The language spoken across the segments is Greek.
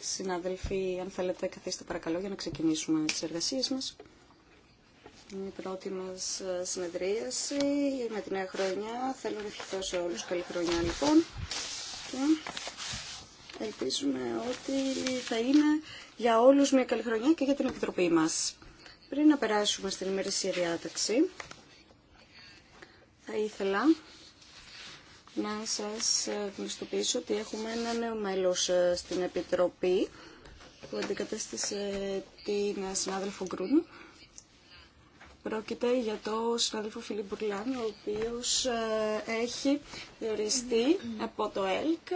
Συναδελφοί, αν θέλετε καθίστε παρακαλώ για να ξεκινήσουμε τις εργασίες μας. Είναι η πρώτη μας ε, συνεδρίαση με τη νέα χρονιά. Θέλω να ευχηθώ σε όλους καλή χρονιά λοιπόν. Και ελπίζουμε ότι θα είναι για όλους μια καλή χρονιά και για την Επιτροπή μας. Πριν να περάσουμε στην ημερήσια διάταξη, θα ήθελα να σας ε, γνωστοποιήσω ότι έχουμε ένα νέο μέλος ε, στην Επιτροπή που αντικατέστησε την ε, συνάδελφο Γκρούν. Πρόκειται για το συνάδελφο Φιλίπ Μπουρλάν, ο οποίος έχει διοριστεί από το ΕΛΚ.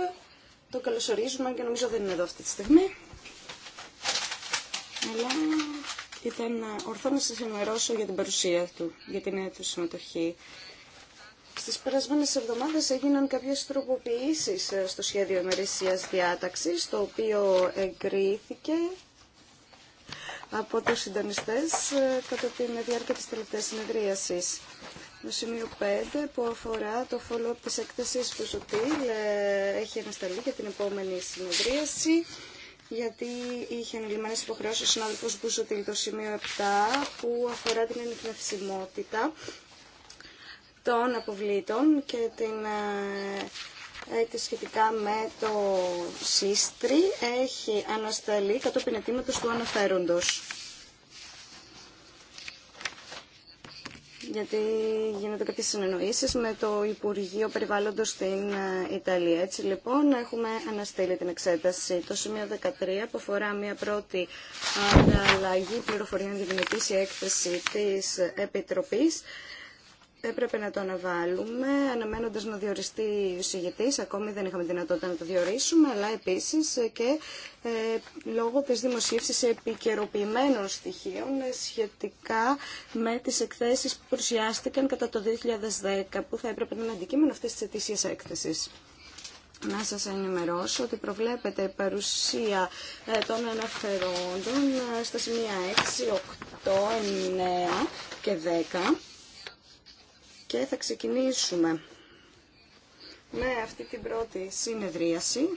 Το καλωσορίζουμε και νομίζω δεν είναι εδώ αυτή τη στιγμή. Αλλά ήταν ορθό να σας ενημερώσω για την παρουσία του, για την έτου συμμετοχή. Στις περασμένες εβδομάδες έγιναν κάποιες τροποποιήσεις ε, στο σχέδιο ημερησίας διάταξης, το οποίο εγκρίθηκε από τους συντονιστές ε, κατά τη διάρκεια της τελευταίας συνεδρίασης. Το σημείο 5 που αφορά το follow-up της έκθεσης του Ζωτήλ ε, έχει ανασταλεί για την επόμενη συνεδρίαση γιατί είχε ανελημμένες υποχρεώσεις ο συνάδελφος Μπουζωτήλ το σημείο 7 που αφορά την ανιχνευσιμότητα των αποβλήτων και την ε, σχετικά με το σύστρι έχει ανασταλεί κατόπιν αιτήματος του αναφέροντος. γιατί γίνονται κάποιες συνεννοήσεις με το Υπουργείο Περιβάλλοντος στην ε, Ιταλία. Έτσι λοιπόν έχουμε αναστείλει την εξέταση. Το σημείο 13 που μια πρώτη ανταλλαγή πληροφοριών για την έκθεση της Επιτροπής έπρεπε να το αναβάλουμε, αναμένοντας να διοριστεί ο συγητής, ακόμη δεν είχαμε δυνατότητα να το διορίσουμε, αλλά επίσης και ε, λόγω της δημοσίευσης επικαιροποιημένων στοιχείων ε, σχετικά με τις εκθέσεις που παρουσιάστηκαν κατά το 2010, που θα έπρεπε να είναι αντικείμενο αυτής της ετήσιας έκθεσης. Να σας ενημερώσω ότι προβλέπεται η παρουσία ε, των αναφερόντων ε, στα σημεία 6, 8, 9 και 10 και θα ξεκινήσουμε με αυτή την πρώτη συνεδρίαση.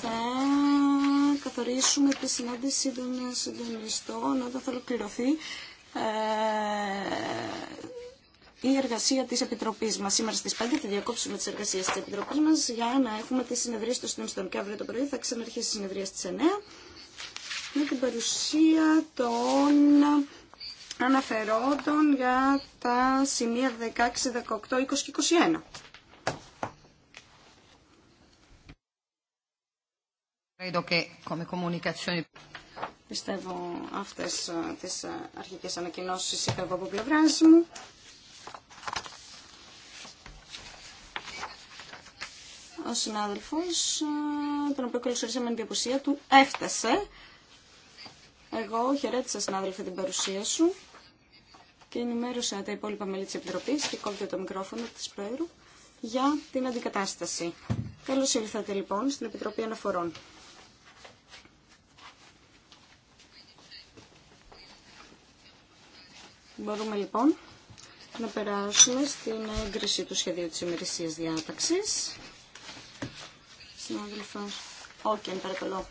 Θα καθορίσουμε τη συνάντηση των συντονιστών όταν θα ολοκληρωθεί ε, η εργασία της Επιτροπής μας. Σήμερα στις 5 θα διακόψουμε τις εργασίες της Επιτροπής μας για να έχουμε τη συνεδρία των συντονιστών και αύριο το πρωί θα ξαναρχίσει η συνεδρία στις 9 με την παρουσία των αναφερόντων για τα σημεία 16, 18, 20 και 21. Πιστεύω αυτές ε, τις ε, αρχικές ανακοινώσεις είχα εγώ από πλευράς μου. Ο συνάδελφος, ε, τον οποίο καλωσορίσαμε την διαποσία του, έφτασε. Εγώ χαιρέτησα συνάδελφε την παρουσία σου και ενημέρωσα τα υπόλοιπα μέλη της Επιτροπής και κόβεται το μικρόφωνο της Προέδρου για την αντικατάσταση. Καλώς ήρθατε, λοιπόν στην Επιτροπή Αναφορών. Μπορούμε λοιπόν να περάσουμε στην έγκριση του σχεδίου της ημερησίας διάταξης. Συνάδελφα, όχι, okay, παρακαλώ.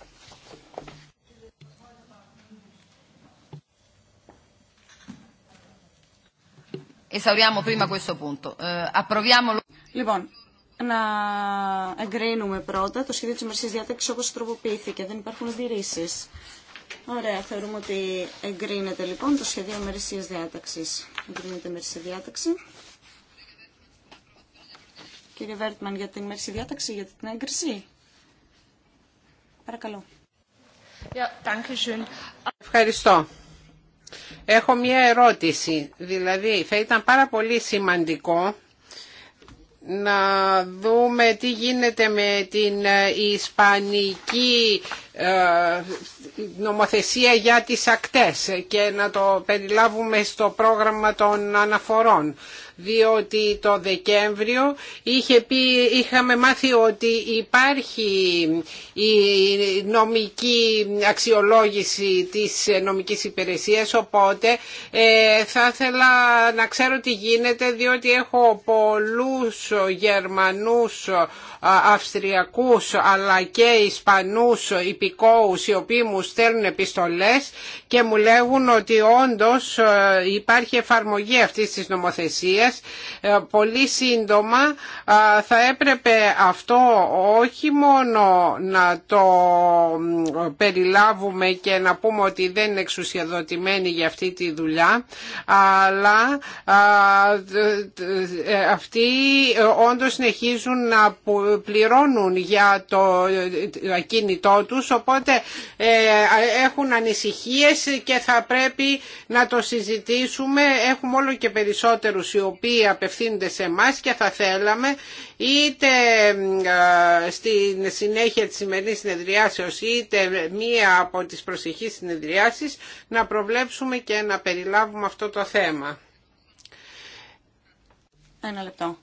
Esauriamo prima questo punto. Eh, Approviamo... Λοιπόν, να εγκρίνουμε πρώτα το σχέδιο τη ημερησίας διάταξη όπω τροποποιήθηκε. Δεν υπάρχουν αντιρρήσει. Ωραία, θεωρούμε ότι εγκρίνεται λοιπόν το σχέδιο ημερησίας διάταξης. Εγκρίνεται η ημερησία διάταξη. Κύριε Βέρτμαν, για την ημερησία διάταξη, για την έγκριση. Παρακαλώ. Ευχαριστώ. Έχω μια ερώτηση, δηλαδή θα ήταν πάρα πολύ σημαντικό να δούμε τι γίνεται με την ε, ισπανική ε, νομοθεσία για τις ακτές και να το περιλάβουμε στο πρόγραμμα των αναφορών διότι το Δεκέμβριο είχε πει, είχαμε μάθει ότι υπάρχει η νομική αξιολόγηση της νομικής υπηρεσίας οπότε ε, θα ήθελα να ξέρω τι γίνεται διότι έχω πολλούς Γερμανούς Αυστριακούς αλλά και Ισπανούς υπηκόους οι οποίοι μου στέλνουν επιστολές και μου λέγουν ότι όντως ε, υπάρχει εφαρμογή αυτής της νομοθεσίας. Ε, πολύ σύντομα ε, θα έπρεπε αυτό όχι μόνο να το περιλάβουμε και να πούμε ότι δεν είναι εξουσιαδοτημένοι για αυτή τη δουλειά αλλά αυτοί όντως συνεχίζουν να πληρώνουν για το ακίνητό τους οπότε ε, έχουν ανησυχίες και θα πρέπει να το συζητήσουμε. Έχουμε όλο και περισσότερους οι οποίοι απευθύνονται σε εμά και θα θέλαμε είτε ε, στην συνέχεια της σημερινής συνεδριάσεως είτε μία από τις προσεχείς συνεδριάσεις να προβλέψουμε και να περιλάβουμε αυτό το θέμα. Ένα λεπτό.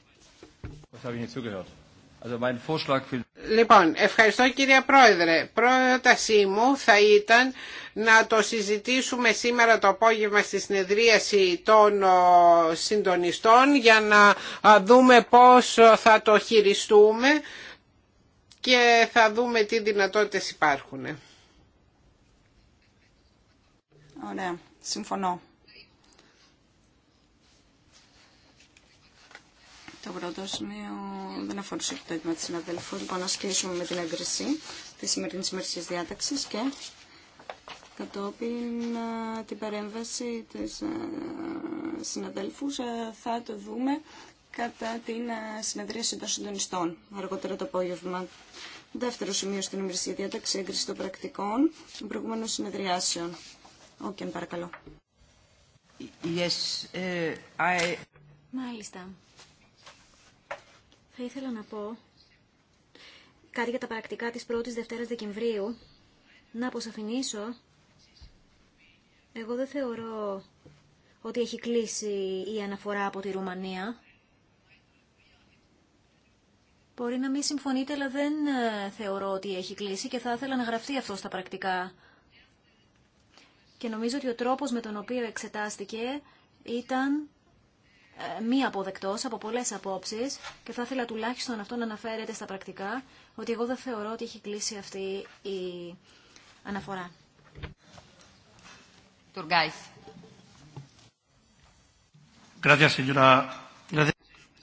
Λοιπόν, ευχαριστώ κύριε Πρόεδρε. Πρότασή μου θα ήταν να το συζητήσουμε σήμερα το απόγευμα στη συνεδρίαση των συντονιστών για να δούμε πώς θα το χειριστούμε και θα δούμε τι δυνατότητες υπάρχουν. Ωραία, συμφωνώ. Το πρώτο σημείο δεν αφορούσε το έτοιμα τη συναδέλφου. Λοιπόν, κλείσουμε με την έγκριση τη σημερινή ημερησία διάταξη και κατόπιν την παρέμβαση της συναδέλφου θα το δούμε κατά την συνεδρίαση των συντονιστών αργότερα το απόγευμα. Δεύτερο σημείο στην ημερησία διάταξη έγκριση των πρακτικών των προηγούμενων συνεδριάσεων. Όκεν, παρακαλώ. Yes, ε, I... Μάλιστα. Θα ήθελα να πω κάτι για τα πρακτικά της 1ης Δευτέρας Δεκεμβρίου. Να αφηνήσω. Εγώ δεν θεωρώ ότι έχει κλείσει η αναφορά από τη Ρουμανία. Μπορεί να μην συμφωνείτε, αλλά δεν ε, θεωρώ ότι έχει κλείσει και θα ήθελα να γραφτεί αυτό στα πρακτικά. Και νομίζω ότι ο τρόπος με τον οποίο εξετάστηκε ήταν ε, μη αποδεκτό από πολλέ απόψει, και θα ήθελα τουλάχιστον αυτό να αναφέρεται στα πρακτικά ότι εγώ δεν θεωρώ ότι έχει κλείσει αυτή η αναφορά.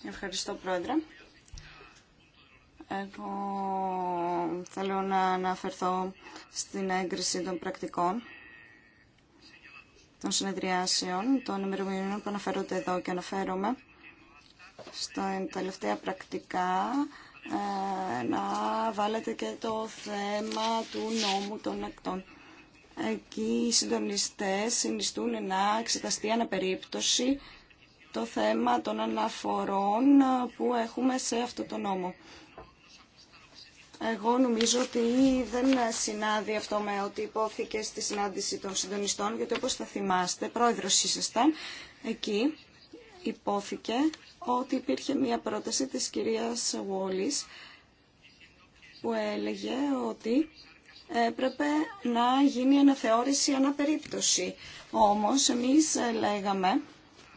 Ευχαριστώ, Πρόεδρε. Εγώ θέλω να αναφερθώ στην έγκριση των πρακτικών των συνεδριάσεων των ημερομηνιών που αναφέρονται εδώ και αναφέρομαι στα τελευταία πρακτικά ε, να βάλετε και το θέμα του νόμου των ακτών. Εκεί οι συντονιστέ συνιστούν να εξεταστεί αναπερίπτωση το θέμα των αναφορών που έχουμε σε αυτό το νόμο. Εγώ νομίζω ότι δεν συνάδει αυτό με ό,τι υπόθηκε στη συνάντηση των συντονιστών, γιατί όπως θα θυμάστε, πρόεδρος ήσασταν, εκεί υπόθηκε ότι υπήρχε μια πρόταση της κυρίας Βόλης που έλεγε ότι έπρεπε να γίνει αναθεώρηση αναπερίπτωση. Όμως εμείς λέγαμε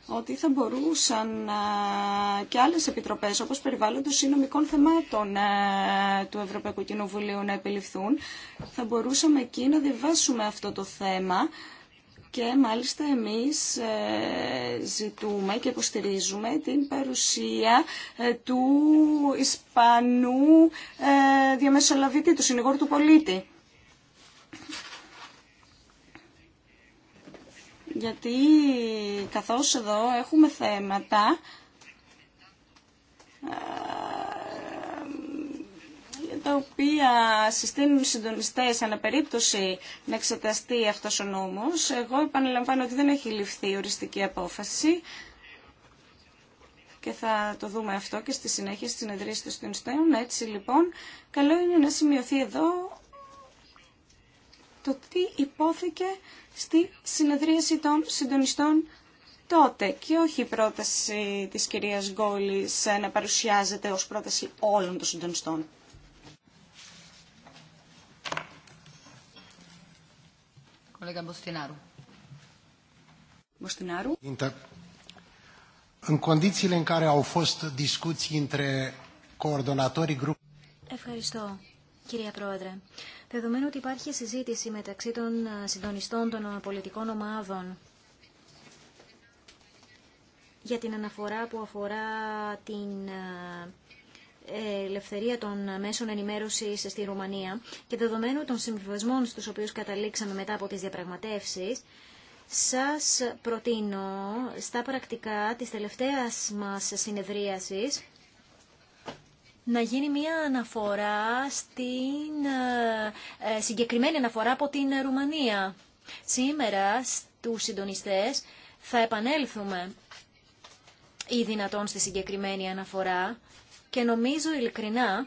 ότι θα μπορούσαν ε, και άλλες επιτροπές όπως περιβάλλοντος ή νομικών θεμάτων ε, του Ευρωπαϊκού Κοινοβουλίου να επιληφθούν. Θα μπορούσαμε εκεί να διαβάσουμε αυτό το θέμα και μάλιστα εμείς ε, ζητούμε και υποστηρίζουμε την παρουσία του Ισπανού διαμεσολαβητή, του συνηγόρου του πολίτη. γιατί καθώς εδώ έχουμε θέματα ε, τα οποία συστήνουν οι συντονιστές αναπερίπτωση να εξεταστεί αυτός ο νόμος. Εγώ επαναλαμβάνω ότι δεν έχει ληφθεί οριστική απόφαση και θα το δούμε αυτό και στη συνέχεια στη συνεδρίες των συντονιστών. Έτσι λοιπόν, καλό είναι να σημειωθεί εδώ το τι υπόθηκε στη συνεδρίαση των συντονιστών τότε και όχι η πρόταση της κυρίας Γκόλης ε, να παρουσιάζεται ως πρόταση όλων των συντονιστών. Κολέγα Μποστινάρου. Μποστινάρου. În condițiile în care au fost discuții între coordonatorii grupului. Ευχαριστώ. Κυρία Πρόεδρε, δεδομένου ότι υπάρχει συζήτηση μεταξύ των ε, συντονιστών των ε, πολιτικών ομάδων για την αναφορά που αφορά την ε, ελευθερία των μέσων ενημέρωσης στη Ρουμανία και δεδομένου των συμβιβασμών στους οποίους καταλήξαμε μετά από τις διαπραγματεύσεις, σας προτείνω στα πρακτικά της τελευταίας μας συνεδρίασης να γίνει μια αναφορά στην ε, ε, συγκεκριμένη αναφορά από την Ρουμανία. Σήμερα στους συντονιστές θα επανέλθουμε ή δυνατόν στη συγκεκριμένη αναφορά και νομίζω ειλικρινά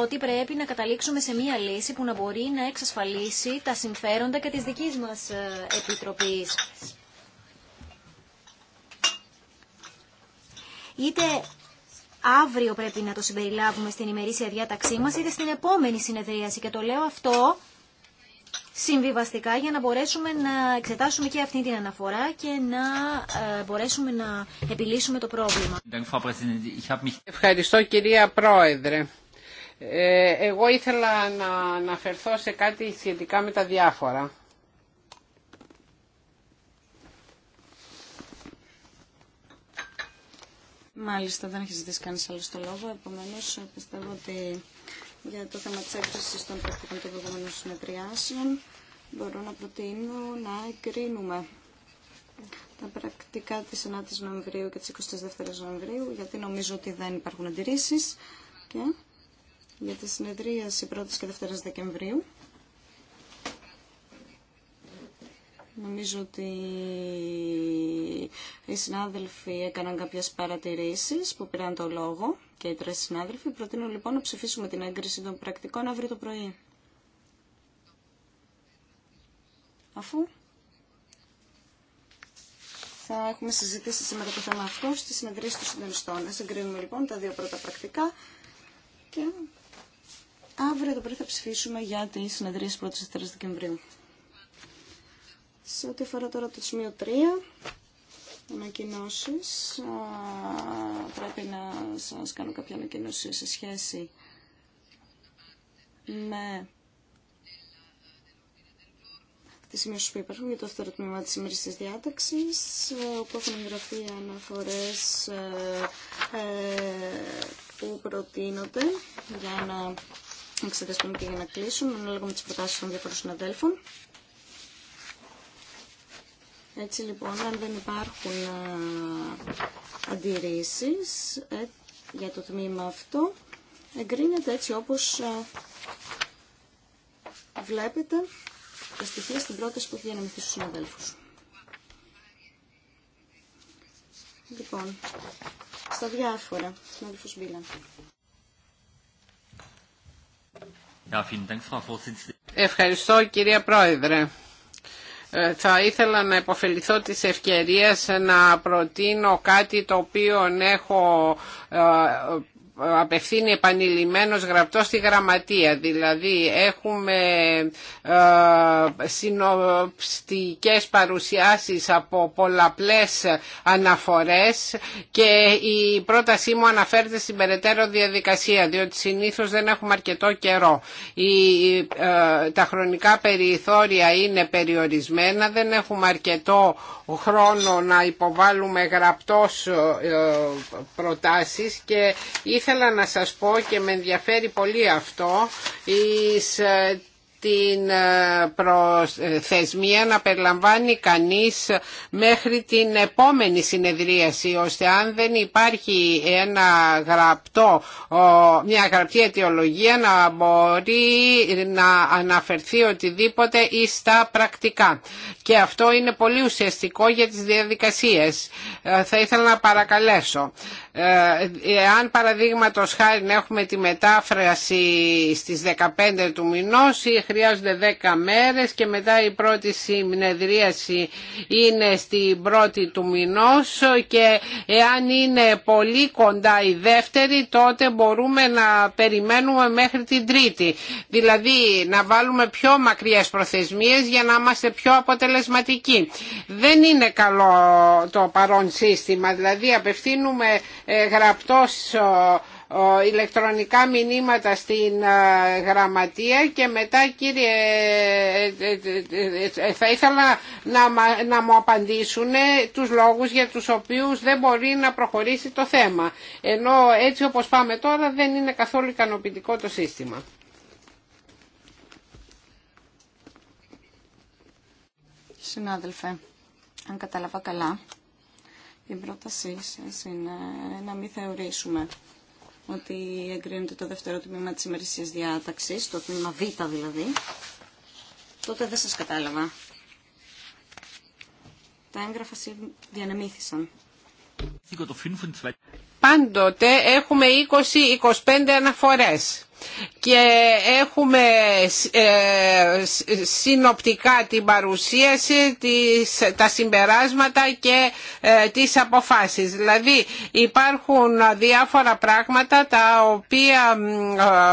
ότι πρέπει να καταλήξουμε σε μία λύση που να μπορεί να εξασφαλίσει τα συμφέροντα και της δικής μας ε, Επιτροπής. είτε αύριο πρέπει να το συμπεριλάβουμε στην ημερήσια διάταξή μας, είτε στην επόμενη συνεδρίαση. Και το λέω αυτό συμβιβαστικά για να μπορέσουμε να εξετάσουμε και αυτή την αναφορά και να ε, μπορέσουμε να επιλύσουμε το πρόβλημα. Ευχαριστώ κυρία Πρόεδρε. Ε, εγώ ήθελα να αναφερθώ σε κάτι σχετικά με τα διάφορα. Μάλιστα, δεν έχει ζητήσει κανεί άλλο το λόγο. Επομένω, πιστεύω ότι για το θέμα τη έκθεση των πρακτικών των προηγούμενων συνεδριάσεων μπορώ να προτείνω να εγκρίνουμε τα πρακτικά τη 9η Νοεμβρίου και τη 22η Νοεμβρίου, γιατί νομίζω ότι δεν υπάρχουν αντιρρήσει. Και για τη συνεδρίαση 1η και 2η Δεκεμβρίου. Νομίζω ότι οι συνάδελφοι έκαναν κάποιες παρατηρήσεις που πήραν το λόγο και οι τρεις συνάδελφοι. Προτείνω λοιπόν να ψηφίσουμε την έγκριση των πρακτικών αύριο το πρωί. Αφού θα έχουμε συζητήσει σήμερα το θέμα αυτό στη συνεδρίαση των συντονιστών. Να συγκρίνουμε λοιπόν τα δύο πρώτα πρακτικά και αύριο το πρωί θα ψηφίσουμε για τη συνεδρίαση 1η 4 Δεκεμβρίου. Σε ό,τι αφορά τώρα το σημείο 3, ανακοινώσει. Πρέπει να σα κάνω κάποια ανακοινώση σε σχέση με τι σημειώσει που υπάρχουν για το δεύτερο τμήμα τη ημέρης τη διάταξη, ε, όπου έχουν εγγραφεί αναφορέ ε, ε, που προτείνονται για να εξεταστούν και για να κλείσουν, ανάλογα με τι προτάσει των διαφορών συναδέλφων. Έτσι λοιπόν, αν δεν υπάρχουν αντιρρήσεις ε, για το τμήμα αυτό, εγκρίνεται έτσι όπως βλέπετε τα στοιχεία στην πρόταση που έχει διανεμηθεί στους συναδέλφους. Λοιπόν, στα διάφορα, συναδέλφους Μπίλαν. Ευχαριστώ κυρία Πρόεδρε. Ε, θα ήθελα να υποφεληθώ της ευκαιρίας να προτείνω κάτι το οποίο έχω ε, απευθύνει επανειλημμένος γραπτό στη γραμματεία. Δηλαδή έχουμε ε, συνοπτικές παρουσιάσεις από πολλαπλές αναφορές και η πρότασή μου αναφέρεται στην περαιτέρω διαδικασία διότι συνήθως δεν έχουμε αρκετό καιρό. Ε, τα χρονικά περιθώρια είναι περιορισμένα, δεν έχουμε αρκετό χρόνο να υποβάλουμε γραπτός ε, προτάσεις και ήθελα ήθελα να σας πω και με ενδιαφέρει πολύ αυτό εις ε, την ε, προθεσμία να περιλαμβάνει κανείς μέχρι την επόμενη συνεδρίαση ώστε αν δεν υπάρχει ένα γραπτό, μια γραπτή αιτιολογία να μπορεί να αναφερθεί οτιδήποτε ή στα πρακτικά και αυτό είναι πολύ ουσιαστικό για τις διαδικασίες. Ε, θα ήθελα να παρακαλέσω. Αν ε, παραδείγματο χάρη να έχουμε τη μετάφραση στις 15 του μηνός ή χρειάζονται 10 μέρες και μετά η πρώτη συνεδρίαση είναι στην πρώτη του μηνός και εάν είναι πολύ κοντά η δεύτερη τότε μπορούμε να περιμένουμε μέχρι την τρίτη. Δηλαδή να βάλουμε πιο μακριές προθεσμίες για να είμαστε πιο αποτελεσματικοί δεν είναι καλό το παρόν σύστημα, δηλαδή απευθύνουμε ε, γραπτός ηλεκτρονικά μηνύματα στην ε, γραμματεία και μετά κύριε ε, θα ήθελα να, να μου απαντήσουν τους λόγους για τους οποίους δεν μπορεί να προχωρήσει το θέμα. Ενώ έτσι όπως πάμε τώρα δεν είναι καθόλου ικανοποιητικό το σύστημα. Συνάδελφε, αν κατάλαβα καλά, η πρότασή σας είναι να μην θεωρήσουμε ότι εγκρίνεται το δεύτερο τμήμα της ημερησίας διάταξης, το τμήμα Β δηλαδή, τότε δεν σας κατάλαβα. Τα έγγραφα διανεμήθησαν. Πάντοτε έχουμε 20-25 αναφορές και έχουμε ε, συνοπτικά την παρουσίαση, τις, τα συμπεράσματα και ε, τις αποφάσεις. Δηλαδή υπάρχουν διάφορα πράγματα τα οποία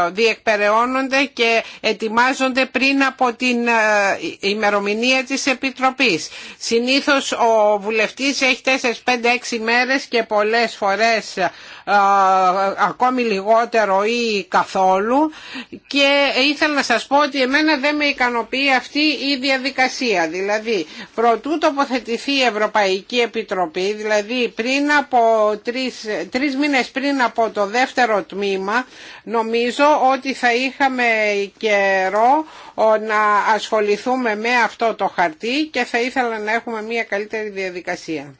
ε, διεκπεραιώνονται και ετοιμάζονται πριν από την ημερομηνία της Επιτροπής. Συνήθως ο βουλευτής έχει 4, 5, 6 μέρες και πολλές φορές ακόμη λιγότερο ή καθόλου και ήθελα να σας πω ότι εμένα δεν με ικανοποιεί αυτή η διαδικασία. Δηλαδή, προτού τοποθετηθεί η Ευρωπαϊκή Επιτροπή, δηλαδή πριν από τρεις, τρεις μήνες πριν από το δεύτερο τμήμα, νομίζω ότι θα είχαμε καιρό να ασχοληθούμε με αυτό το χαρτί και θα ήθελα να έχουμε μια καλύτερη διαδικασία.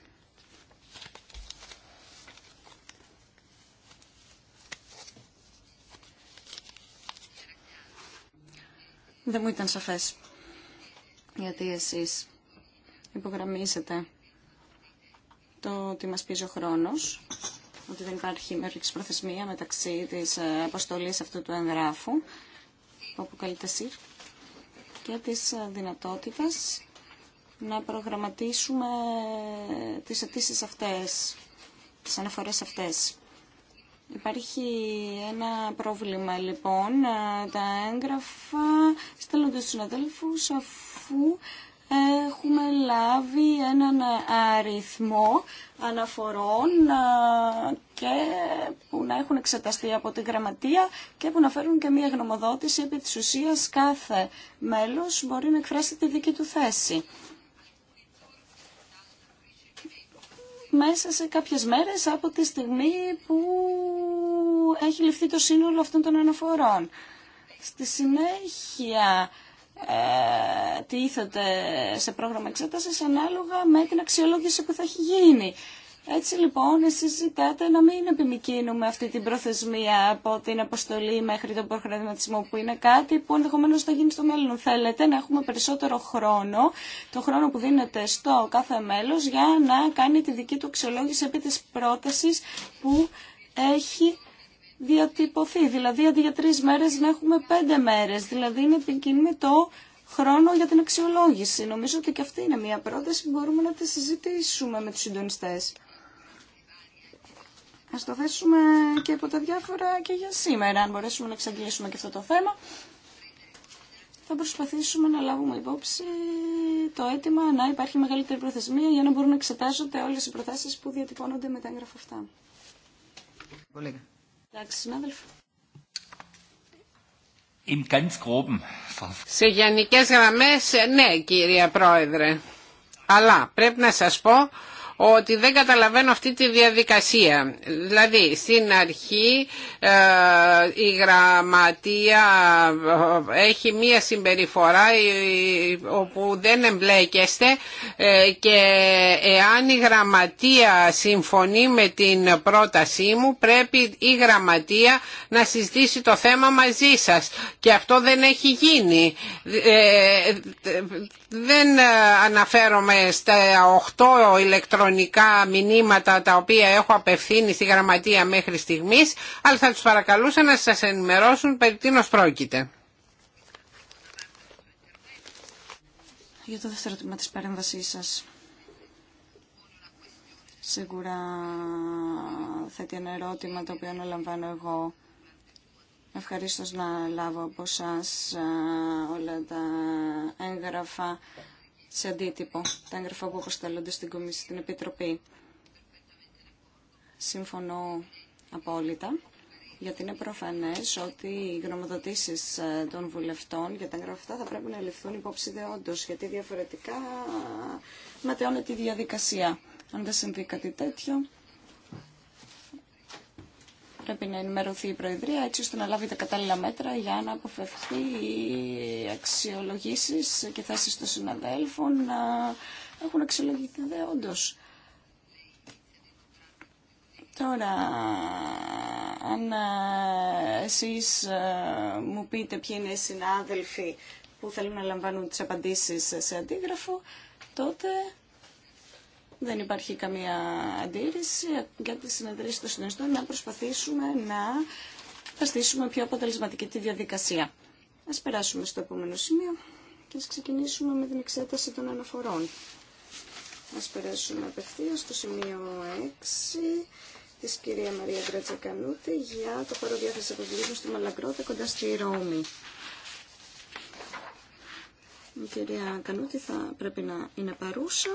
Δεν μου ήταν σαφές. Γιατί εσείς υπογραμμίζετε το ότι μας πίζει ο χρόνος, ότι δεν υπάρχει της προθεσμία μεταξύ της ε, αποστολής αυτού του εγγράφου, που αποκαλείται ΣΥΡ, και της ε, δυνατότητας να προγραμματίσουμε ε, τις αιτήσει αυτές, τις αναφορές αυτές. Υπάρχει ένα πρόβλημα λοιπόν. Τα έγγραφα στέλνονται στους συναδέλφους αφού έχουμε λάβει έναν αριθμό αναφορών και που να έχουν εξεταστεί από την γραμματεία και που να φέρουν και μία γνωμοδότηση επί της ουσίας κάθε μέλος μπορεί να εκφράσει τη δική του θέση. μέσα σε κάποιες μέρες από τη στιγμή που έχει ληφθεί το σύνολο αυτών των αναφορών. Στη συνέχεια ε, τι τίθεται σε πρόγραμμα εξέτασης ανάλογα με την αξιολόγηση που θα έχει γίνει. Έτσι λοιπόν εσείς ζητάτε να μην επιμικίνουμε αυτή την προθεσμία από την αποστολή μέχρι τον προχρηματισμό που είναι κάτι που ενδεχομένω θα γίνει στο μέλλον. Θέλετε να έχουμε περισσότερο χρόνο, το χρόνο που δίνεται στο κάθε μέλος για να κάνει τη δική του αξιολόγηση επί της πρότασης που έχει διατυπωθεί. Δηλαδή αντί για τρεις μέρες να έχουμε πέντε μέρες. Δηλαδή να επικίνουμε το χρόνο για την αξιολόγηση. Νομίζω ότι και αυτή είναι μια πρόταση που μπορούμε να τη συζητήσουμε με τους συντονιστές. Ας το θέσουμε και από τα διάφορα και για σήμερα, αν μπορέσουμε να εξαγγελίσουμε και αυτό το θέμα. Θα προσπαθήσουμε να λάβουμε υπόψη το αίτημα να υπάρχει μεγαλύτερη προθεσμία για να μπορούν να εξετάζονται όλες οι προθέσεις που διατυπώνονται με τα έγγραφα αυτά. Πολύ. Εντάξει, groben. Σε γενικές γραμμές, ναι, κυρία Πρόεδρε. Αλλά πρέπει να σας πω ότι δεν καταλαβαίνω αυτή τη διαδικασία. Δηλαδή, στην αρχή ε, η γραμματεία ε, έχει μία συμπεριφορά ε, όπου δεν εμπλέκεστε και εάν η γραμματεία συμφωνεί με την πρότασή μου πρέπει η γραμματεία να συζητήσει το θέμα μαζί σας και αυτό δεν έχει γίνει. Δεν αναφέρομαι στα 8 ηλεκτρονικά ηλεκτρονικά μηνύματα τα οποία έχω απευθύνει στη γραμματεία μέχρι στιγμής, αλλά θα τους παρακαλούσα να σας ενημερώσουν περί τίνος πρόκειται. Για το δεύτερο τμήμα της παρέμβασής σας. Σίγουρα θέτει ένα ερώτημα το οποίο αναλαμβάνω εγώ. Ευχαριστώ να λάβω από σας ε, όλα τα έγγραφα σε αντίτυπο τα έγγραφα που αποστέλλονται στην, στην Επιτροπή. Συμφωνώ απόλυτα, γιατί είναι προφανές ότι οι γνωμοδοτήσεις ε, των βουλευτών για τα έγγραφα αυτά θα πρέπει να ληφθούν υπόψη δεόντως, γιατί διαφορετικά ματαιώνεται η διαδικασία. Αν δεν συμβεί κάτι τέτοιο, πρέπει να ενημερωθεί η Προεδρία έτσι ώστε να λάβει τα κατάλληλα μέτρα για να αποφευθεί οι αξιολογήσεις και θέσεις των συναδέλφων να έχουν αξιολογηθεί δε Τώρα, αν ε, εσείς ε, μου πείτε ποιοι είναι οι συνάδελφοι που θέλουν να λαμβάνουν τις απαντήσεις σε αντίγραφο, τότε δεν υπάρχει καμία αντίρρηση για τη συνεδρίαση των συνεστών να προσπαθήσουμε να αστήσουμε πιο αποτελεσματική τη διαδικασία. Ας περάσουμε στο επόμενο σημείο και ας ξεκινήσουμε με την εξέταση των αναφορών. Ας περάσουμε απευθεία στο σημείο 6 της κυρία Μαρία Γκράτσα Κανούτη για το χώρο διάθεση αποβλήτων στη Μαλαγκρότα κοντά στη Ρώμη. Η κυρία Κανούτη θα πρέπει να είναι παρούσα.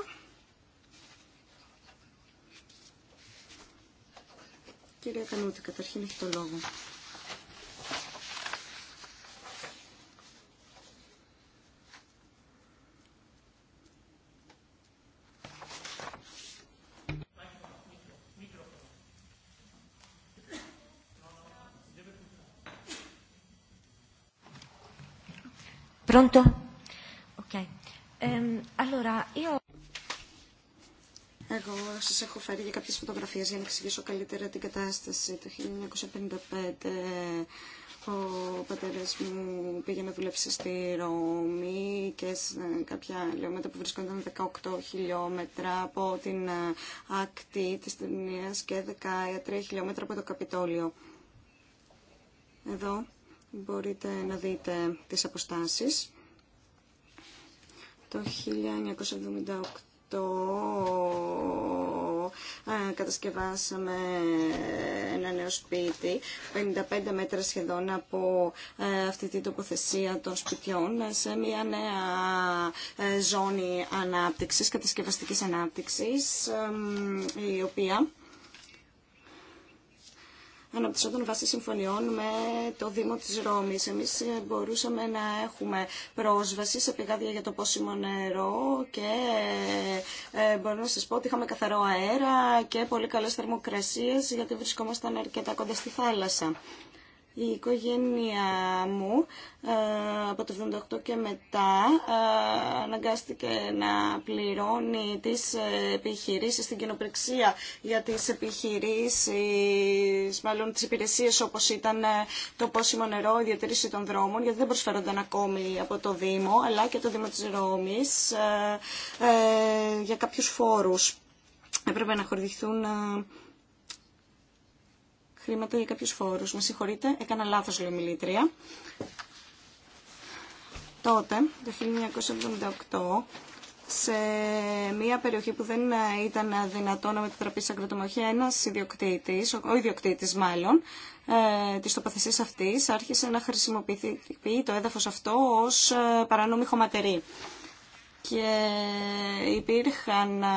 Κυρία Κανούτη, καταρχήν έχει το λόγο. Pronto? Ok. Um, allora, io... Εγώ σας έχω φέρει για κάποιες φωτογραφίες για να εξηγήσω καλύτερα την κατάσταση. Το 1955 ο πατέρας μου πήγε να δουλέψει στη Ρώμη και σε κάποια λεωμέτρα που βρισκόταν 18 χιλιόμετρα από την ακτή της Τουρνίας και 13 χιλιόμετρα από το Καπιτόλιο. Εδώ μπορείτε να δείτε τις αποστάσεις. Το 1978 ε, κατασκευάσαμε ένα νέο σπίτι, 55 μέτρα σχεδόν από ε, αυτή την τοποθεσία των σπιτιών σε μια νέα ε, ζώνη ανάπτυξης, κατασκευαστικής ανάπτυξης, η οποία αναπτυσσόταν βάσει συμφωνιών με το Δήμο της Ρώμης. Εμείς ε, μπορούσαμε να έχουμε πρόσβαση σε πηγάδια για το πόσιμο νερό και ε, ε, μπορώ να σας πω ότι είχαμε καθαρό αέρα και πολύ καλές θερμοκρασίες γιατί βρισκόμασταν αρκετά κοντά στη θάλασσα η οικογένεια μου ε, από το 78 και μετά ε, αναγκάστηκε να πληρώνει τις επιχειρήσεις, την κοινοπρεξία για τις επιχειρήσεις, μάλλον τις υπηρεσίες όπως ήταν ε, το πόσιμο νερό, η διατήρηση των δρόμων, γιατί δεν προσφέρονταν ακόμη από το Δήμο, αλλά και το Δήμο της Ρώμης για κάποιους φόρους. Έπρεπε να χορηγηθούν χρήματα για κάποιους φόρους. Με συγχωρείτε, έκανα λάθος λέει μιλήτρια. Τότε, το 1978, σε μια περιοχή που δεν ήταν δυνατό να μετατραπεί σαν κρατομαχία, ένας ιδιοκτήτης, ο ιδιοκτήτης μάλλον, ε, της τοποθεσίας αυτής, άρχισε να χρησιμοποιεί το έδαφος αυτό ως ε, παράνομη χωματερή. Και υπήρχαν ε,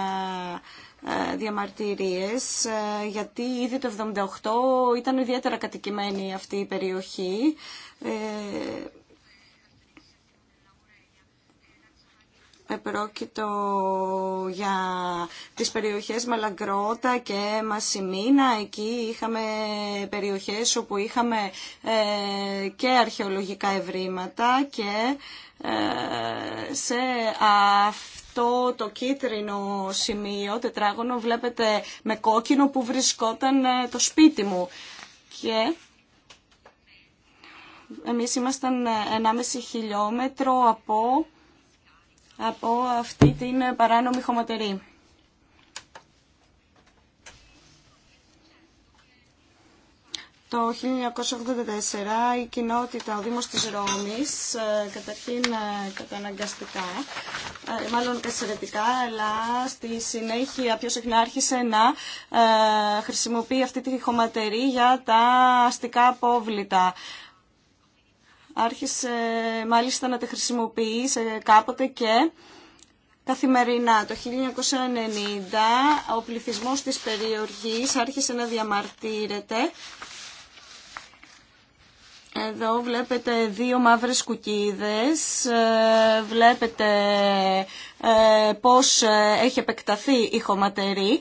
ε, διαμαρτυρίες ε, γιατί ήδη το 78 ήταν ιδιαίτερα κατοικημένη αυτή η περιοχή ε, Επρόκειτο για τις περιοχές Μαλαγκρότα και Μασιμίνα. Εκεί είχαμε περιοχές όπου είχαμε ε, και αρχαιολογικά ευρήματα και ε, σε αυτό το κίτρινο σημείο, τετράγωνο, βλέπετε με κόκκινο που βρισκόταν ε, το σπίτι μου. Και εμείς ήμασταν 1,5 χιλιόμετρο από από αυτή την παράνομη χωματερή. Το 1984 η κοινότητα, ο Δήμος της Ρώμης, ε, καταρχήν ε, καταναγκαστικά, ε, μάλλον εξαιρετικά, αλλά στη συνέχεια πιο συχνά άρχισε να χρησιμοποιεί αυτή τη χωματερή για τα αστικά απόβλητα άρχισε μάλιστα να τη χρησιμοποιεί κάποτε και καθημερινά. Το 1990 ο πληθυσμός της περιοργής άρχισε να διαμαρτύρεται. Εδώ βλέπετε δύο μαύρες κουκίδες, ε, βλέπετε ε, πώς έχει επεκταθεί η χωματερή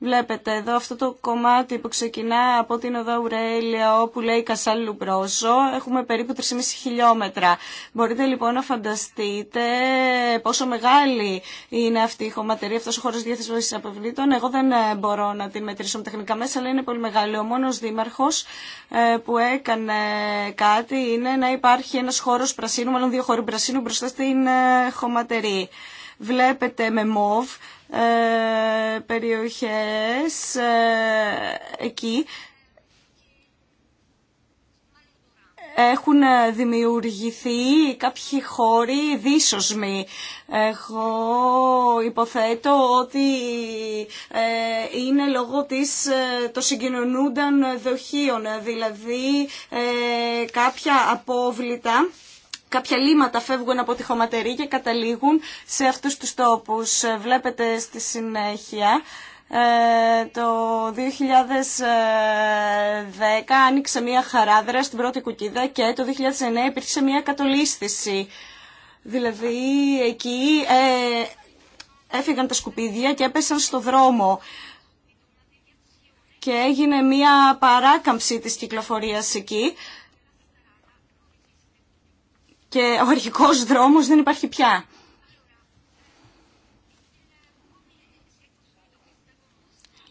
Βλέπετε εδώ αυτό το κομμάτι που ξεκινά από την Οδό Ουρέλια όπου λέει Κασάλου Λουμπρόζο. Έχουμε περίπου 3,5 χιλιόμετρα. Μπορείτε λοιπόν να φανταστείτε πόσο μεγάλη είναι αυτή η χωματερή, αυτός ο χώρος διαθέσεις αποβλήτων. Εγώ δεν ε, μπορώ να την μετρήσω με τεχνικά μέσα, αλλά είναι πολύ μεγάλη. Ο μόνος δήμαρχος ε, που έκανε κάτι είναι να υπάρχει ένας χώρος πρασίνου, μάλλον δύο χώροι πρασίνου μπροστά στην ε, χωματερή βλέπετε με μοβ ε, περιοχές ε, εκεί έχουν δημιουργηθεί κάποιοι χώροι δίσοσμοι. Εγώ υποθέτω ότι ε, είναι λόγω της το συγκοινωνούνταν δοχείων, δηλαδή κάποια απόβλητα κάποια λίματα φεύγουν από τη χωματερή και καταλήγουν σε αυτούς τους τόπους. Ε, βλέπετε στη συνέχεια ε, το 2010 άνοιξε μια χαράδρα στην πρώτη κουκίδα και το 2009 υπήρξε μια κατολίσθηση. Δηλαδή εκεί ε, έφυγαν τα σκουπίδια και έπεσαν στο δρόμο και έγινε μια παράκαμψη της κυκλοφορίας εκεί και ο αρχικός δρόμος δεν υπάρχει πια.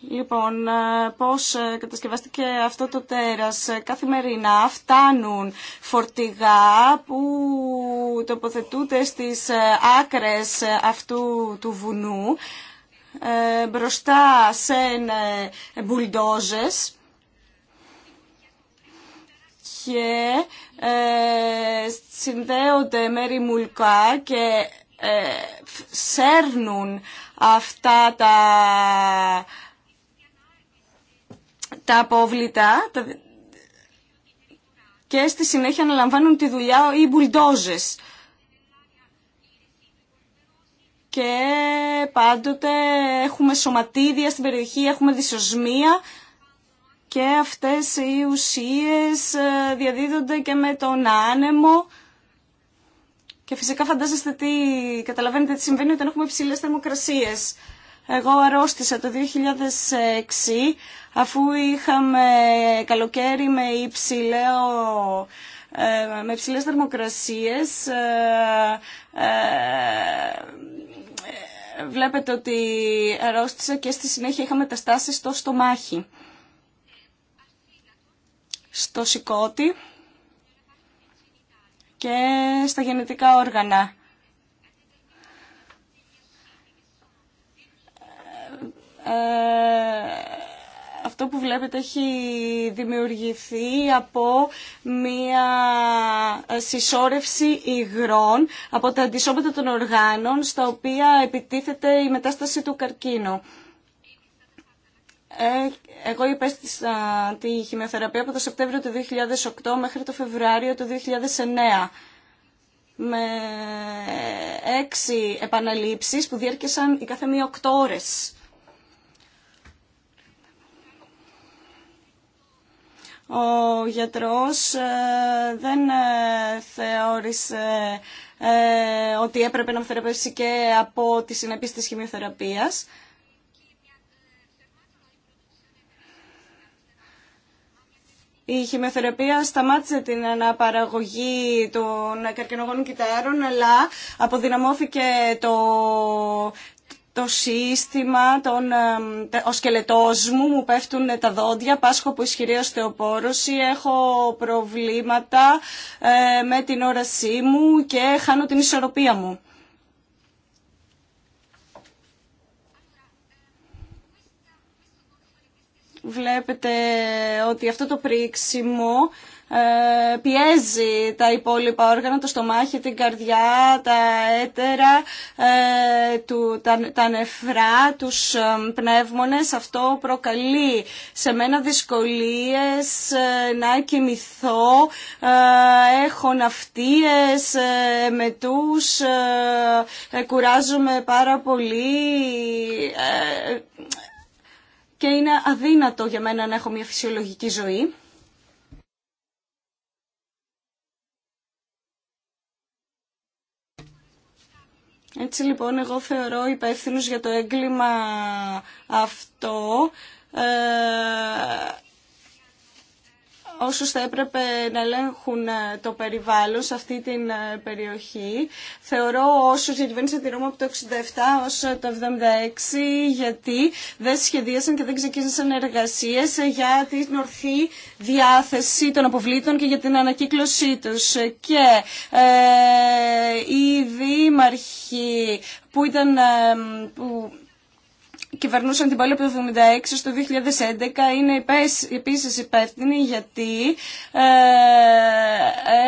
Λοιπόν, ε, πώς ε, κατασκευαστήκε αυτό το τέρας. Ε, καθημερινά φτάνουν φορτηγά που τοποθετούνται στις άκρες αυτού του βουνού μπροστά σε μπουλντόζες και ε, συνδέονται με ρημουλκά και ε, σέρνουν αυτά τα, τα απόβλητα και στη συνέχεια αναλαμβάνουν τη δουλειά οι μπουλντόζες. Και πάντοτε έχουμε σωματίδια στην περιοχή, έχουμε δυσοσμία και αυτές οι ουσίες ε, διαδίδονται και με τον άνεμο. Και φυσικά φαντάζεστε τι, καταλαβαίνετε τι συμβαίνει όταν έχουμε υψηλέ θερμοκρασίε. Εγώ αρρώστησα το 2006 αφού είχαμε καλοκαίρι με υψηλέο ε, με υψηλές θερμοκρασίες ε, βλέπετε ότι αρρώστησα και στη συνέχεια είχαμε τα στάσεις στο στομάχι στο σηκώτη και στα γενετικά όργανα. Ε, αυτό που βλέπετε έχει δημιουργηθεί από μία συσσόρευση υγρών από τα αντισώματα των οργάνων στα οποία επιτίθεται η μετάσταση του καρκίνου. Ε, εγώ υπέστησα τη χημειοθεραπεία από το Σεπτέμβριο του 2008 μέχρι το Φεβρουάριο του 2009 με έξι επαναλήψεις που διέρχεσαν η κάθε μία οκτώ ώρες. Ο γιατρός ε, δεν ε, θεώρησε ότι έπρεπε να με θεραπεύσει και από τη συνέπειες της χημειοθεραπείας. η χημειοθεραπεία σταμάτησε την αναπαραγωγή των καρκινογόνων κυτάρων, αλλά αποδυναμώθηκε το, το σύστημα, τον, ο σκελετός μου, μου πέφτουν τα δόντια, πάσχω από ισχυρή οστεοπόρωση, έχω προβλήματα ε, με την όρασή μου και χάνω την ισορροπία μου. βλέπετε ότι αυτό το πρίξιμο ε, πιέζει τα υπόλοιπα όργανα, το στομάχι, την καρδιά, τα έτερα, ε, του, τα, νεφρά, τους ε, πνεύμονες. Αυτό προκαλεί σε μένα δυσκολίες να κοιμηθώ, έχω ναυτίες, μετούς, κουράζομαι πάρα πολύ, και είναι αδύνατο για μένα να έχω μια φυσιολογική ζωή. Έτσι λοιπόν εγώ θεωρώ υπεύθυνος για το έγκλημα αυτό ε, όσους θα έπρεπε να ελέγχουν ε, το περιβάλλον σε αυτή την ε, περιοχή. Θεωρώ όσους διακυβέρνησαν τη Ρώμη από το 67 ως ε, το 76 γιατί δεν σχεδίασαν και δεν ξεκίνησαν εργασίες για την ορθή διάθεση των αποβλήτων και για την ανακύκλωσή τους. Και ε, οι δήμαρχοι που ήταν... που, κυβερνούσαν την πόλη από το 1976 στο 2011 είναι επίσης υπεύθυνοι γιατί ε,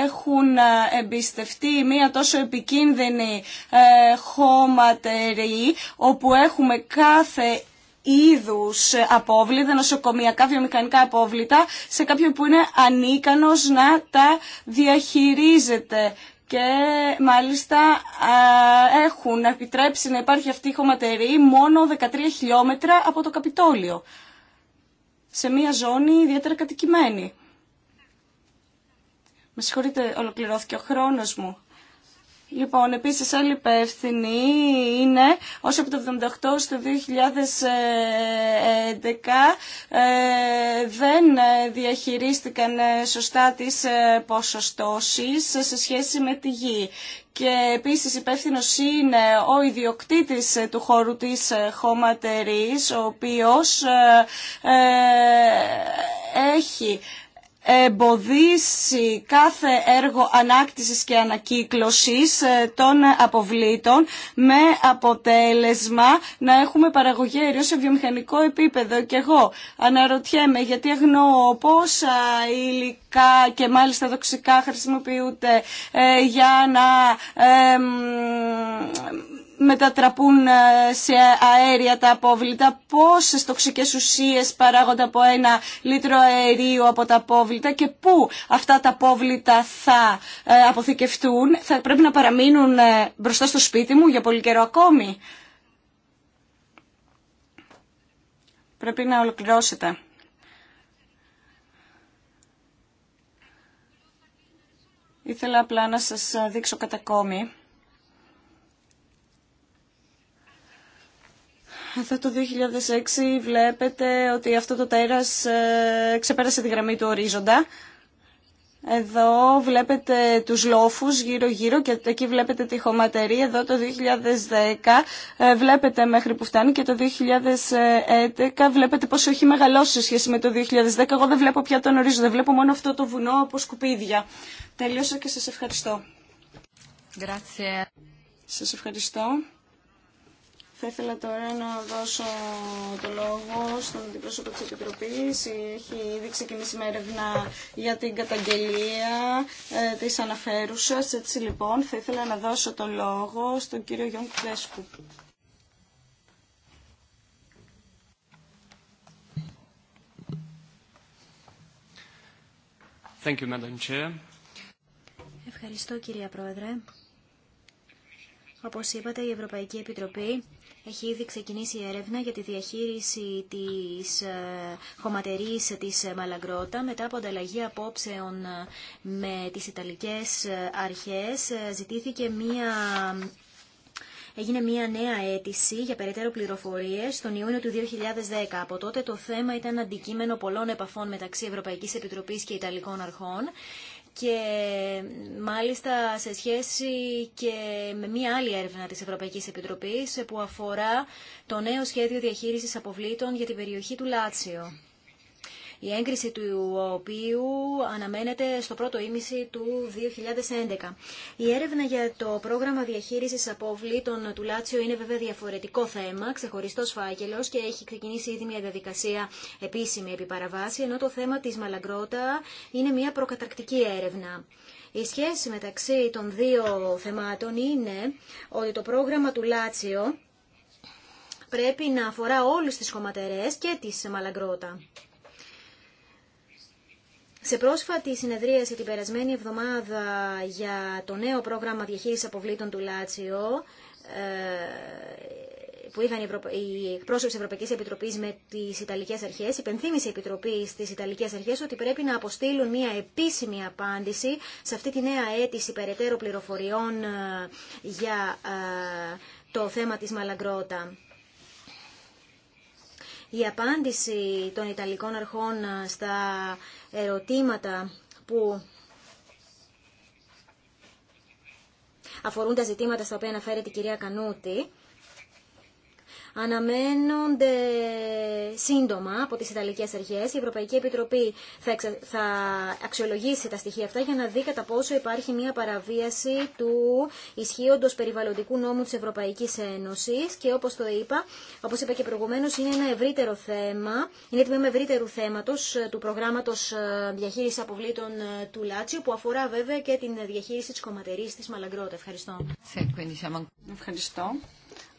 έχουν ε, εμπιστευτεί μία τόσο επικίνδυνη ε, χώματερη όπου έχουμε κάθε είδους απόβλητα, νοσοκομιακά, βιομηχανικά απόβλητα σε κάποιον που είναι ανίκανος να τα διαχειρίζεται και μάλιστα έχουν επιτρέψει να υπάρχει αυτή η χωματερή μόνο 13 χιλιόμετρα από το Καπιτόλιο, σε μια ζώνη ιδιαίτερα κατοικημένη. Με συγχωρείτε, ολοκληρώθηκε ο χρόνος μου. Λοιπόν, επίση άλλη υπεύθυνη είναι όσο από το 1978 στο 2011 ε, δεν διαχειρίστηκαν ε, σωστά τις ε, ποσοστώσεις σε σχέση με τη γη. Και επίσης υπεύθυνο είναι ο ιδιοκτήτης του χώρου της χωματερής, ο οποίος έχει εμποδίσει κάθε έργο ανάκτησης και ανακύκλωσης ε, των αποβλήτων με αποτέλεσμα να έχουμε παραγωγή αερίων σε βιομηχανικό επίπεδο. Και εγώ αναρωτιέμαι γιατί αγνοώ πόσα υλικά και μάλιστα δοξικά χρησιμοποιούνται ε, για να μετατραπούν ε, σε αέρια τα απόβλητα, πόσες τοξικές ουσίες παράγονται από ένα λίτρο αερίου από τα απόβλητα και πού αυτά τα απόβλητα θα ε, αποθηκευτούν, θα πρέπει να παραμείνουν ε, μπροστά στο σπίτι μου για πολύ καιρό ακόμη. Πρέπει να ολοκληρώσετε. Ήθελα απλά να σας δείξω κατακόμη Αυτό το 2006 βλέπετε ότι αυτό το τέρας ε, ξεπέρασε τη γραμμή του ορίζοντα. Εδώ βλέπετε τους λόφους γύρω-γύρω και εκεί βλέπετε τη χωματερή. Εδώ το 2010 ε, βλέπετε μέχρι που φτάνει και το 2011 βλέπετε πόσο έχει μεγαλώσει σε σχέση με το 2010. Εγώ δεν βλέπω πια τον ορίζοντα, βλέπω μόνο αυτό το βουνό από σκουπίδια. Τελείωσα και σας ευχαριστώ. Grazie. Σας ευχαριστώ. Θα ήθελα τώρα να δώσω το λόγο στον αντιπρόσωπο της Επιτροπής. Έχει ήδη ξεκινήσει με έρευνα για την καταγγελία ε, της αναφέρουσας. Έτσι λοιπόν θα ήθελα να δώσω το λόγο στον κύριο Γιώργο Κουδέσκου. Thank you, Ευχαριστώ κυρία Πρόεδρε. Όπως είπατε η Ευρωπαϊκή Επιτροπή έχει ήδη ξεκινήσει η έρευνα για τη διαχείριση της ε, χωματερής της ε, Μαλαγκρότα μετά από ανταλλαγή απόψεων ε, με τις Ιταλικές αρχές. Ζητήθηκε μία Έγινε μια νέα αίτηση για περαιτέρω πληροφορίε τον Ιούνιο του 2010. Από τότε το θέμα ήταν αντικείμενο πολλών επαφών μεταξύ Ευρωπαϊκή Επιτροπή και Ιταλικών Αρχών και μάλιστα σε σχέση και με μία άλλη έρευνα της Ευρωπαϊκής Επιτροπής που αφορά το νέο σχέδιο διαχείρισης αποβλήτων για την περιοχή του Λάτσιο η έγκριση του οποίου αναμένεται στο πρώτο ήμιση του 2011. Η έρευνα για το πρόγραμμα διαχείρισης αποβλήτων του Λάτσιο είναι βέβαια διαφορετικό θέμα, ξεχωριστό φάκελο και έχει ξεκινήσει ήδη μια διαδικασία επίσημη επί παραβάση, ενώ το θέμα της Μαλαγκρότα είναι μια προκαταρκτική έρευνα. Η σχέση μεταξύ των δύο θεμάτων είναι ότι το πρόγραμμα του Λάτσιο πρέπει να αφορά όλους τις χωματερές και τις Μαλαγκρότα. Σε πρόσφατη συνεδρίαση την περασμένη εβδομάδα για το νέο πρόγραμμα διαχείρισης αποβλήτων του Λάτσιο, ε, που είχαν οι εκπρόσωποι της Ευρωπαϊκή Επιτροπή με τις Ιταλικές Αρχές, υπενθύμησε η Επιτροπή στι Ιταλικέ Αρχέ ότι πρέπει να αποστείλουν μια επίσημη απάντηση σε αυτή τη νέα αίτηση περαιτέρω πληροφοριών ε, για ε, το θέμα της Μαλαγκρότα. Η απάντηση των Ιταλικών αρχών ε, στα ερωτήματα που αφορούν τα ζητήματα στα οποία αναφέρεται η κυρία Κανούτη αναμένονται σύντομα από τις Ιταλικές Αρχές. Η Ευρωπαϊκή Επιτροπή θα αξιολογήσει τα στοιχεία αυτά για να δει κατά πόσο υπάρχει μια παραβίαση του ισχύοντος περιβαλλοντικού νόμου της Ευρωπαϊκής Ένωσης και όπως το είπα, όπως είπα και προηγουμένως, είναι ένα ευρύτερο θέμα, είναι τμήμα ευρύτερου θέματος ε, του προγράμματος ε, διαχείρισης αποβλήτων ε, του Λάτσιου που αφορά βέβαια και την διαχείριση της κομματερής της Μαλαγκρότα. Ευχαριστώ.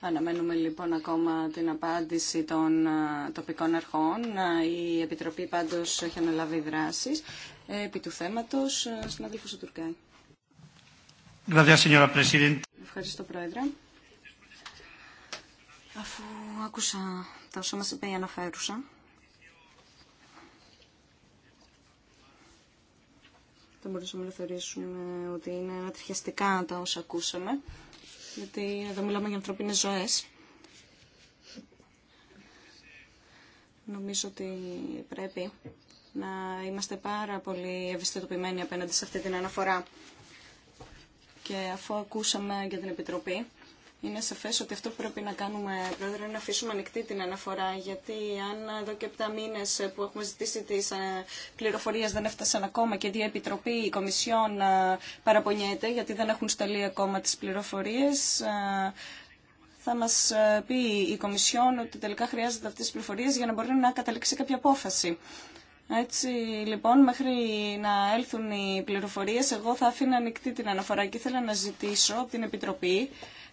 Αναμένουμε λοιπόν ακόμα την απάντηση των ε, τοπικών αρχών. Ε, η Επιτροπή πάντως έχει αναλάβει δράσεις ε, επί του θέματος. Συνάδελφος ο Τουρκάη. Ευχαριστώ Πρόεδρε. Αφού άκουσα τα όσα μας είπε η αναφέρουσα, θα μπορούσαμε να θεωρήσουμε ότι είναι ανατριχιαστικά τα όσα ακούσαμε γιατί εδώ μιλάμε για ανθρωπίνες ζωές. Νομίζω ότι πρέπει να είμαστε πάρα πολύ ευαισθητοποιημένοι απέναντι σε αυτή την αναφορά. Και αφού ακούσαμε για την Επιτροπή, είναι σαφές ότι αυτό που πρέπει να κάνουμε, πρόεδρε, είναι να αφήσουμε ανοιχτή την αναφορά, γιατί αν εδώ και επτά μήνε που έχουμε ζητήσει τις ε, πληροφορίες δεν έφτασαν ακόμα και η Επιτροπή, η Κομισιόν ε, παραπονιέται, γιατί δεν έχουν σταλεί ακόμα τι πληροφορίε, ε, θα μα πει η Κομισιόν ότι τελικά χρειάζεται αυτέ τι πληροφορίε για να μπορεί να καταλήξει κάποια απόφαση. Έτσι λοιπόν μέχρι να έλθουν οι πληροφορίε, εγώ θα αφήνα ανοιχτή την αναφορά και ήθελα να ζητήσω από την Επιτροπή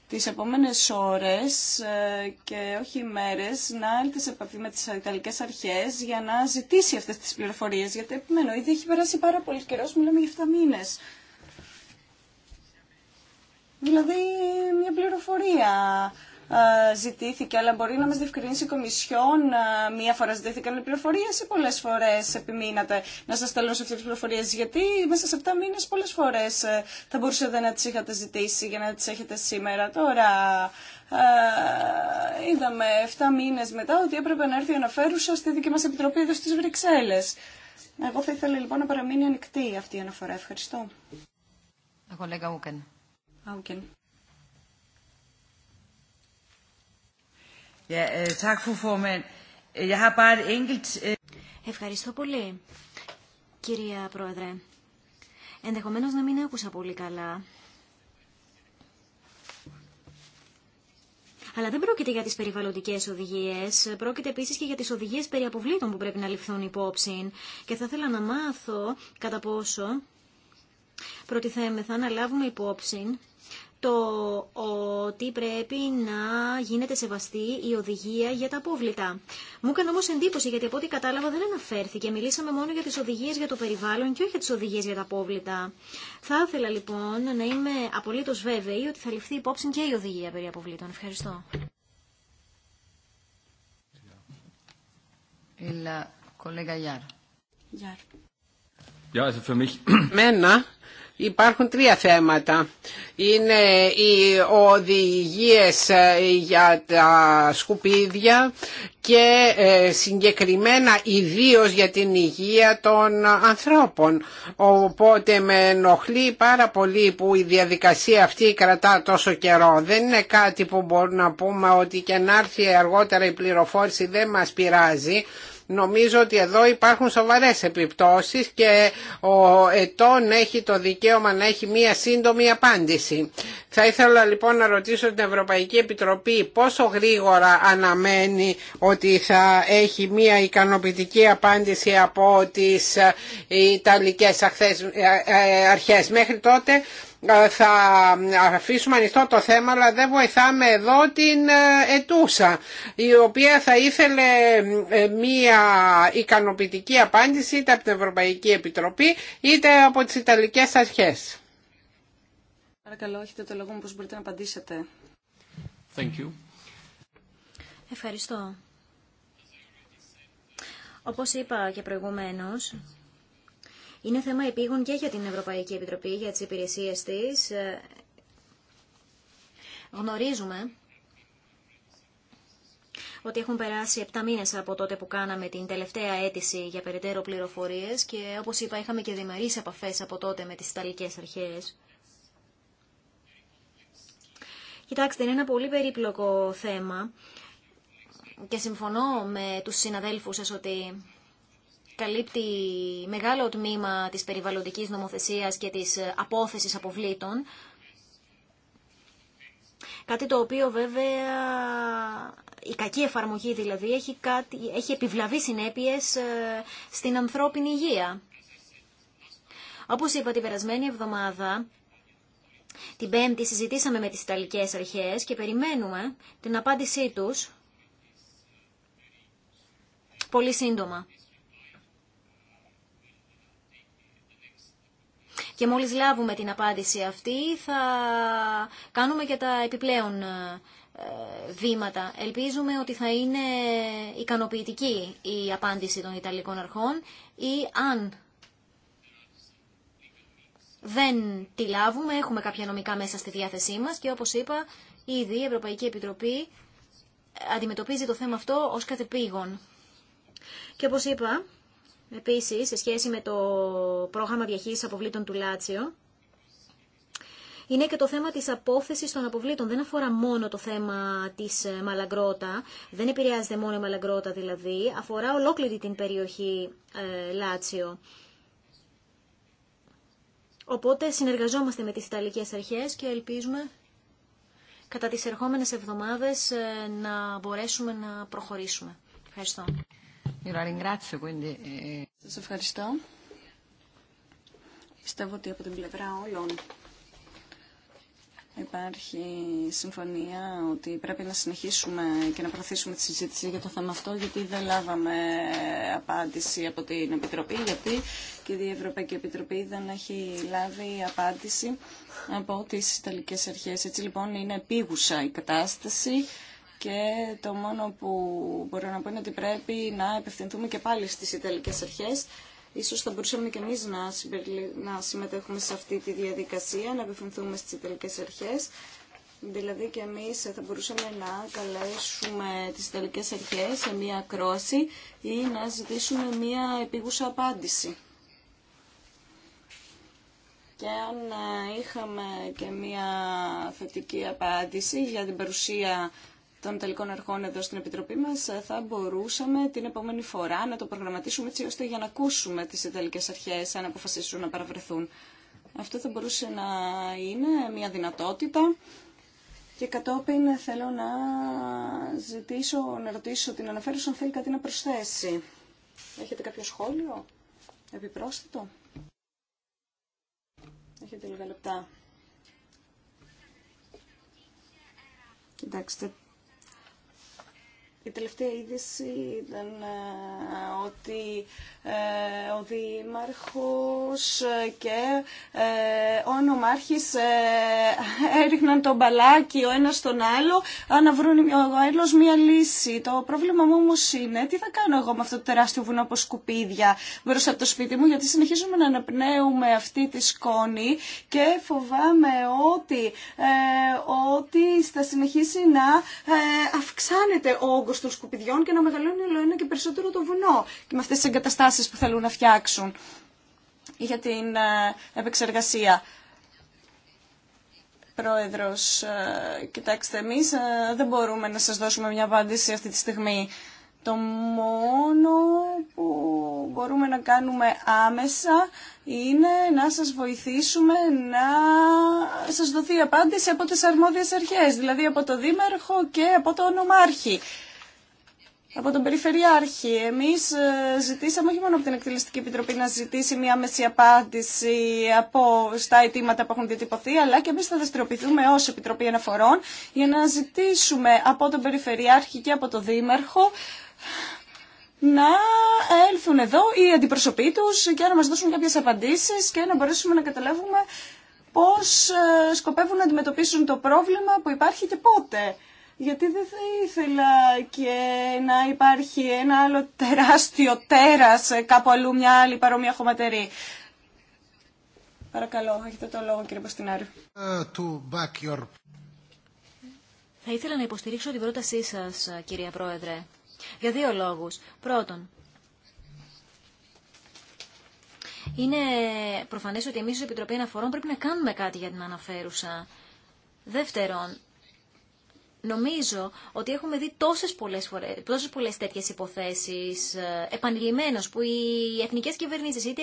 τις επόμενες ώρες ε, και όχι μέρες να έλθει σε επαφή με τις Ιταλικές αρχές για να ζητήσει αυτές τις πληροφορίες. Γιατί επιμένω, ήδη έχει περάσει πάρα πολύ καιρό, μιλάμε για 7 μήνες. Δηλαδή μια πληροφορία ζητήθηκε, αλλά μπορεί να μας διευκρινίσει η Κομισιόν. Μία φορά ζητήθηκαν οι πληροφορίες ή πολλές φορές επιμείνατε να σας στέλνω σε αυτές τις πληροφορίες, γιατί μέσα σε 7 μήνες πολλές φορές ε, θα μπορούσατε να τις είχατε ζητήσει για να τις έχετε σήμερα. Τώρα είδαμε 7 μήνες μετά ότι έπρεπε να έρθει η αναφέρουσα στη δική μας επιτροπή εδώ στις Βρυξέλλες. Εγώ θα ήθελα λοιπόν να παραμείνει ανοιχτή αυτή η αναφορά. Ευχαριστώ. Ευχαριστώ πολύ, κυρία Πρόεδρε. Ενδεχομένως να μην άκουσα πολύ καλά. Αλλά δεν πρόκειται για τις περιβαλλοντικές οδηγίες, πρόκειται επίσης και για τις οδηγίες περί αποβλήτων που πρέπει να ληφθούν υπόψη. Και θα ήθελα να μάθω κατά πόσο προτιθέμεθα να λάβουμε υπόψη το ότι πρέπει να γίνεται σεβαστή η οδηγία για τα απόβλητα. Μου έκανε όμω εντύπωση γιατί από ό,τι κατάλαβα δεν αναφέρθηκε. Μιλήσαμε μόνο για τι οδηγίε για το περιβάλλον και όχι για τι οδηγίε για τα απόβλητα. Θα ήθελα λοιπόν να είμαι απολύτω βέβαιη ότι θα ληφθεί υπόψη και η οδηγία περί αποβλήτων. Ευχαριστώ. Υπάρχουν τρία θέματα. Είναι οι οδηγίες για τα σκουπίδια και ε, συγκεκριμένα ιδίω για την υγεία των ανθρώπων. Οπότε με ενοχλεί πάρα πολύ που η διαδικασία αυτή κρατά τόσο καιρό. Δεν είναι κάτι που μπορούμε να πούμε ότι και να έρθει αργότερα η πληροφόρηση δεν μας πειράζει. Νομίζω ότι εδώ υπάρχουν σοβαρές επιπτώσεις και ο ετών έχει το δικαίωμα να έχει μία σύντομη απάντηση. Θα ήθελα λοιπόν να ρωτήσω την Ευρωπαϊκή Επιτροπή πόσο γρήγορα αναμένει ότι θα έχει μία ικανοποιητική απάντηση από τις ε, Ιταλικές ε, ε, αρχές. Μέχρι τότε θα αφήσουμε ανοιχτό το θέμα αλλά δεν βοηθάμε εδώ την ετούσα η οποία θα ήθελε μία ικανοποιητική απάντηση είτε από την Ευρωπαϊκή Επιτροπή είτε από τις Ιταλικές Αρχές. Παρακαλώ, έχετε το λόγο μου πώς μπορείτε να απαντήσετε. Ευχαριστώ. Όπως είπα και προηγουμένως, είναι θέμα επίγον και για την Ευρωπαϊκή Επιτροπή, για τις υπηρεσίες της. Ε, γνωρίζουμε ότι έχουν περάσει 7 μήνες από τότε που κάναμε την τελευταία αίτηση για περαιτέρω πληροφορίες και όπως είπα είχαμε και διμερείς επαφές από τότε με τις Ιταλικές αρχές. Κοιτάξτε, είναι ένα πολύ περίπλοκο θέμα και συμφωνώ με τους συναδέλφους σας ότι καλύπτει μεγάλο τμήμα της περιβαλλοντικής νομοθεσίας και της απόθεσης αποβλήτων. Κάτι το οποίο βέβαια η κακή εφαρμογή δηλαδή έχει, κάτι, έχει επιβλαβεί συνέπειες ε, στην ανθρώπινη υγεία. Όπως είπα την περασμένη εβδομάδα, την Πέμπτη συζητήσαμε με τις Ιταλικές Αρχές και περιμένουμε την απάντησή τους πολύ σύντομα. Και μόλις λάβουμε την απάντηση αυτή θα κάνουμε και τα επιπλέον ε, βήματα. Ελπίζουμε ότι θα είναι ικανοποιητική η απάντηση των Ιταλικών αρχών ή αν δεν τη λάβουμε, έχουμε κάποια νομικά μέσα στη διάθεσή μας και όπως είπα ήδη η Ευρωπαϊκή Επιτροπή αντιμετωπίζει το θέμα αυτό ως κατεπήγον. Και όπως είπα, επίσης, σε σχέση με το πρόγραμμα διαχείρισης αποβλήτων του Λάτσιο, είναι και το θέμα της απόθεσης των αποβλήτων. Δεν αφορά μόνο το θέμα της ε, Μαλαγκρότα, δεν επηρεάζεται μόνο η Μαλαγκρότα δηλαδή, αφορά ολόκληρη την περιοχή ε, Λάτσιο. Οπότε συνεργαζόμαστε με τις Ιταλικές Αρχές και ελπίζουμε κατά τις ερχόμενες εβδομάδες ε, να μπορέσουμε να προχωρήσουμε. Ευχαριστώ. Eh, Σας ευχαριστώ. Πιστεύω ότι από την πλευρά όλων υπάρχει συμφωνία ότι πρέπει να συνεχίσουμε και να προωθήσουμε τη συζήτηση για το θέμα αυτό, γιατί δεν λάβαμε απάντηση από την Επιτροπή, γιατί και η Ευρωπαϊκή Επιτροπή δεν έχει λάβει απάντηση από τις Ιταλικές Αρχές. Έτσι λοιπόν είναι επίγουσα η κατάσταση και το μόνο που μπορώ να πω είναι ότι πρέπει να επευθυνθούμε και πάλι στις Ιταλικές αρχές. Ίσως θα μπορούσαμε και εμείς να, να συμμετέχουμε σε αυτή τη διαδικασία, να επευθυνθούμε στις Ιταλικές αρχές. Δηλαδή και εμείς θα μπορούσαμε να καλέσουμε τις Ιταλικές αρχές σε μία κρόση ή να ζητήσουμε μία επίγουσα απάντηση. Και αν ε, είχαμε και μία θετική απάντηση για την παρουσία των τελικών αρχών εδώ στην Επιτροπή μας, ε, θα μπορούσαμε την επόμενη φορά να το προγραμματίσουμε έτσι ώστε για να ακούσουμε τις Ιταλικές αρχές αν αποφασίσουν να παραβρεθούν. Αυτό θα μπορούσε να είναι μια δυνατότητα. Και κατόπιν θέλω να ζητήσω, να ρωτήσω την αναφέρουσα αν θέλει κάτι να προσθέσει. Έχετε κάποιο σχόλιο επιπρόσθετο. Έχετε λίγα λεπτά. Κοιτάξτε, η τελευταία είδηση ήταν ε, ότι ε, ο Δήμαρχος και ε, ο Νομάρχης έριχναν τον μπαλάκι ο ένας στον άλλο να βρουν ο μία λύση. Το πρόβλημα μου όμως είναι τι θα κάνω εγώ με αυτό το τεράστιο βουνό από σκουπίδια μπροστά από το σπίτι μου γιατί συνεχίζουμε να αναπνέουμε αυτή τη σκόνη και φοβάμαι ότι, ότι θα συνεχίσει να αυξάνεται ο όγκο των σκουπιδιών και να μεγαλώνει όλο ένα και περισσότερο το βουνό και με αυτές τις εγκαταστάσεις που θέλουν να φτιάξουν για την ε, επεξεργασία. Πρόεδρος, ε, κοιτάξτε, εμείς ε, δεν μπορούμε να σας δώσουμε μια απάντηση αυτή τη στιγμή. Το μόνο που μπορούμε να κάνουμε άμεσα είναι να σας βοηθήσουμε να σας δοθεί απάντηση από τις αρμόδιες αρχές, δηλαδή από το Δήμαρχο και από το Ονομάρχη από τον Περιφερειάρχη. Εμείς ε, ζητήσαμε όχι μόνο από την Εκτελεστική Επιτροπή να ζητήσει μια μέση απάντηση από στα αιτήματα που έχουν διατυπωθεί, αλλά και εμεί θα δραστηριοποιηθούμε ω Επιτροπή Αναφορών για να ζητήσουμε από τον Περιφερειάρχη και από τον Δήμαρχο να έλθουν εδώ οι αντιπροσωποί του και να μα δώσουν κάποιε απαντήσει και να μπορέσουμε να καταλάβουμε πώς ε, σκοπεύουν να αντιμετωπίσουν το πρόβλημα που υπάρχει και πότε γιατί δεν θα ήθελα και να υπάρχει ένα άλλο τεράστιο τέρας κάπου αλλού μια άλλη παρόμοια χωματερή. Παρακαλώ, έχετε το λόγο κύριε Παστινάρη. Ε, uh, Θα ήθελα να υποστηρίξω την πρότασή σας κυρία Πρόεδρε. Για δύο λόγους. Πρώτον, είναι προφανές ότι εμείς ως Επιτροπή Αναφορών πρέπει να κάνουμε κάτι για την αναφέρουσα. Δεύτερον, Νομίζω ότι έχουμε δει τόσες πολλές, φορές, τόσες πολλές τέτοιες υποθέσεις ε, επανειλημμένως που οι εθνικές κυβερνήσεις είτε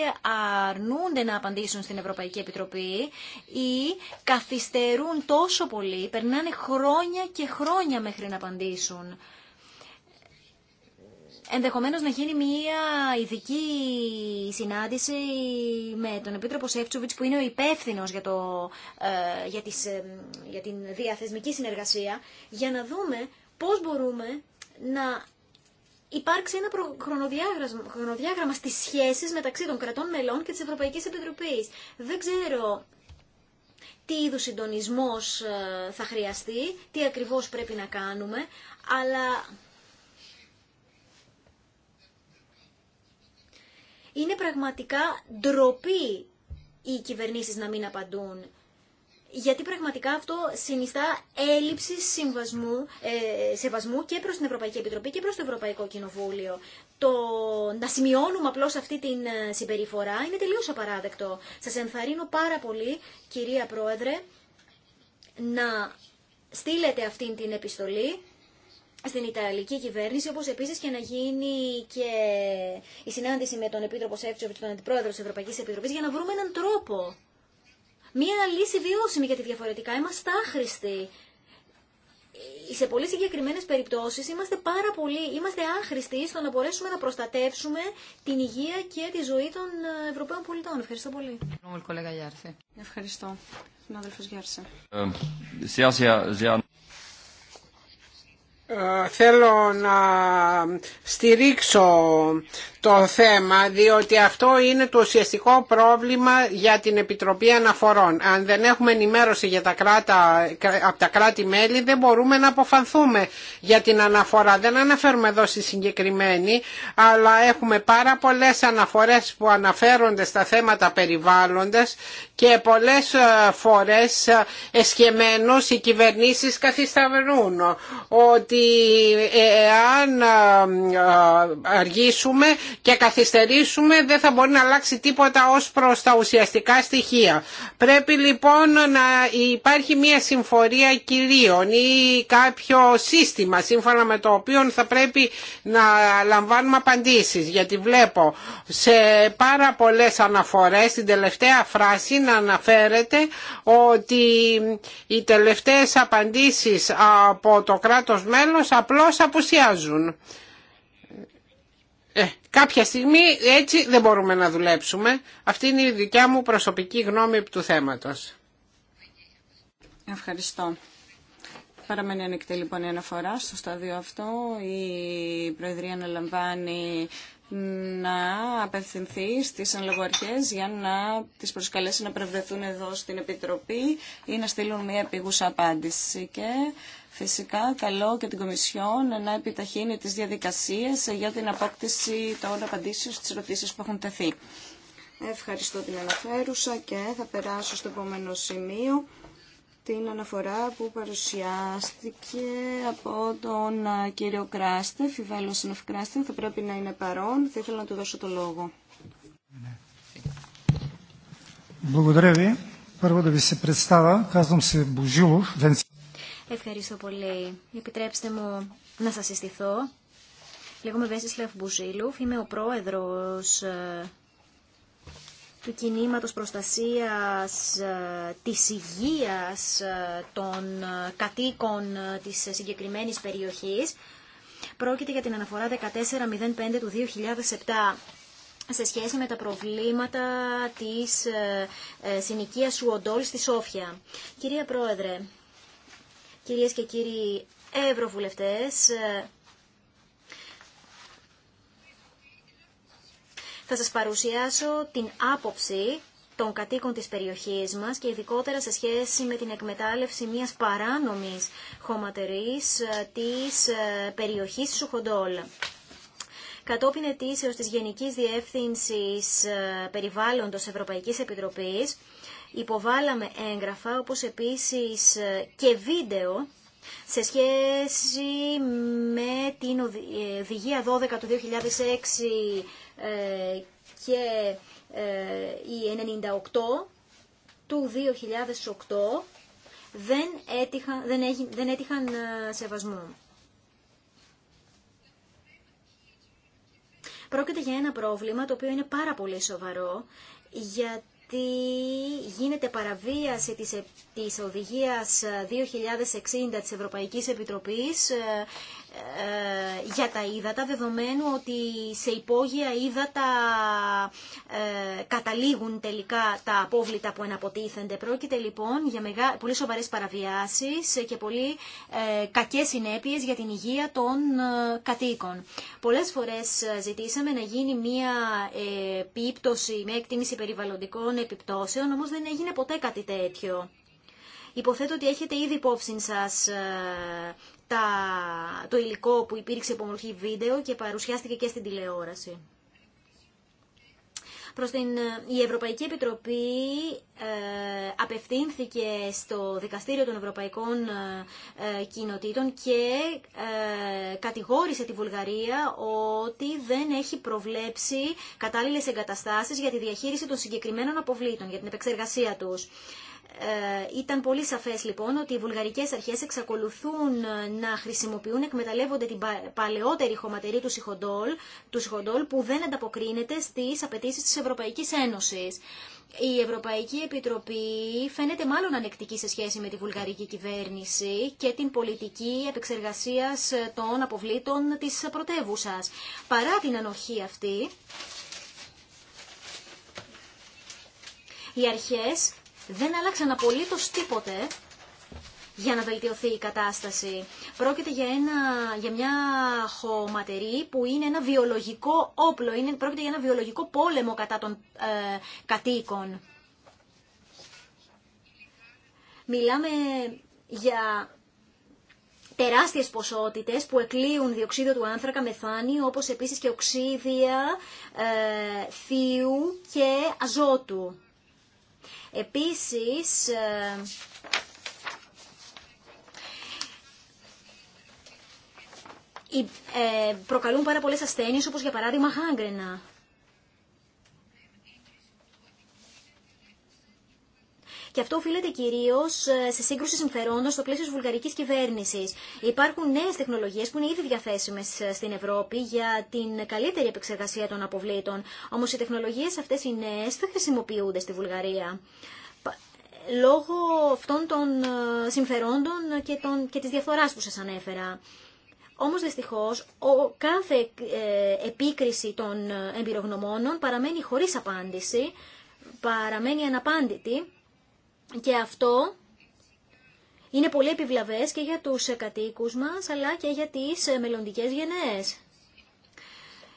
αρνούνται να απαντήσουν στην Ευρωπαϊκή Επιτροπή ή καθυστερούν τόσο πολύ, περνάνε χρόνια και χρόνια μέχρι να απαντήσουν ενδεχομένως να γίνει μια ειδική συνάντηση με τον Επίτροπο Σεύτσοβιτς που είναι ο υπεύθυνος για, το, ε, για, τις, ε, για την διαθεσμική συνεργασία για να δούμε πώς μπορούμε να υπάρξει ένα χρονοδιάγραμμα, χρονοδιάγραμμα στις σχέσεις μεταξύ των κρατών μελών και της Ευρωπαϊκής Επιτροπής. Δεν ξέρω τι είδου συντονισμός ε, θα χρειαστεί, τι ακριβώς πρέπει να κάνουμε, αλλά Είναι πραγματικά ντροπή οι κυβερνήσεις να μην απαντούν. Γιατί πραγματικά αυτό συνιστά έλλειψη συμβασμού, ε, σεβασμού και προς την Ευρωπαϊκή Επιτροπή και προς το Ευρωπαϊκό Κοινοβούλιο. Το να σημειώνουμε απλώς αυτή την ε, συμπεριφορά είναι τελείως απαράδεκτο. Σας ενθαρρύνω πάρα πολύ, κυρία Πρόεδρε, να στείλετε αυτή την επιστολή στην Ιταλική κυβέρνηση, όπως επίσης και να γίνει και η συνάντηση με τον Επίτροπο Σεύτσοβιτ, τον Αντιπρόεδρο της Ευρωπαϊκής Επιτροπής, για να βρούμε έναν τρόπο. Μία λύση βιώσιμη, γιατί διαφορετικά είμαστε άχρηστοι. Σε πολύ συγκεκριμένε περιπτώσει είμαστε πάρα πολύ, είμαστε άχρηστοι στο να μπορέσουμε να προστατεύσουμε την υγεία και τη ζωή των Ευρωπαίων πολιτών. Ευχαριστώ πολύ. Ευχαριστώ. Συνάδελφο Γιάρσε. Ε, θέλω να στηρίξω το θέμα διότι αυτό είναι το ουσιαστικό πρόβλημα για την Επιτροπή Αναφορών. Αν δεν έχουμε ενημέρωση για τα κράτα, από τα κράτη-μέλη δεν μπορούμε να αποφανθούμε για την αναφορά. Δεν αναφέρουμε εδώ στη συγκεκριμένη αλλά έχουμε πάρα πολλές αναφορές που αναφέρονται στα θέματα περιβάλλοντες και πολλές ε, φορές ε, εσχεμένως οι κυβερνήσεις καθισταυρούν ότι ε, εάν αργήσουμε και καθυστερήσουμε δεν θα μπορεί να αλλάξει τίποτα ως προς τα ουσιαστικά στοιχεία. Πρέπει λοιπόν να υπάρχει μια συμφορία κυρίων ή κάποιο σύστημα σύμφωνα με το οποίο θα πρέπει να λαμβάνουμε απαντήσεις γιατί βλέπω σε πάρα πολλές αναφορές την τελευταία φράση να αναφέρεται ότι οι τελευταίες απαντήσεις από το κράτος μέλος απλώς απουσιάζουν. Κάποια στιγμή έτσι δεν μπορούμε να δουλέψουμε. Αυτή είναι η δικιά μου προσωπική γνώμη του θέματος. Ευχαριστώ. Παραμένει ανοιχτή λοιπόν η αναφορά στο στάδιο αυτό. Η Προεδρία αναλαμβάνει να απευθυνθεί στις αναλογοαρχές για να τις προσκαλέσει να πρευρεθούν εδώ στην Επιτροπή ή να στείλουν μια επίγουσα απάντηση. Και Φυσικά, καλό και την Κομισιόν να επιταχύνει τις διαδικασίες για την απόκτηση των απαντήσεων στις ερωτήσεις που έχουν τεθεί. Ευχαριστώ την αναφέρουσα και θα περάσω στο επόμενο σημείο την αναφορά που παρουσιάστηκε από τον κύριο Κράστε, Φιβέλο Συνοφ θα πρέπει να είναι παρόν. Θα ήθελα να του δώσω το λόγο. Ευχαριστώ πολύ. Επιτρέψτε μου να σας συστηθώ. Λέγομαι Βέσισλαφ Μπουζίλουφ, είμαι ο πρόεδρος ε, του κινήματος προστασίας ε, της υγείας ε, των κατοίκων της συγκεκριμένης περιοχής. Πρόκειται για την αναφορά 1405 του 2007 σε σχέση με τα προβλήματα της συνοικίας Σουοντόλ στη Σόφια. Κυρία Πρόεδρε, Κυρίες και κύριοι Ευρωβουλευτές, ε, θα σας παρουσιάσω την άποψη των κατοίκων της περιοχής μας και ειδικότερα σε σχέση με την εκμετάλλευση μιας παράνομης χωματερής ε, της ε, περιοχής Σουχοντόλ. Κατόπιν ετήσεως της Γενικής Διεύθυνσης Περιβάλλοντος Ευρωπαϊκής Επιτροπής, Υποβάλαμε έγγραφα, όπως επίσης ε, και βίντεο, σε σχέση με την ε, οδηγία 12 του 2006 ε, και η 98 του 2008 δεν έτυχαν, δεν, έγι, δεν έτυχαν σεβασμού. Πρόκειται για ένα πρόβλημα το οποίο είναι πάρα πολύ σοβαρό γιατί γίνεται παραβίαση της, ε, της οδηγίας 2060 ε, της Ευρωπαϊκής Επιτροπής ε, ε, για τα ύδατα, δεδομένου ότι σε υπόγεια ύδατα ε, καταλήγουν τελικά τα απόβλητα που εναποτίθενται. Πρόκειται λοιπόν για μεγά, πολύ σοβαρές παραβιάσεις και πολύ ε, κακές συνέπειες για την υγεία των ε, κατοίκων. Πολλές φορές ε, ζητήσαμε να γίνει μια επίπτωση, μια εκτίμηση περιβαλλοντικών επιπτώσεων, όμως δεν έγινε ποτέ κάτι τέτοιο. Υποθέτω ότι έχετε ήδη υπόψη σας τα, το υλικό που υπήρξε από βίντεο και παρουσιάστηκε και στην τηλεόραση. Προς την, η Ευρωπαϊκή Επιτροπή ε, απευθύνθηκε στο Δικαστήριο των Ευρωπαϊκών ε, Κοινοτήτων και ε, κατηγόρησε τη Βουλγαρία ότι δεν έχει προβλέψει κατάλληλες εγκαταστάσεις για τη διαχείριση των συγκεκριμένων αποβλήτων, για την επεξεργασία τους. Ε, ήταν πολύ σαφές λοιπόν ότι οι βουλγαρικές αρχές εξακολουθούν ε, να χρησιμοποιούν, εκμεταλλεύονται την παλαιότερη χωματερή του Σιχοντόλ, του Σιχοντόλ που δεν ανταποκρίνεται στις απαιτήσει της Ευρωπαϊκής Ένωσης. Η Ευρωπαϊκή Επιτροπή φαίνεται μάλλον ανεκτική σε σχέση με τη βουλγαρική κυβέρνηση και την πολιτική επεξεργασία ε, των αποβλήτων της πρωτεύουσα. Παρά την ανοχή αυτή, οι αρχές δεν άλλαξαν απολύτω τίποτε για να βελτιωθεί η κατάσταση. Πρόκειται για, ένα, για μια χωματερή που είναι ένα βιολογικό όπλο, είναι, πρόκειται για ένα βιολογικό πόλεμο κατά των ε, κατοίκων. Μιλάμε για τεράστιες ποσότητες που εκλείουν διοξίδιο του άνθρακα, θάνη, όπως επίσης και οξύδια ε, θείου και αζότου. Επίσης, ε, ε, προκαλούν πάρα πολλές ασθένειες, όπως για παράδειγμα χάγκρινα. και αυτό οφείλεται κυρίω ε, σε σύγκρουση συμφερόντων στο πλαίσιο τη βουλγαρική κυβέρνηση. Υπάρχουν νέε τεχνολογίε που είναι ήδη διαθέσιμε ε, στην Ευρώπη για την καλύτερη επεξεργασία των αποβλήτων. Όμω οι τεχνολογίε αυτέ οι νέε δεν χρησιμοποιούνται στη Βουλγαρία λόγω αυτών των ε, συμφερόντων και, των, και της διαφθοράς που σας ανέφερα. Όμως δυστυχώς ο, κάθε επίκριση των εμπειρογνωμόνων παραμένει χωρίς απάντηση, παραμένει αναπάντητη και αυτό είναι πολύ επιβλαβές και για τους κατοίκους μας, αλλά και για τις ε, μελλοντικές γενναίες.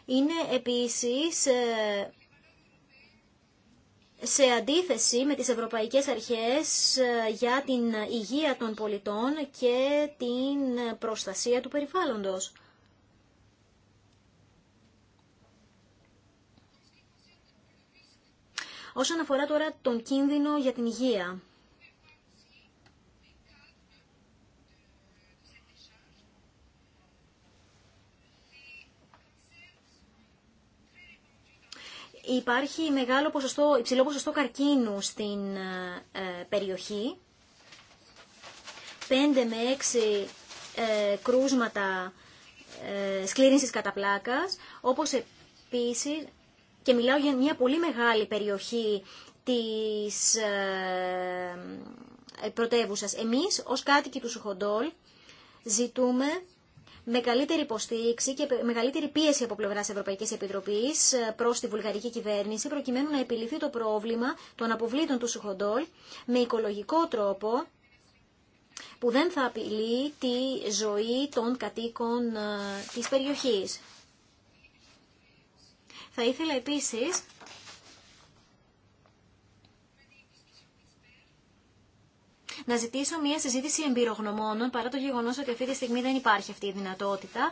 Είναι επίσης ε, σε αντίθεση με τις ευρωπαϊκές αρχές ε, για την υγεία των πολιτών και την προστασία του περιβάλλοντος. Όσον αφορά τώρα τον κίνδυνο για την υγεία. υπάρχει μεγάλο ποσοστό, υψηλό ποσοστό καρκίνου στην ε, περιοχή. 5 με 6 ε, κρούσματα ε, σκλήρινσης κατά όπως επίσης, και μιλάω για μια πολύ μεγάλη περιοχή της ε, πρωτεύουσας. Εμείς, ως κάτοικοι του Σουχοντόλ ζητούμε με καλύτερη υποστήριξη και μεγαλύτερη πίεση από πλευρά Ευρωπαϊκή Επιτροπή ε, προ τη βουλγαρική κυβέρνηση, προκειμένου να επιληθεί το πρόβλημα των αποβλήτων του Σουχοντόλ με οικολογικό τρόπο που δεν θα απειλεί τη ζωή των κατοίκων ε, της περιοχής. Θα ήθελα επίσης να ζητήσω μια συζήτηση εμπειρογνωμόνων, παρά το γεγονός ότι αυτή τη στιγμή δεν υπάρχει αυτή η δυνατότητα.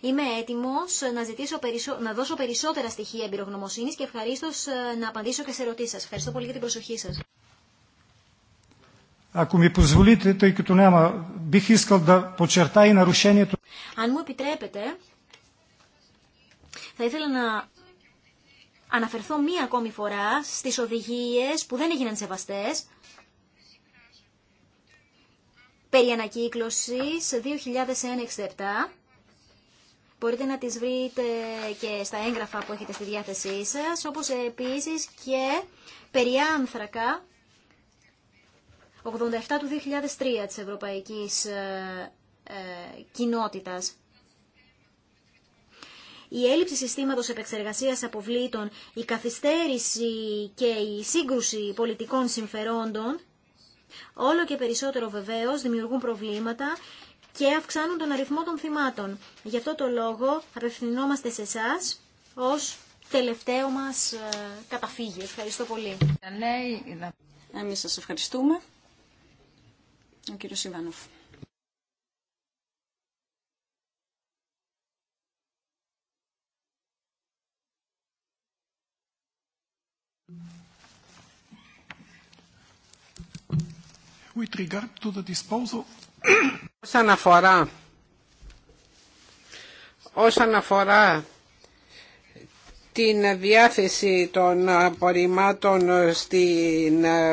Είμαι έτοιμο να, ζητήσω να δώσω περισσότερα στοιχεία εμπειρογνωμοσύνη και ευχαρίστω ε, να απαντήσω και σε ερωτήσει σα. Ευχαριστώ πολύ για την προσοχή σα. Αν μου επιτρέπετε, θα ήθελα να αναφερθώ μία ακόμη φορά στις οδηγίες που δεν έγιναν σεβαστές περί ανακύκλωσης 2001-67. Μπορείτε να τις βρείτε και στα έγγραφα που έχετε στη διάθεσή σας, όπως επίσης και περί άνθρακα 87 του 2003 της Ευρωπαϊκής ε, ε Κοινότητας η έλλειψη συστήματος επεξεργασίας αποβλήτων, η καθυστέρηση και η σύγκρουση πολιτικών συμφερόντων, όλο και περισσότερο βεβαίως δημιουργούν προβλήματα και αυξάνουν τον αριθμό των θυμάτων. Γι' αυτό το λόγο απευθυνόμαστε σε εσά ως τελευταίο μας ε, καταφύγιο. Ευχαριστώ πολύ. Εμείς σας ευχαριστούμε. Ο κύριος Ιβανόφ. with regard όσον αφορά, όσον αφορά την διάθεση των απορριμμάτων στην ε,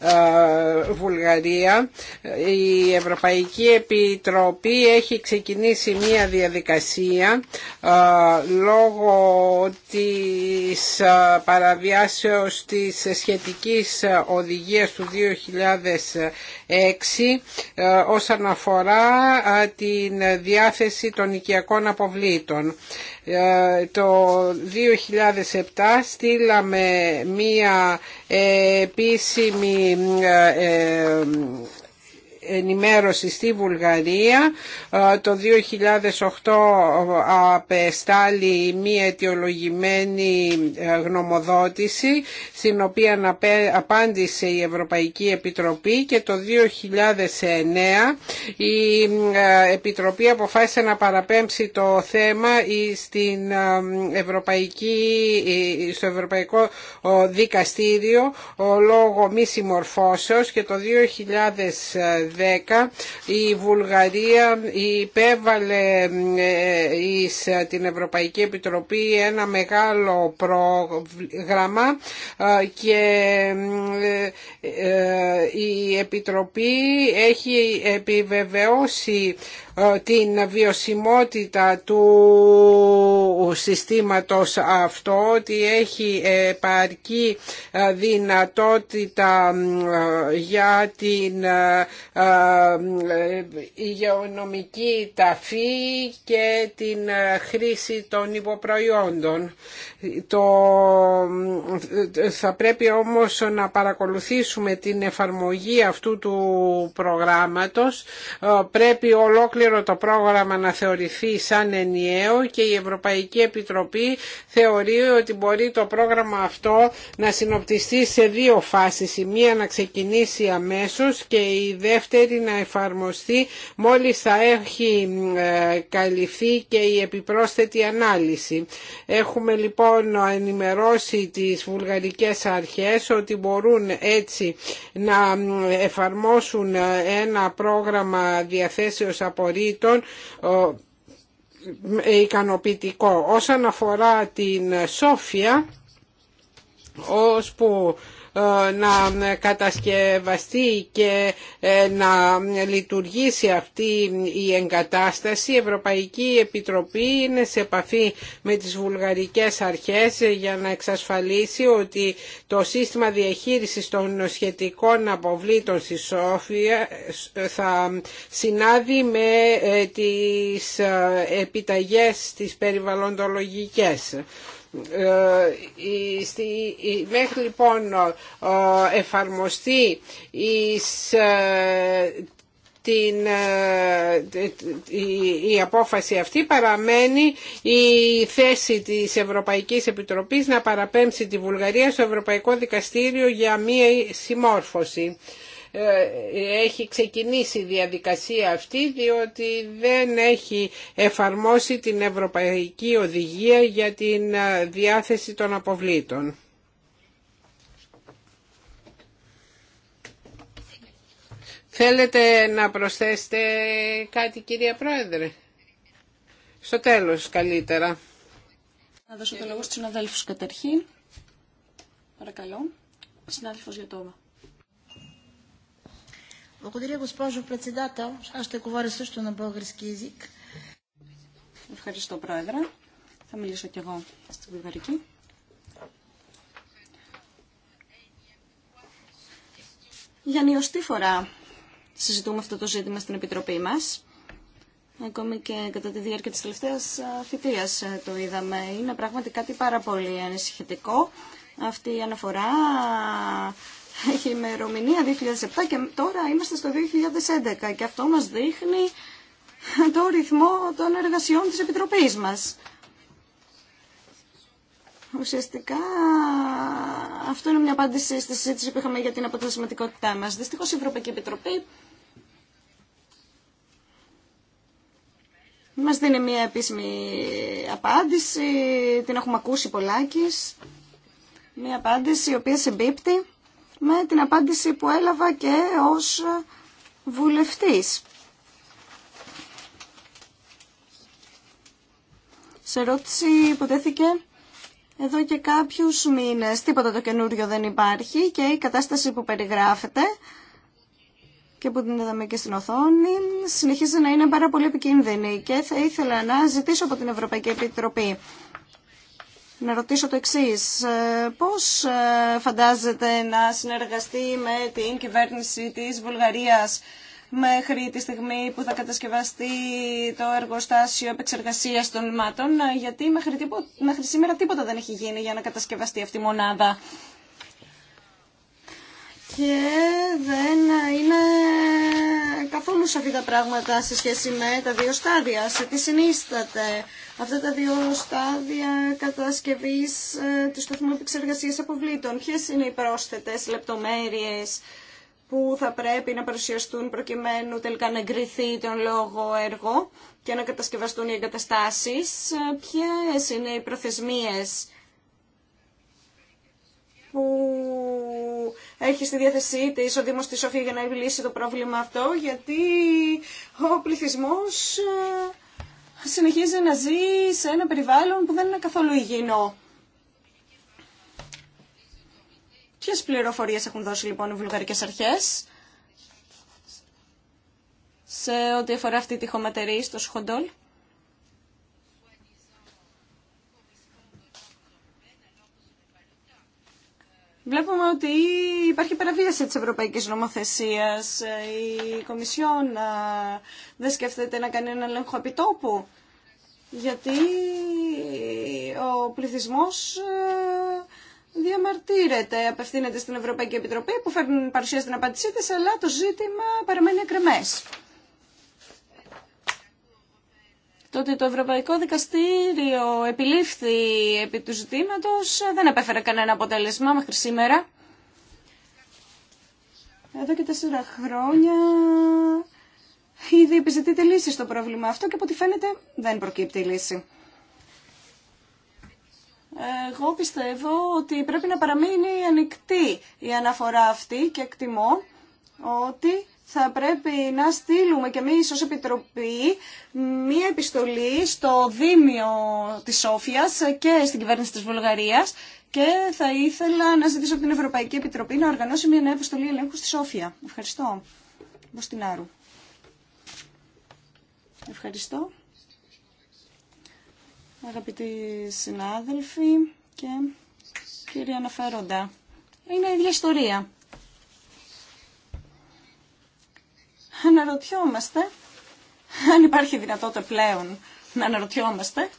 ε, Βουλγαρία. Η Ευρωπαϊκή Επιτροπή έχει ξεκινήσει μία διαδικασία ε, λόγω της παραβιάσεως της σχετικής οδηγίας του 2006 όσον αφορά την διάθεση των οικιακών αποβλήτων. Το 2007 στείλαμε μία επίσημη ε, ε, ενημέρωση στη Βουλγαρία. Το 2008 απεστάλλει μία αιτιολογημένη ε, γνωμοδότηση στην οποία απάντησε η Ευρωπαϊκή Επιτροπή και το 2009 η ε, Επιτροπή αποφάσισε να παραπέμψει το θέμα στην ε, Ευρωπαϊκή, στο Ευρωπαϊκό Δικαστήριο λόγω μη συμμορφώσεως και το 2010 η Βουλγαρία υπέβαλε ε, εις ε, την Ευρωπαϊκή Επιτροπή ένα μεγάλο πρόγραμμα ε, και η Επιτροπή έχει επιβεβαιώσει ε, την βιωσιμότητα του συστήματος αυτό ότι έχει επαρκή ε, δυνατότητα ε, για την υγειονομική ταφή και την χρήση των υποπροϊόντων. Το, θα πρέπει όμως να παρακολουθήσουμε την εφαρμογή αυτού του προγράμματος. Πρέπει ολόκληρο ολόκληρο το πρόγραμμα να θεωρηθεί σαν ενιαίο και η Ευρωπαϊκή Επιτροπή θεωρεί ότι μπορεί το πρόγραμμα αυτό να συνοπτιστεί σε δύο φάσεις. Η μία να ξεκινήσει αμέσως και η δεύτερη να εφαρμοστεί μόλις θα έχει ε, καλυφθεί και η επιπρόσθετη ανάλυση. Έχουμε λοιπόν ενημερώσει τις βουλγαρικές αρχές ότι μπορούν έτσι να ε, εφαρμόσουν ε, ένα πρόγραμμα διαθέσεως από ε, ικανοποιητικό. Όσον αφορά την Σόφια, ως που ε, να κατασκευαστεί και ε, να λειτουργήσει αυτή η εγκατάσταση. Η Ευρωπαϊκή Επιτροπή είναι σε επαφή με τις βουλγαρικές αρχές για να εξασφαλίσει ότι το σύστημα διαχείρισης των σχετικών αποβλήτων στη Σόφια ε, θα συνάδει με τις επιταγές της περιβαλλοντολογικές. Ε, μέχρι λοιπόν ε, εφαρμοστεί ε, την, η, η απόφαση αυτή παραμένει η θέση της Ευρωπαϊκής Επιτροπής να παραπέμψει τη Βουλγαρία στο Ευρωπαϊκό Δικαστήριο για μία συμμόρφωση. Ε, έχει ξεκινήσει η διαδικασία αυτή διότι δεν έχει εφαρμόσει την Ευρωπαϊκή Οδηγία για την ε, διάθεση των αποβλήτων. Θέλετε να προσθέσετε κάτι κυρία Πρόεδρε. Στο τέλος καλύτερα. Να δώσω το λόγο στους συναδέλφους καταρχήν. Παρακαλώ. Συνάδελφος Γιατώμα. Благодаря, госпожо председател. Аз ще говоря също на български язик. Ευχαριστώ, Πρόεδρε. Θα μιλήσω κι εγώ στην Βουλγαρική. Για νιωστή φορά συζητούμε αυτό το ζήτημα στην Επιτροπή μας. Ακόμη και κατά τη διάρκεια της τελευταίας θητείας ε, το είδαμε. Είναι πράγματι κάτι πάρα πολύ ανησυχητικό αυτή η αναφορά έχει ημερομηνία 2007 και τώρα είμαστε στο 2011 και αυτό μας δείχνει το ρυθμό των εργασιών της Επιτροπής μας. Ουσιαστικά αυτό είναι μια απάντηση στη συζήτηση που είχαμε για την αποτελεσματικότητά μας. Δυστυχώς η Ευρωπαϊκή Επιτροπή μας δίνει μια επίσημη απάντηση, την έχουμε ακούσει πολλάκις. Μια απάντηση η οποία συμπίπτει με την απάντηση που έλαβα και ως βουλευτής. Σε ερώτηση υποτέθηκε εδώ και κάποιους μήνες. Τίποτα το καινούριο δεν υπάρχει και η κατάσταση που περιγράφεται και που την είδαμε και στην οθόνη, συνεχίζει να είναι πάρα πολύ επικίνδυνη και θα ήθελα να ζητήσω από την Ευρωπαϊκή Επιτροπή να ρωτήσω το εξή. Ε, πώς ε, φαντάζεται να συνεργαστεί με την κυβέρνηση της Βουλγαρίας μέχρι τη στιγμή που θα κατασκευαστεί το εργοστάσιο επεξεργασίας των μάτων, ε, γιατί μέχρι, τίπο... μέχρι σήμερα τίποτα δεν έχει γίνει για να κατασκευαστεί αυτή η μονάδα και δεν είναι καθόλου σαφή τα πράγματα σε σχέση με τα δύο στάδια. Σε τι συνίσταται αυτά τα δύο στάδια κατασκευής ε, του σταθμού επεξεργασίας αποβλήτων. Ποιες είναι οι πρόσθετες λεπτομέρειες που θα πρέπει να παρουσιαστούν προκειμένου τελικά να εγκριθεί τον λόγο έργο και να κατασκευαστούν οι εγκαταστάσεις. Ε, ποιες είναι οι προθεσμίες που έχει στη διάθεσή τη ο Δήμος της Σόφια για να επιλύσει το πρόβλημα αυτό, γιατί ο πληθυσμός ε, συνεχίζει να ζει σε ένα περιβάλλον που δεν είναι καθόλου υγιεινό. Ποιε πληροφορίες έχουν δώσει λοιπόν οι βουλγαρικές αρχές σε ό,τι αφορά αυτή τη χωματερή στο Σχοντόλ. Βλέπουμε ότι υπάρχει παραβίαση της ευρωπαϊκής νομοθεσίας. Ε, η Κομισιόν ε, δεν σκέφτεται να κάνει έναν έλεγχο επιτόπου, γιατί ο πληθυσμός ε, διαμαρτύρεται, απευθύνεται στην Ευρωπαϊκή Επιτροπή που φέρνει παρουσία στην απάντησή της, αλλά το ζήτημα παραμένει ακρεμές. Το ότι το Ευρωπαϊκό Δικαστήριο επιλήφθη επί του ζητήματος δεν επέφερε κανένα αποτέλεσμα μέχρι σήμερα. Εδώ και τέσσερα χρόνια ήδη επιζητείται λύση στο πρόβλημα αυτό και από ό,τι φαίνεται δεν προκύπτει η λύση. Εγώ πιστεύω ότι πρέπει να παραμείνει ανοιχτή η αναφορά αυτή και εκτιμώ ότι θα πρέπει να στείλουμε και εμείς ως Επιτροπή μία επιστολή στο Δήμιο της Σόφιας και στην κυβέρνηση της Βουλγαρίας και θα ήθελα να ζητήσω από την Ευρωπαϊκή Επιτροπή να οργανώσει μια νέα αποστολή ελέγχου στη Σόφια. Ευχαριστώ. Μποστινάρου. Ευχαριστώ. Αγαπητοί συνάδελφοι και κύριοι αναφέροντα. Είναι η ίδια ιστορία. Αναρωτιόμαστε αν υπάρχει δυνατότητα πλέον να αναρωτιόμαστε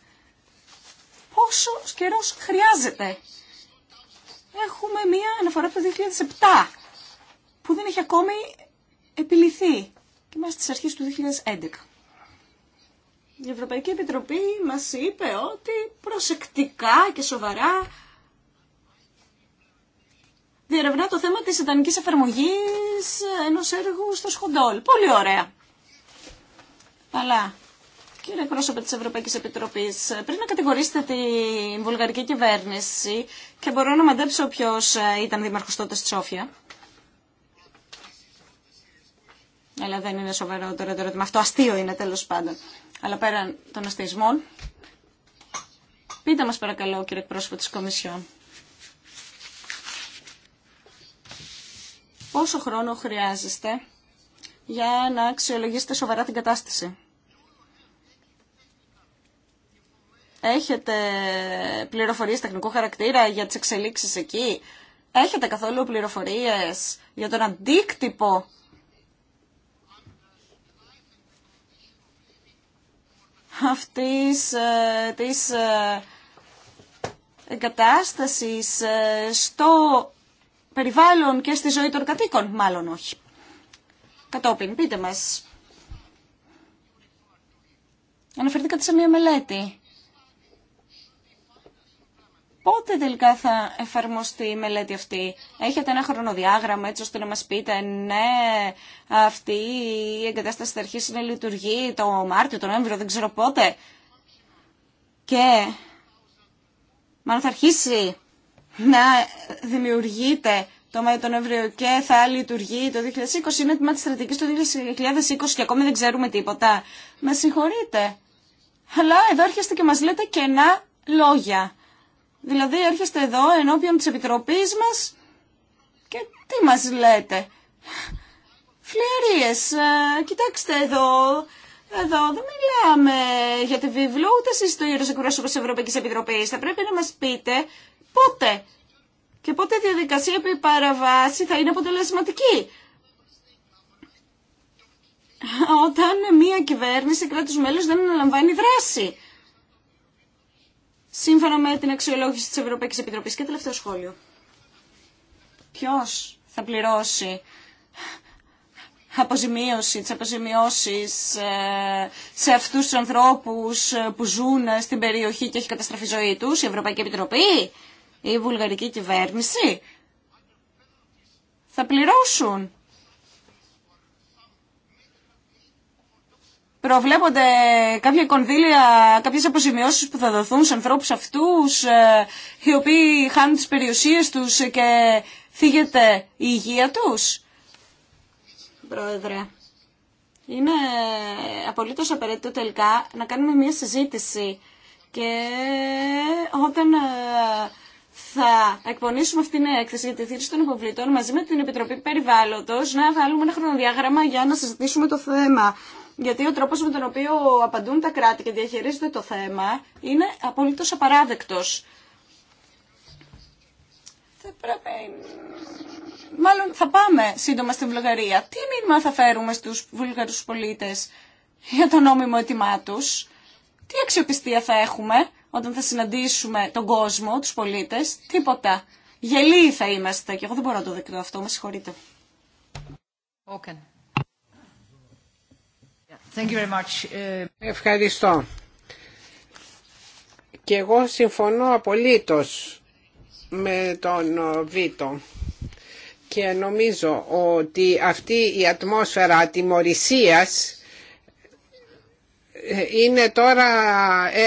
πόσο καιρό χρειάζεται έχουμε μία αναφορά από το 2007 που δεν έχει ακόμη επιληθεί και είμαστε στις αρχές του 2011. Η Ευρωπαϊκή Επιτροπή μας είπε ότι προσεκτικά και σοβαρά διερευνά το θέμα της ιδανικής εφαρμογής ενός έργου στο Σχοντόλ. Πολύ ωραία. Αλλά Κύριε πρόσωπε της Ευρωπαϊκής Επιτροπής, πριν να κατηγορήσετε την βουλγαρική κυβέρνηση και μπορώ να μαντέψω ποιος ε, ήταν δήμαρχος τότε στη Σόφια. Αλλά δεν είναι σοβαρό τώρα το ερώτημα. Αυτό αστείο είναι τέλος πάντων. Αλλά πέραν των αστεισμών, πείτε μας παρακαλώ κύριε πρόσωπο της Κομισιόν. Πόσο χρόνο χρειάζεστε για να αξιολογήσετε σοβαρά την κατάσταση. Έχετε πληροφορίες τεχνικού χαρακτήρα για τις εξελίξεις εκεί. Έχετε καθόλου πληροφορίες για τον αντίκτυπο αυτής ε, της ε, εγκατάστασης ε, στο περιβάλλον και στη ζωή των κατοίκων. Μάλλον όχι. Κατόπιν, πείτε μας. Αναφερθήκατε σε μία μελέτη Πότε τελικά θα εφαρμοστεί η μελέτη αυτή. Έχετε ένα χρονοδιάγραμμα έτσι ώστε να μας πείτε ναι αυτή η εγκατάσταση θα αρχίσει να λειτουργεί το Μάρτιο, τον Νοέμβριο, δεν ξέρω πότε. Και μάλλον θα αρχίσει να δημιουργείται το Μάιο τον Νοέμβριο και θα λειτουργεί το 2020. Είναι τμήμα της στρατηγικής του 2020 και ακόμη δεν ξέρουμε τίποτα. Με συγχωρείτε. Αλλά εδώ έρχεστε και μας λέτε κενά λόγια. Δηλαδή έρχεστε εδώ ενώπιον της Επιτροπής μας και τι μας λέτε. Φλερίες, ε, κοιτάξτε εδώ, εδώ δεν μιλάμε για τη βίβλο, ούτε εσείς το Ιερός Εκπρόσωπος της Ευρωπαϊκής Επιτροπής. Θα πρέπει να μας πείτε πότε και πότε η διαδικασία που παραβάση θα είναι αποτελεσματική. Όταν μια κυβέρνηση κράτους μέλους δεν αναλαμβάνει δράση σύμφωνα με την αξιολόγηση της Ευρωπαϊκής Επιτροπής. Και τελευταίο σχόλιο. Ποιος θα πληρώσει αποζημίωση, τις αποζημιώσεις ε, σε αυτούς τους ανθρώπους ε, που ζουν ε, στην περιοχή και έχει καταστραφεί ζωή τους, η Ευρωπαϊκή Επιτροπή, η βουλγαρική κυβέρνηση, θα πληρώσουν προβλέπονται κάποια κονδύλια, κάποιες αποζημιώσεις που θα δοθούν σε ανθρώπους αυτούς, ε, οι οποίοι χάνουν τις περιουσίες τους και θίγεται η υγεία τους. Πρόεδρε, είναι απολύτως απαραίτητο τελικά να κάνουμε μια συζήτηση και όταν ε, θα εκπονήσουμε αυτήν την έκθεση για τη θήριση των υποβλητών μαζί με την Επιτροπή Περιβάλλοντος να βάλουμε ένα χρονοδιάγραμμα για να συζητήσουμε το θέμα γιατί ο τρόπος με τον οποίο απαντούν τα κράτη και διαχειρίζονται το θέμα είναι απολύτως απαράδεκτος. Θα πρέπει... Μάλλον θα πάμε σύντομα στην Βουλγαρία. Τι μήνυμα θα φέρουμε στους βουλγαρούς πολίτες για το νόμιμο αίτημά τους. Τι αξιοπιστία θα έχουμε όταν θα συναντήσουμε τον κόσμο, τους πολίτες. Τίποτα. Γελοί θα είμαστε και εγώ δεν μπορώ να το δεκτώ αυτό. Με συγχωρείτε. Okay. Ε, Ευχαριστώ. Και εγώ συμφωνώ απολύτως με τον Βίτο και νομίζω ότι αυτή η ατμόσφαιρα ατιμορρησίας είναι τώρα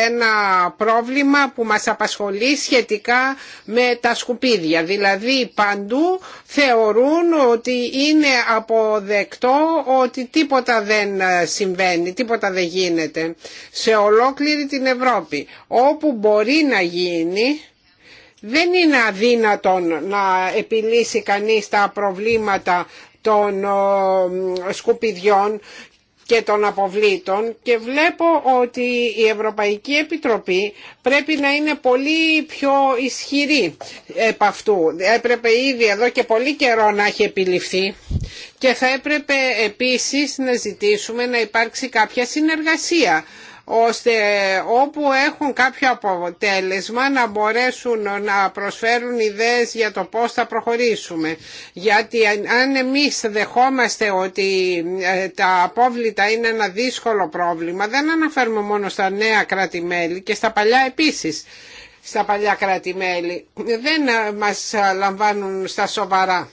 ένα πρόβλημα που μας απασχολεί σχετικά με τα σκουπίδια. Δηλαδή παντού θεωρούν ότι είναι αποδεκτό ότι τίποτα δεν συμβαίνει, τίποτα δεν γίνεται σε ολόκληρη την Ευρώπη. Όπου μπορεί να γίνει δεν είναι αδύνατον να επιλύσει κανείς τα προβλήματα των σκουπιδιών και των αποβλήτων και βλέπω ότι η Ευρωπαϊκή Επιτροπή πρέπει να είναι πολύ πιο ισχυρή επ' αυτού. Έπρεπε ήδη εδώ και πολύ καιρό να έχει επιληφθεί και θα έπρεπε επίσης να ζητήσουμε να υπάρξει κάποια συνεργασία ώστε όπου έχουν κάποιο αποτέλεσμα να μπορέσουν να προσφέρουν ιδέες για το πώς θα προχωρήσουμε. Γιατί αν εμείς δεχόμαστε ότι ε, τα απόβλητα είναι ένα δύσκολο πρόβλημα, δεν αναφέρουμε μόνο στα νέα κράτη-μέλη και στα παλιά επίσης στα παλιά Δεν ε, μας ε, λαμβάνουν στα σοβαρά.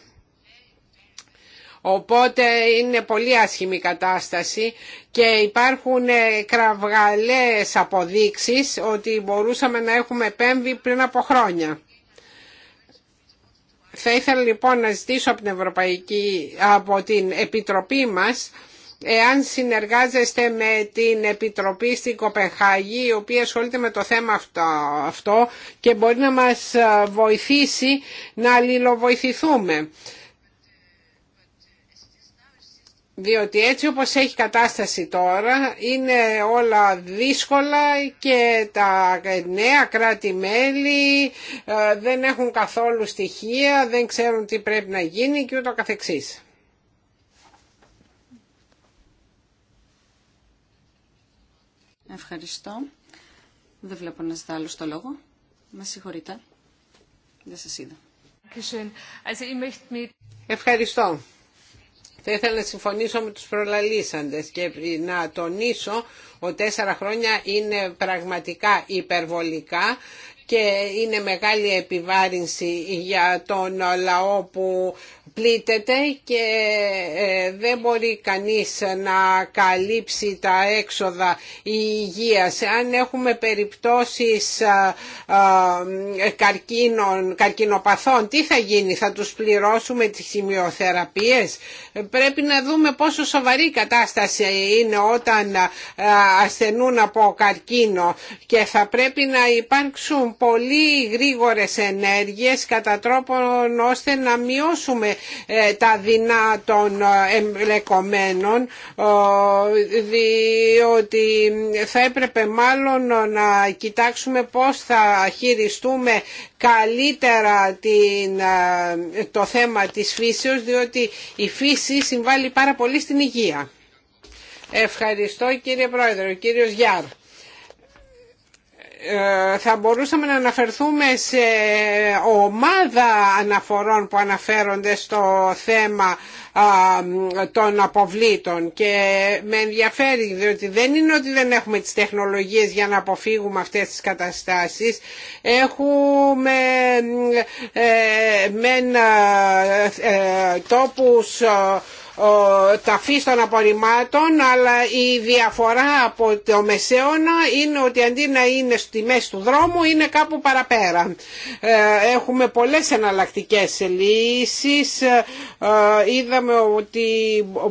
Οπότε είναι πολύ άσχημη η κατάσταση και υπάρχουν ε, κραυγαλές αποδείξεις ότι μπορούσαμε να έχουμε επέμβει πριν από χρόνια. Θα ήθελα λοιπόν να ζητήσω από την, Ευρωπαϊκή, από την Επιτροπή μας εάν συνεργάζεστε με την Επιτροπή στην Κοπεχάγη η οποία ασχολείται με το θέμα αυτό και μπορεί να μας ε, βοηθήσει να αλληλοβοηθηθούμε διότι έτσι όπως έχει κατάσταση τώρα είναι όλα δύσκολα και τα νέα κράτη-μέλη ε, δεν έχουν καθόλου στοιχεία, δεν ξέρουν τι πρέπει να γίνει και ούτω καθεξής. Ευχαριστώ. Δεν βλέπω να ζητά άλλο το λόγο. Με συγχωρείτε. Δεν σας είδα. Ευχαριστώ. Θα ήθελα να συμφωνήσω με τους προλαλήσαντες και να τονίσω ότι τέσσερα χρόνια είναι πραγματικά υπερβολικά και είναι μεγάλη επιβάρυνση για τον λαό που πλήττεται και ε, δεν μπορεί κανείς να καλύψει τα έξοδα υγείας. Αν έχουμε περιπτώσεις καρκίνων, καρκινοπαθών, τι θα γίνει, θα τους πληρώσουμε τις χημειοθεραπείες. Πρέπει να δούμε πόσο σοβαρή η κατάσταση είναι όταν ασθενούν από καρκίνο και θα πρέπει να υπάρξουν πολύ γρήγορες ενέργειες κατά τρόπο ώστε να μειώσουμε ε, τα δεινά των ε, εμπλεκομένων διότι θα έπρεπε μάλλον να κοιτάξουμε πώς θα χειριστούμε καλύτερα την, ε, το θέμα της φύσεως διότι η φύση συμβάλλει πάρα πολύ στην υγεία. Ευχαριστώ κύριε Πρόεδρε, ο κύριος Γιάρ. Ε, θα μπορούσαμε να αναφερθούμε σε ομάδα αναφορών που αναφέρονται στο θέμα των αποβλήτων και με ενδιαφέρει διότι δεν είναι ότι δεν έχουμε τις τεχνολογίες για να αποφύγουμε αυτές τις καταστάσεις έχουμε ε, μεν ε, τόπους τα φύση των απορριμμάτων αλλά η διαφορά από το μεσαίωνα είναι ότι αντί να είναι στη μέση του δρόμου είναι κάπου παραπέρα. Ε, έχουμε πολλές εναλλακτικέ λύσεις. Ε, είδαμε ότι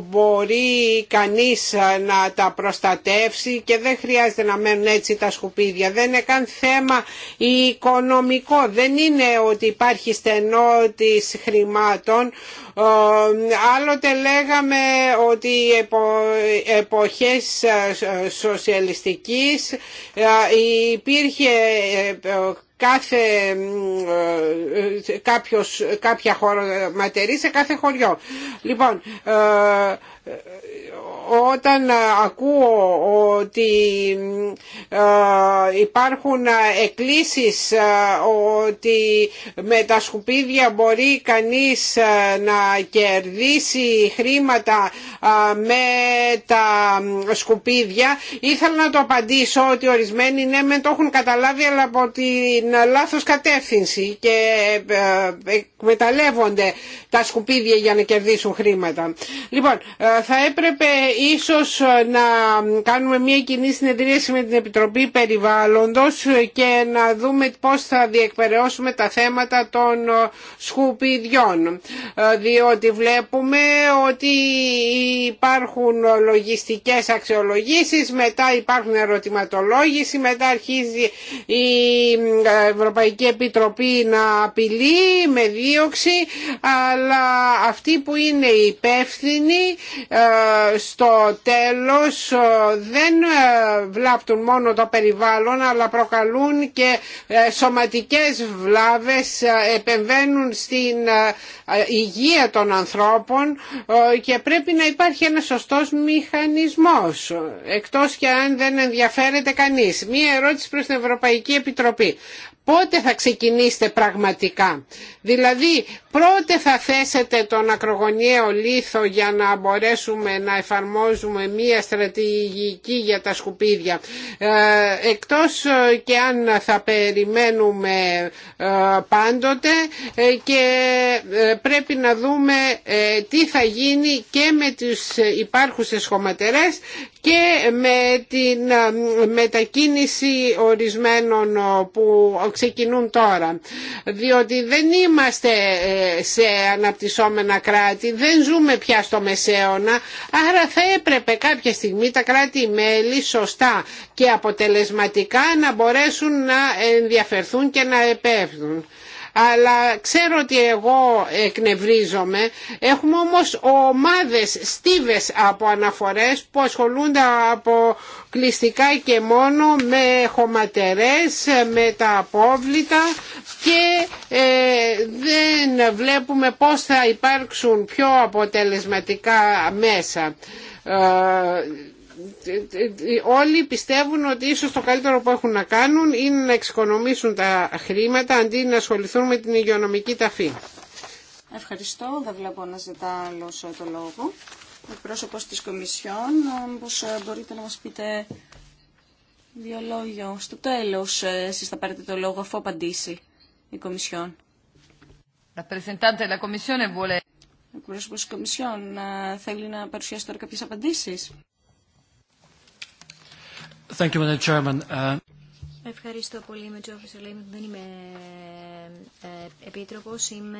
μπορεί κανείς να τα προστατεύσει και δεν χρειάζεται να μένουν έτσι τα σκουπίδια. Δεν είναι καν θέμα οικονομικό. Δεν είναι ότι υπάρχει στενό της χρημάτων ε, άλλοτε λέγαμε ότι εποχές ε, σοσιαλιστικής ε, υπήρχε κάθε, κάποιος, κάποια χώρο ματερή σε κάθε χωριό. Λοιπόν, όταν ε, ακούω ότι ε, υπάρχουν ε, εκκλήσεις ότι με τα σκουπίδια μπορεί κανείς να κερδίσει χρήματα με τα σκουπίδια ήθελα να το απαντήσω ότι ορισμένοι ναι με το έχουν καταλάβει αλλά από την λάθος κατεύθυνση και εκμεταλλεύονται τα σκουπίδια για να κερδίσουν χρήματα. Λοιπόν, θα έπρεπε ίσως ε, να κάνουμε μια κοινή συνεδρίαση με την Επιτροπή Περιβάλλοντος και να δούμε πώς θα διεκπαιρεώσουμε τα θέματα των ε, σκουπιδιών. Ε, διότι βλέπουμε ότι υπάρχουν λογιστικές αξιολογήσεις, μετά υπάρχουν ερωτηματολόγηση, μετά αρχίζει η Ευρωπαϊκή Επιτροπή να απειλεί με δίωξη, αλλά αυτοί που είναι υπεύθυνοι στο το τέλος ε, δεν ε, βλάπτουν μόνο το περιβάλλον αλλά προκαλούν και ε, σωματικές βλάβες, επεμβαίνουν στην υγεία των ανθρώπων και πρέπει να υπάρχει ένας σωστός μηχανισμός εκτός και αν δεν ενδιαφέρεται κανείς. Μία ερώτηση προς την Ευρωπαϊκή Επιτροπή. Πότε θα ξεκινήσετε πραγματικά. Δηλαδή, πρώτε θα θέσετε τον ακρογωνιαίο λίθο για να μπορέσουμε να εφαρμόσουμε εφαρμόζουμε μία στρατηγική για τα σκουπίδια. Ε, εκτός ε, και αν θα περιμένουμε ε, πάντοτε και πρέπει να δούμε τι θα γίνει και με τις υπάρχουσες χωματερές και με την ε, μετακίνηση ορισμένων ε, που ξεκινούν τώρα. Διότι δεν είμαστε ε, σε αναπτυσσόμενα κράτη, δεν ζούμε πια στο μεσαίωνα, άρα θα έπρεπε κάποια στιγμή τα κράτη-μέλη σωστά και αποτελεσματικά να μπορέσουν να ενδιαφερθούν και να επέφτουν αλλά ξέρω ότι εγώ εκνευρίζομαι. Έχουμε όμως ομάδες, στίβες από αναφορές που ασχολούνται από κλειστικά και μόνο με χωματερές, με τα απόβλητα και ε, δεν βλέπουμε πώς θα υπάρξουν πιο αποτελεσματικά μέσα. Ε, όλοι πιστεύουν ότι ίσως το καλύτερο που έχουν να κάνουν είναι να εξοικονομήσουν τα χρήματα αντί να ασχοληθούν με την υγειονομική ταφή. Ευχαριστώ. Δεν βλέπω να ζητά άλλο ε, το λόγο. Ο πρόσωπος της Κομισιόν, όμω ε, ε, μπορείτε να μα πείτε δύο λόγια. Στο τέλο, εσεί θα πάρετε το λόγο αφού απαντήσει η Κομισιόν. Ο πρόσωπος Κομισιόν θέλει να παρουσιάσει τώρα κάποιε απαντήσει. Thank you, Madam Chairman. Uh, Ευχαριστώ πολύ, με Τζόφρι Δεν είμαι ε, Επίτροπος, είμαι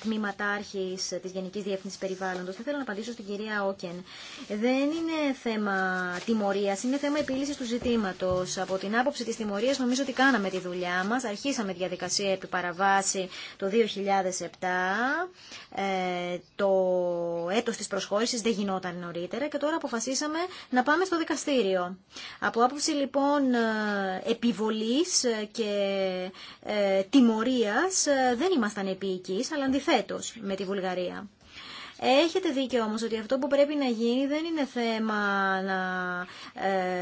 τμήματάρχης της Γενικής Διεύθυνσης Περιβάλλοντος. Θα θέλω να απαντήσω στην κυρία Όκεν. Δεν είναι θέμα τιμωρίας, είναι θέμα επίλυσης του ζητήματος. Από την άποψη της τιμωρίας νομίζω ότι κάναμε τη δουλειά μας. Αρχίσαμε διαδικασία επί παραβάση το 2007. Ε, το έτος της προσχώρησης δεν γινόταν νωρίτερα και τώρα αποφασίσαμε να πάμε στο δικαστήριο. Από άποψη λοιπόν ε, επιβολής και ε, ε, δεν ήμασταν οικείς, αλλά αντιθέτω με τη Βουλγαρία. Έχετε δίκιο όμως ότι αυτό που πρέπει να γίνει δεν είναι θέμα να ε,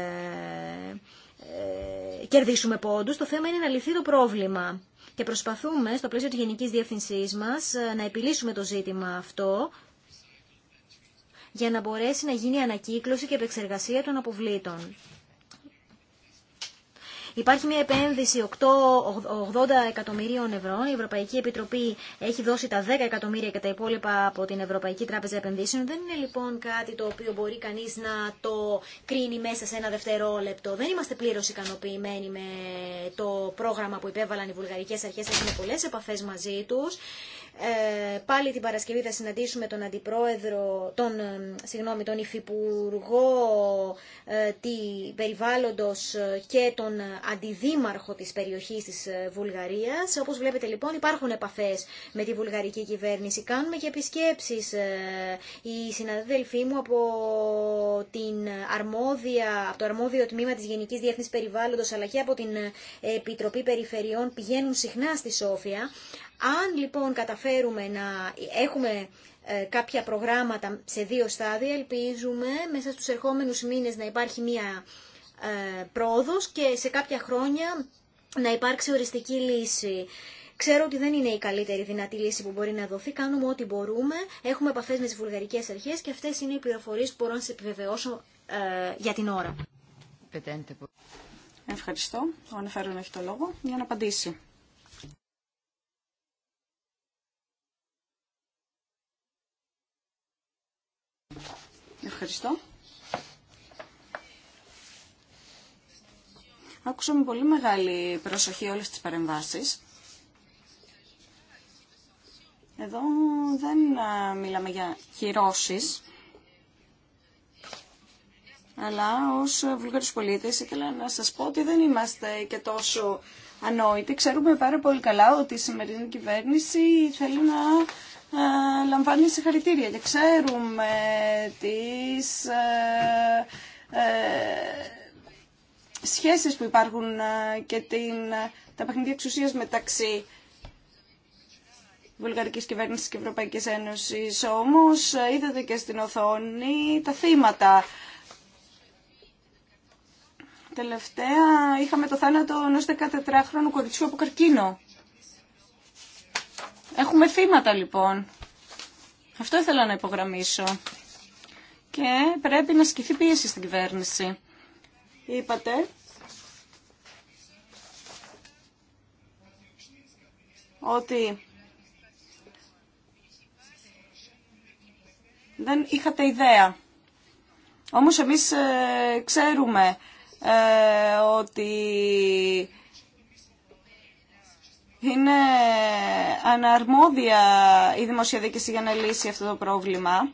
ε, κερδίσουμε πόντους. Το θέμα είναι να λυθεί το πρόβλημα. Και προσπαθούμε στο πλαίσιο της Γενικής Διεύθυνσής μας ε, να επιλύσουμε το ζήτημα αυτό για να μπορέσει να γίνει ανακύκλωση και επεξεργασία των αποβλήτων. Υπάρχει μια επένδυση 8, 80 εκατομμυρίων ευρώ. Η Ευρωπαϊκή Επιτροπή έχει δώσει τα 10 εκατομμύρια και τα υπόλοιπα από την Ευρωπαϊκή Τράπεζα Επενδύσεων. Δεν είναι λοιπόν κάτι το οποίο μπορεί κανεί να το κρίνει μέσα σε ένα δευτερόλεπτο. Δεν είμαστε πλήρω ικανοποιημένοι με το πρόγραμμα που υπέβαλαν οι βουλγαρικέ αρχέ. Έχουμε πολλέ επαφέ μαζί του. Ε, πάλι την Παρασκευή θα συναντήσουμε τον αντιπρόεδρο, τον, ε, συγγνώμη, τον υφυπουργό ε, τη περιβάλλοντος και τον αντιδήμαρχο της περιοχής της ε, Βουλγαρίας. Όπως βλέπετε λοιπόν υπάρχουν επαφές με τη βουλγαρική κυβέρνηση. Κάνουμε και επισκέψεις. Οι συναδέλφοί μου από, την αρμόδια, από το αρμόδιο τμήμα της Γενικής Διεθνής Περιβάλλοντος αλλά και από την Επιτροπή Περιφερειών πηγαίνουν συχνά στη Σόφια. Αν λοιπόν καταφέρουμε να έχουμε ε, κάποια προγράμματα σε δύο στάδια, ελπίζουμε μέσα στους ερχόμενους μήνες να υπάρχει μία ε, πρόοδος και σε κάποια χρόνια να υπάρξει οριστική λύση. Ξέρω ότι δεν είναι η καλύτερη δυνατή λύση που μπορεί να δοθεί. Κάνουμε ό,τι μπορούμε. Έχουμε επαφές με τις βουλγαρικές αρχές και αυτές είναι οι πληροφορίε που μπορώ να σα επιβεβαιώσω ε, για την ώρα. Ευχαριστώ. Ο Ανεφέρον έχει το λόγο για να απαντήσει. Ευχαριστώ. Άκουσα με πολύ μεγάλη προσοχή όλες τις παρεμβάσεις. Εδώ δεν μιλάμε για χειρώσεις. αλλά ως βουλγαρούς πολίτες ήθελα να σας πω ότι δεν είμαστε και τόσο ανόητοι. Ξέρουμε πάρα πολύ καλά ότι η σημερινή κυβέρνηση θέλει να ε, λαμβάνει συγχαρητήρια και ξέρουμε τις ε, ε σχέσεις που υπάρχουν ε, και την, τα παιχνίδια εξουσίας μεταξύ βουλγαρικής κυβέρνησης και Ευρωπαϊκής Ένωσης. Όμως είδατε και στην οθόνη τα θύματα. Τελευταία είχαμε το θάνατο ενός 14χρονου κοριτσιού από καρκίνο. Έχουμε θύματα λοιπόν. Αυτό ήθελα να υπογραμμίσω. Και πρέπει να σκηθεί πίεση στην κυβέρνηση. Είπατε ότι δεν είχατε ιδέα. Όμως εμείς ε, ξέρουμε ε, ότι είναι αναρμόδια η δημοσία για να λύσει αυτό το πρόβλημα.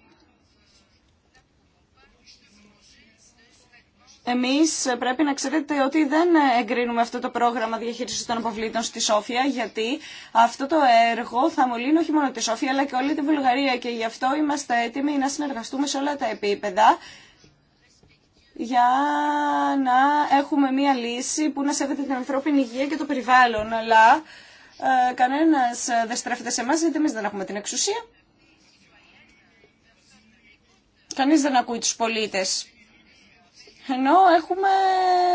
Εμείς πρέπει να ξέρετε ότι δεν εγκρίνουμε αυτό το πρόγραμμα διαχείρισης των αποβλήτων στη Σόφια, γιατί αυτό το έργο θα μολύνει όχι μόνο τη Σόφια, αλλά και όλη τη Βουλγαρία και γι' αυτό είμαστε έτοιμοι να συνεργαστούμε σε όλα τα επίπεδα για να έχουμε μία λύση που να σέβεται την ανθρώπινη υγεία και το περιβάλλον, αλλά ε, κανένας ε, δεν στρέφεται σε εμά γιατί εμείς δεν έχουμε την εξουσία. Κανείς δεν ακούει τους πολίτες. Ενώ έχουμε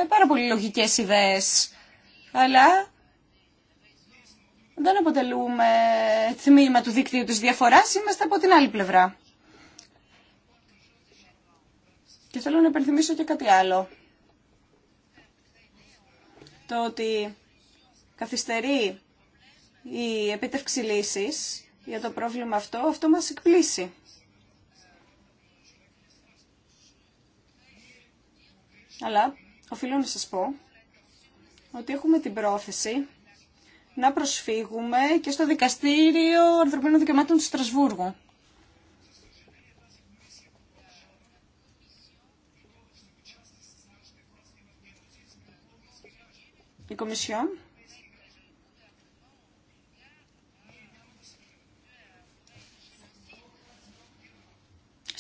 πάρα πολύ λογικές ιδέες. Αλλά δεν αποτελούμε θμήμα του δίκτυου της διαφοράς, είμαστε από την άλλη πλευρά. Και θέλω να υπενθυμίσω και κάτι άλλο. Το ότι καθυστερεί η επίτευξη λύσης για το πρόβλημα αυτό, αυτό μας εκπλήσει. Αλλά οφείλω να σας πω ότι έχουμε την πρόθεση να προσφύγουμε και στο Δικαστήριο Ανθρωπίνων Δικαιωμάτων του Στρασβούργου. Η Κομισιόν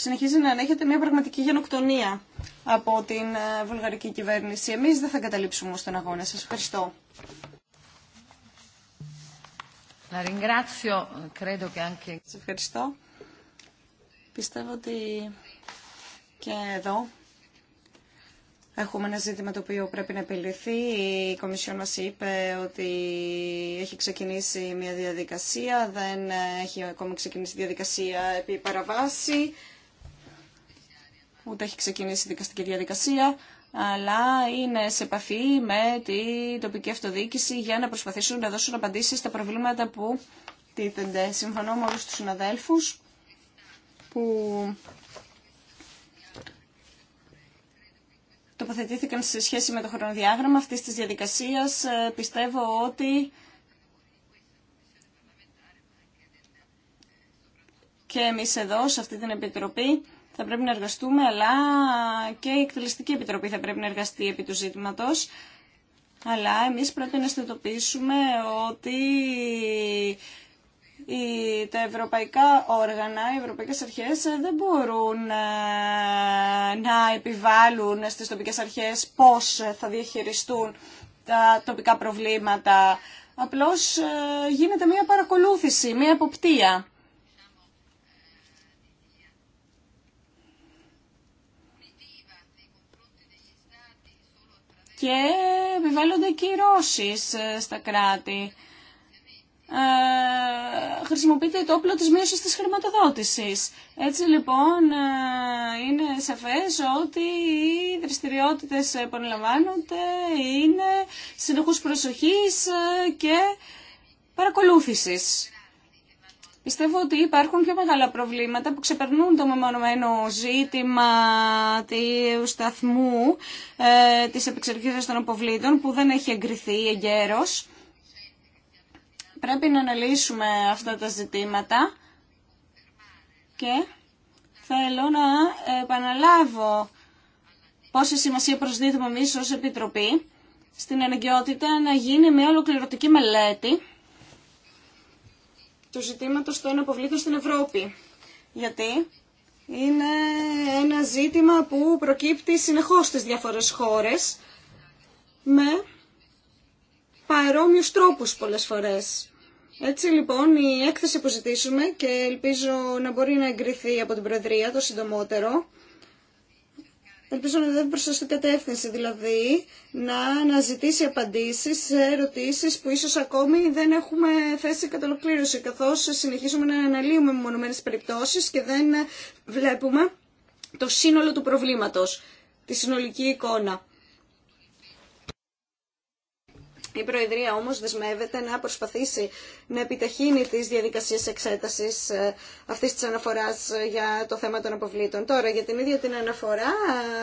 συνεχίζει να ανέχεται μια πραγματική γενοκτονία από την ε, βουλγαρική κυβέρνηση. Εμείς δεν θα καταλήψουμε στον τον αγώνα. Σας ευχαριστώ. Σας ευχαριστώ. Πιστεύω ότι και εδώ Έχουμε ένα ζήτημα το οποίο πρέπει να επιληθεί. Η Κομισιόν μας είπε ότι έχει ξεκινήσει μια διαδικασία, δεν έχει ακόμα ξεκινήσει διαδικασία επί παραβάση ούτε έχει ξεκινήσει η δικαστική διαδικασία, αλλά είναι σε επαφή με την τοπική αυτοδιοίκηση για να προσπαθήσουν να δώσουν απαντήσεις στα προβλήματα που τίθενται. Συμφωνώ με όλους τους συναδέλφους που τοποθετήθηκαν σε σχέση με το χρονοδιάγραμμα αυτής της διαδικασίας. Ε, πιστεύω ότι και εμείς εδώ, σε αυτή την Επιτροπή, θα πρέπει να εργαστούμε, αλλά και η Εκτελεστική Επιτροπή θα πρέπει να εργαστεί επί του ζήτηματος. Αλλά εμείς πρέπει να αισθητοποιήσουμε ότι τα ευρωπαϊκά όργανα, οι ευρωπαϊκές αρχές δεν μπορούν ε, να επιβάλλουν στις τοπικές αρχές πώς θα διαχειριστούν τα τοπικά προβλήματα. Απλώς ε, γίνεται μια παρακολούθηση, μια αποπτία. και επιβάλλονται κυρώσεις ε, στα κράτη. Ε, χρησιμοποιείται το όπλο της μείωσης της χρηματοδότησης. Έτσι λοιπόν ε, είναι σαφές ότι οι δραστηριότητες που αναλαμβάνονται είναι συνεχούς προσοχής ε, και παρακολούθησης. Πιστεύω ότι υπάρχουν πιο μεγάλα προβλήματα που ξεπερνούν το μεμονωμένο ζήτημα του σταθμού ε, της επεξεργασίας των αποβλήτων που δεν έχει εγκριθεί εγκαίρως. Πρέπει να αναλύσουμε αυτά τα ζητήματα και θέλω να επαναλάβω πόση σημασία προσδίδουμε εμείς ως Επιτροπή στην αναγκαιότητα να γίνει μια ολοκληρωτική μελέτη του ζητήματος των αποβλήτων στην Ευρώπη. Γιατί είναι ένα ζήτημα που προκύπτει συνεχώς στις διάφορες χώρες με παρόμοιους τρόπους πολλές φορές. Έτσι λοιπόν η έκθεση που ζητήσουμε και ελπίζω να μπορεί να εγκριθεί από την Προεδρία το συντομότερο Ελπίζω να δεν προς την κατεύθυνση, δηλαδή να αναζητήσει απαντήσεις σε ερωτήσεις που ίσως ακόμη δεν έχουμε θέσει κατά ολοκλήρωση, καθώς συνεχίζουμε να αναλύουμε μονομένες περιπτώσεις και δεν βλέπουμε το σύνολο του προβλήματος, τη συνολική εικόνα. Η Προεδρία όμως δεσμεύεται να προσπαθήσει να επιταχύνει τις διαδικασίες εξέτασης ε, αυτής της αναφοράς ε, για το θέμα των αποβλήτων. Τώρα για την ίδια την αναφορά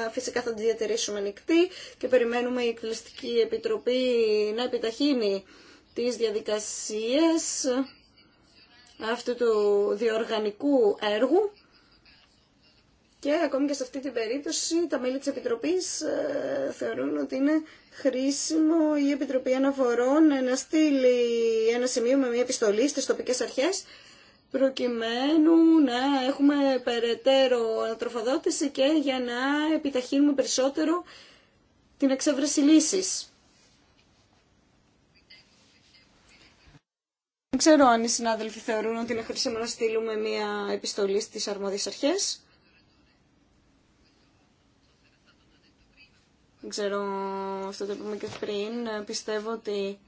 ε, φυσικά θα τη διατηρήσουμε ανοιχτή και περιμένουμε η Εκκληστική Επιτροπή να επιταχύνει τις διαδικασίες αυτού του διοργανικού έργου και ακόμη και σε αυτή την περίπτωση τα μέλη της Επιτροπής ε, θεωρούν ότι είναι χρήσιμο η Επιτροπή Αναφορών να στείλει ένα σημείο με μια επιστολή στις τοπικές αρχές προκειμένου να έχουμε περαιτέρω ανατροφοδότηση και για να επιταχύνουμε περισσότερο την εξέβρεση λύσης. Δεν ξέρω αν οι συνάδελφοι θεωρούν ότι είναι χρήσιμο να στείλουμε μια επιστολή στις αρμόδιες αρχές. Δεν ξέρω, αυτό το είπαμε και πριν. Πιστεύω ότι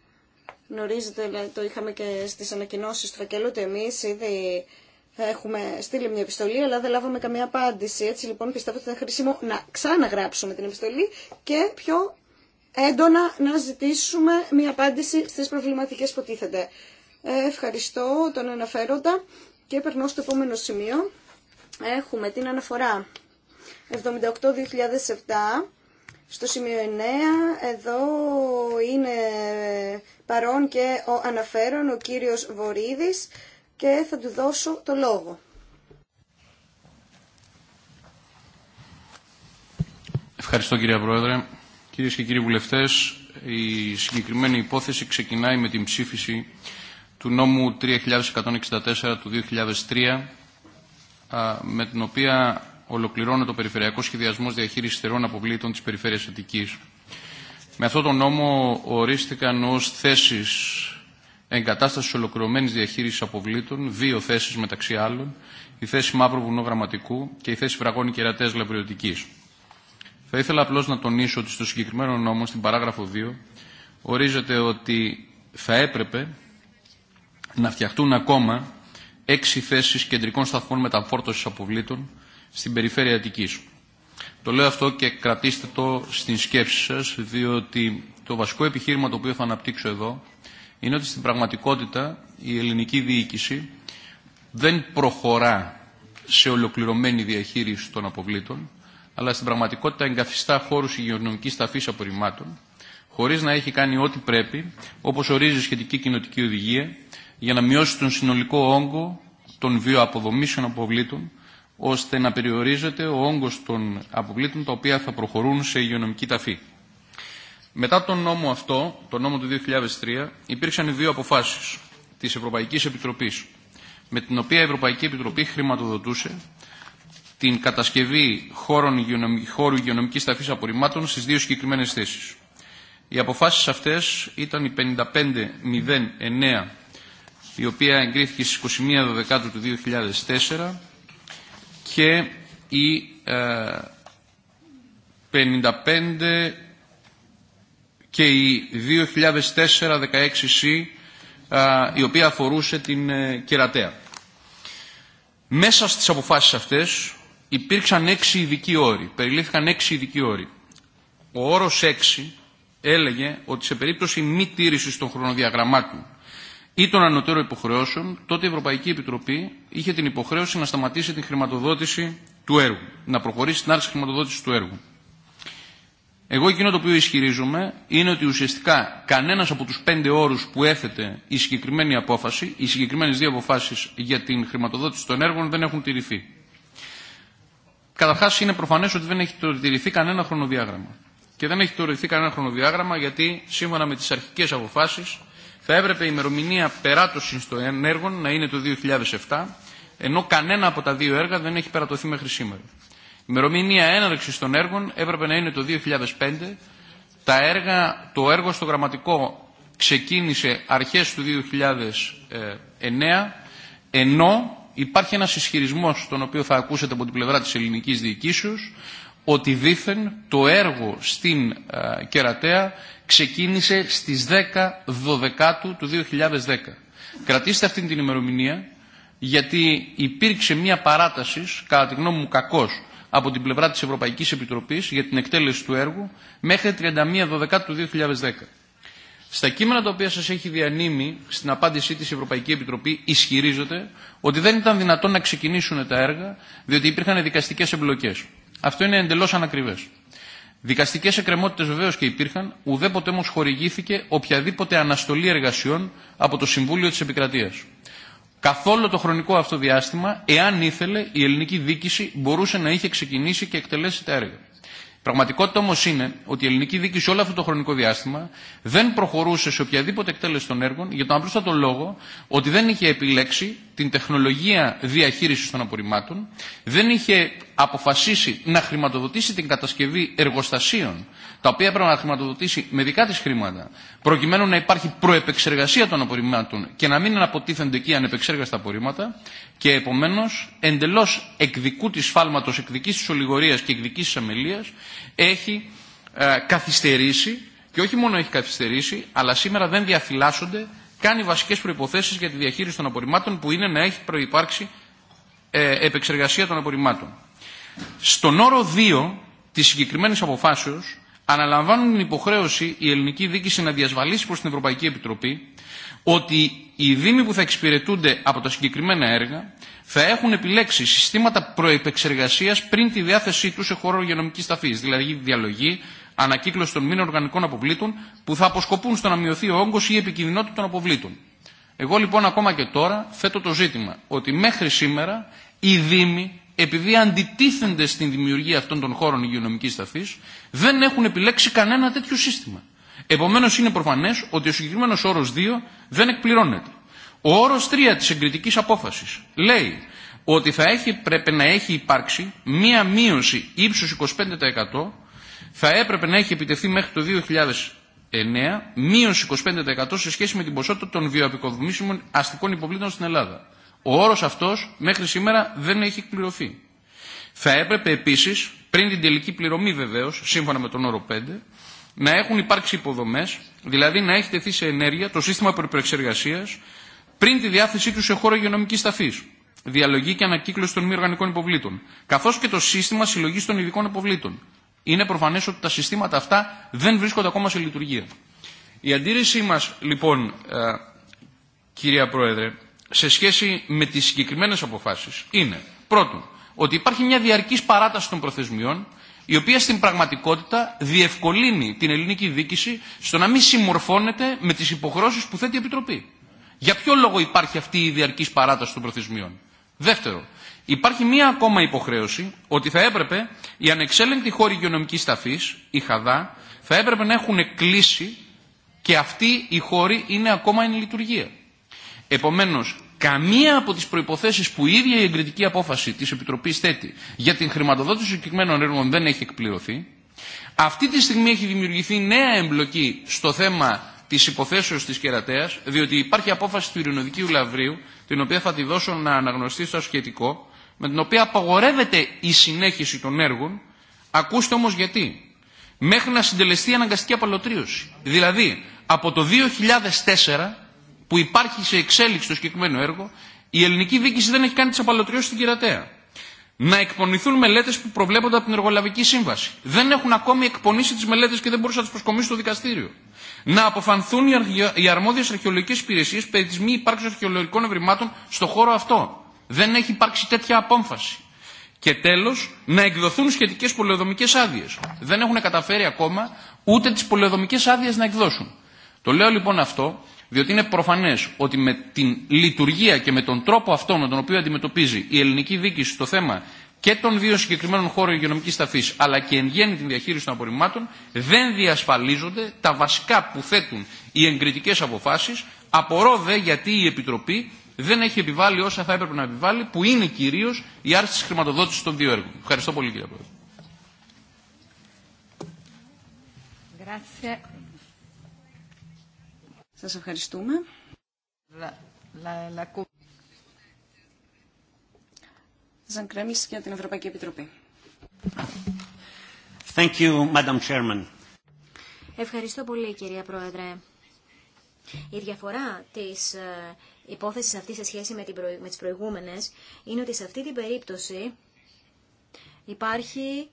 γνωρίζετε, το είχαμε και στις ανακοινώσεις του φακελού, ότι εμείς ήδη έχουμε στείλει μια επιστολή, αλλά δεν λάβαμε καμία απάντηση. Έτσι λοιπόν πιστεύω ότι ήταν χρήσιμο να ξαναγράψουμε την επιστολή και πιο έντονα να ζητήσουμε μια απάντηση στις προβληματικές που τίθενται. Ε, ευχαριστώ τον αναφέροντα και περνώ στο επόμενο σημείο. Έχουμε την αναφορά 78-2007 στο σημείο 9, εδώ είναι παρόν και ο αναφέρον, ο κύριος Βορίδης και θα του δώσω το λόγο. Ευχαριστώ κύριε Πρόεδρε. Κυρίες και κύριοι βουλευτές, η συγκεκριμένη υπόθεση ξεκινάει με την ψήφιση του νόμου 3164 του 2003 με την οποία ολοκληρώνω το Περιφερειακό Σχεδιασμό Διαχείριση Θερών Αποβλήτων τη Περιφέρεια Αττική. Με αυτόν τον νόμο ορίστηκαν ω θέσει εγκατάσταση ολοκληρωμένη διαχείριση αποβλήτων, δύο θέσει μεταξύ άλλων, η θέση Μαύρου Βουνό Γραμματικού και η θέση Βραγώνη Κερατέ Λαμπριωτική. Θα ήθελα απλώ να τονίσω ότι στο συγκεκριμένο νόμο, στην παράγραφο 2, ορίζεται ότι θα έπρεπε να φτιαχτούν ακόμα έξι θέσει κεντρικών σταθμών μεταφόρτωση αποβλήτων στην περιφέρεια Αττικής. Το λέω αυτό και κρατήστε το στην σκέψη σας, διότι το βασικό επιχείρημα το οποίο θα αναπτύξω εδώ είναι ότι στην πραγματικότητα η ελληνική διοίκηση δεν προχωρά σε ολοκληρωμένη διαχείριση των αποβλήτων, αλλά στην πραγματικότητα εγκαθιστά χώρους υγειονομικής ταφής απορριμμάτων, χωρίς να έχει κάνει ό,τι πρέπει, όπως ορίζει η σχετική κοινοτική οδηγία, για να μειώσει τον συνολικό όγκο των βιοαποδομήσεων αποβλήτων ώστε να περιορίζεται ο όγκος των αποκλήτων τα οποία θα προχωρούν σε υγειονομική ταφή. Μετά τον νόμο αυτό, τον νόμο του 2003, υπήρξαν δύο αποφάσεις της Ευρωπαϊκής Επιτροπής, με την οποία η Ευρωπαϊκή Επιτροπή χρηματοδοτούσε την κατασκευή χώρων χώρου υγειονομικής ταφής απορριμμάτων στις δύο συγκεκριμένες θέσεις. Οι αποφάσεις αυτές ήταν η 5509, η οποία εγκρίθηκε στις 21 Δεκάτου του 2004, και η 55 ε, και η 2004-16C ε, η οποία αφορούσε την ε, κερατέα. Μέσα στις αποφάσεις αυτές υπήρξαν έξι ειδικοί όροι, περιλήφθηκαν έξι ειδικοί όροι. Ο όρος 6 έλεγε ότι σε περίπτωση μη τήρησης των χρονοδιαγραμμάτων ή των ανωτέρων υποχρεώσεων, τότε η Ευρωπαϊκή Επιτροπή είχε την υποχρέωση να σταματήσει την χρηματοδότηση του έργου, να προχωρήσει στην άρση χρηματοδότηση του έργου. Εγώ εκείνο το οποίο ισχυρίζομαι είναι ότι ουσιαστικά κανένα από του πέντε όρου που έθετε η συγκεκριμένη απόφαση, οι συγκεκριμένε δύο αποφάσει για την χρηματοδότηση των έργων δεν έχουν τηρηθεί. Καταρχά είναι προφανέ ότι δεν έχει τηρηθεί κανένα χρονοδιάγραμμα. Και δεν έχει τηρηθεί κανένα χρονοδιάγραμμα γιατί σύμφωνα με τι αρχικέ αποφάσει θα έπρεπε η ημερομηνία περάτωση των έργων να είναι το 2007, ενώ κανένα από τα δύο έργα δεν έχει περατωθεί μέχρι σήμερα. Η ημερομηνία έναρξης των έργων έπρεπε να είναι το 2005. Τα έργα, το έργο στο γραμματικό ξεκίνησε αρχές του 2009, ενώ υπάρχει ένας ισχυρισμός, τον οποίο θα ακούσετε από την πλευρά της ελληνικής διοικήσεως, ότι δήθεν το έργο στην ε, Κερατέα ξεκίνησε στις 10 του του 2010. Κρατήστε αυτή την ημερομηνία γιατί υπήρξε μια παράταση, κατά τη γνώμη μου κακός, από την πλευρά της Ευρωπαϊκής Επιτροπής για την εκτέλεση του έργου μέχρι 31 του 2010. Στα κείμενα τα οποία σας έχει διανύμει στην απάντησή της Ευρωπαϊκή Επιτροπή ισχυρίζεται ότι δεν ήταν δυνατόν να ξεκινήσουν τα έργα διότι υπήρχαν δικαστικές εμπλοκές. Αυτό είναι εντελώ ανακριβέ. Δικαστικέ εκκρεμότητε βεβαίω και υπήρχαν, ουδέποτε όμω χορηγήθηκε οποιαδήποτε αναστολή εργασιών από το Συμβούλιο τη Επικρατεία. Καθόλου το χρονικό αυτό διάστημα, εάν ήθελε, η ελληνική δίκηση μπορούσε να είχε ξεκινήσει και εκτελέσει τα έργα. Η πραγματικότητα όμω είναι ότι η ελληνική δίκηση όλο αυτό το χρονικό διάστημα δεν προχωρούσε σε οποιαδήποτε εκτέλεση των έργων για τον απλούστατο λόγο ότι δεν είχε επιλέξει την τεχνολογία διαχείρισης των απορριμμάτων, δεν είχε αποφασίσει να χρηματοδοτήσει την κατασκευή εργοστασίων, τα οποία έπρεπε να χρηματοδοτήσει με δικά της χρήματα, προκειμένου να υπάρχει προεπεξεργασία των απορριμμάτων και να μην αναποτίθενται εκεί ανεπεξέργαστα απορρίμματα και επομένως εντελώς εκδικού της φάλματος, εκδικής της ολιγορίας και εκδικής της αμελίας, έχει ε, καθυστερήσει και όχι μόνο έχει καθυστερήσει, αλλά σήμερα δεν διαφυλάσσονται κάνει βασικέ προποθέσει για τη διαχείριση των απορριμμάτων, που είναι να έχει προπάρξει ε, επεξεργασία των απορριμμάτων. Στον όρο 2 τη συγκεκριμένη αποφάσεω, αναλαμβάνουν την υποχρέωση η ελληνική δίκηση να διασβαλίσει προ την Ευρωπαϊκή Επιτροπή ότι οι δήμοι που θα εξυπηρετούνται από τα συγκεκριμένα έργα θα έχουν επιλέξει συστήματα προεπεξεργασία πριν τη διάθεσή του σε χώρο υγειονομικής ταφή, δηλαδή διαλογή, ανακύκλωση των μη οργανικών αποβλήτων που θα αποσκοπούν στο να μειωθεί ο όγκο ή η επικινδυνότητα των αποβλήτων. Εγώ λοιπόν ακόμα και τώρα θέτω το ζήτημα ότι μέχρι σήμερα οι Δήμοι, επειδή αντιτίθενται στην δημιουργία αυτών των χώρων υγειονομική ταφή, δεν έχουν επιλέξει κανένα τέτοιο σύστημα. Επομένω είναι προφανέ ότι ο συγκεκριμένο όρο 2 δεν εκπληρώνεται. Ο όρο 3 τη εγκριτική απόφαση λέει ότι θα έχει, πρέπει να έχει υπάρξει μία μείωση ύψου 25% θα έπρεπε να έχει επιτευχθεί μέχρι το 2009 μείωση 25% σε σχέση με την ποσότητα των βιοαπικοδομήσιμων αστικών υποβλήτων στην Ελλάδα. Ο όρο αυτό μέχρι σήμερα δεν έχει εκπληρωθεί. Θα έπρεπε επίση, πριν την τελική πληρωμή βεβαίω, σύμφωνα με τον όρο 5, να έχουν υπάρξει υποδομέ, δηλαδή να έχει τεθεί σε ενέργεια το σύστημα προεπεξεργασία πριν τη διάθεσή του σε χώρο υγειονομική ταφή, διαλογή και ανακύκλωση των μη οργανικών υποβλήτων, καθώ και το σύστημα συλλογή των ειδικών αποβλήτων, είναι προφανέ ότι τα συστήματα αυτά δεν βρίσκονται ακόμα σε λειτουργία. Η αντίρρησή μα, λοιπόν, ε, κυρία Πρόεδρε, σε σχέση με τι συγκεκριμένε αποφάσει είναι, πρώτον, ότι υπάρχει μια διαρκή παράταση των προθεσμιών, η οποία στην πραγματικότητα διευκολύνει την ελληνική δίκηση στο να μην συμμορφώνεται με τι υποχρώσει που θέτει η Επιτροπή. Για ποιο λόγο υπάρχει αυτή η διαρκή παράταση των προθεσμιών. Δεύτερο, Υπάρχει μία ακόμα υποχρέωση ότι θα έπρεπε οι ανεξέλεγκτοι χώροι υγειονομική ταφή, η ΧΑΔΑ, θα έπρεπε να έχουν κλείσει και αυτοί οι χώροι είναι ακόμα εν λειτουργία. Επομένω, καμία από τι προποθέσει που η ίδια η εγκριτική απόφαση τη Επιτροπή θέτει για την χρηματοδότηση συγκεκριμένων έργων δεν έχει εκπληρωθεί. Αυτή τη στιγμή έχει δημιουργηθεί νέα εμπλοκή στο θέμα τη υποθέσεω τη κερατέα, διότι υπάρχει απόφαση του Ειρηνοδικίου Λαβρίου, την οποία θα τη δώσω να αναγνωριστεί στο σχετικό, με την οποία απαγορεύεται η συνέχιση των έργων, ακούστε όμως γιατί, μέχρι να συντελεστεί αναγκαστική απαλωτρίωση. Δηλαδή, από το 2004 που υπάρχει σε εξέλιξη το συγκεκριμένο έργο, η ελληνική διοίκηση δεν έχει κάνει τις απαλωτριώσεις στην Κυρατέα. Να εκπονηθούν μελέτες που προβλέπονται από την Εργολαβική Σύμβαση. Δεν έχουν ακόμη εκπονήσει τις μελέτες και δεν μπορούσαν να τις προσκομίσουν στο δικαστήριο. Να αποφανθούν οι αρμόδιες αρχαιολογικές υπηρεσίες περί της μη υπάρξης αρχαιολογικών ευρημάτων στο χώρο αυτό. Δεν έχει υπάρξει τέτοια απόμφαση. Και τέλο, να εκδοθούν σχετικέ πολεοδομικέ άδειε. Δεν έχουν καταφέρει ακόμα ούτε τι πολεοδομικέ άδειε να εκδώσουν. Το λέω λοιπόν αυτό, διότι είναι προφανέ ότι με την λειτουργία και με τον τρόπο αυτόν με τον οποίο αντιμετωπίζει η ελληνική δίκηση το θέμα και των δύο συγκεκριμένων χώρων υγειονομική ταφή, αλλά και εν γέννη την διαχείριση των απορριμμάτων, δεν διασφαλίζονται τα βασικά που θέτουν οι εγκριτικέ αποφάσει. Απορώ δε γιατί η Επιτροπή δεν έχει επιβάλει όσα θα έπρεπε να επιβάλει, που είναι κυρίω η άρση τη χρηματοδότηση των δύο έργων. Ευχαριστώ πολύ, κύριε Πρόεδρε. Σας ευχαριστούμε. Ζανκρέμις για την Ευρωπαϊκή Επιτροπή. Thank you, Madam Chairman. Ευχαριστώ πολύ, κυρία Πρόεδρε. Η διαφορά της ε, υπόθεση αυτή σε σχέση με, με τις προηγούμενες είναι ότι σε αυτή την περίπτωση υπάρχει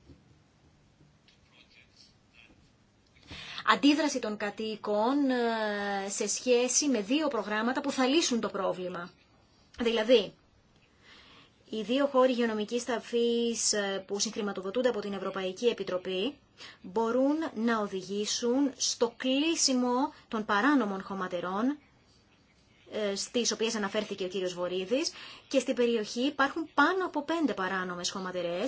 αντίδραση των κατοίκων ε, σε σχέση με δύο προγράμματα που θα λύσουν το πρόβλημα. Δηλαδή, οι δύο χώροι υγειονομική ταφής ε, που συγχρηματοδοτούνται από την Ευρωπαϊκή Επιτροπή μπορούν να οδηγήσουν στο κλείσιμο των παράνομων χωματερών ε, στις οποίε αναφέρθηκε ο κύριος Βορύδη. και στην περιοχή υπάρχουν πάνω από πέντε παράνομες χωματερέ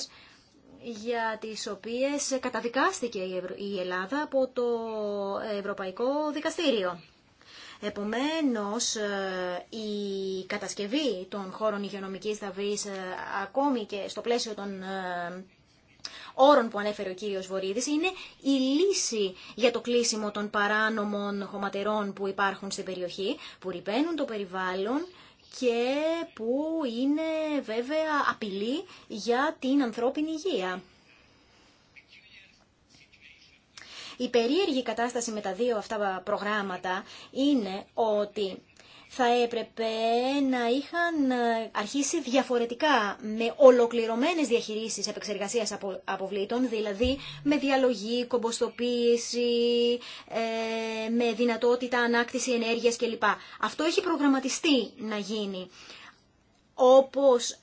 για τις οποίες καταδικάστηκε η Ελλάδα από το Ευρωπαϊκό Δικαστήριο. Επομένως, ε, η κατασκευή των χώρων υγειονομικής ταβής ε, ακόμη και στο πλαίσιο των όρων που ανέφερε ο κύριος Βορύδης είναι η λύση για το κλείσιμο των παράνομων χωματερών που υπάρχουν στην περιοχή, που ρηπαίνουν το περιβάλλον και που είναι βέβαια απειλή για την ανθρώπινη υγεία. Η περίεργη κατάσταση με τα δύο αυτά προγράμματα είναι ότι θα έπρεπε να είχαν ε, αρχίσει διαφορετικά με ολοκληρωμένες διαχειρήσεις επεξεργασίας αποβλήτων, δηλαδή με διαλογή, κομποστοποίηση, ε, με δυνατότητα ανάκτηση ενέργειας κλπ. Αυτό έχει προγραμματιστεί να γίνει. Όπως...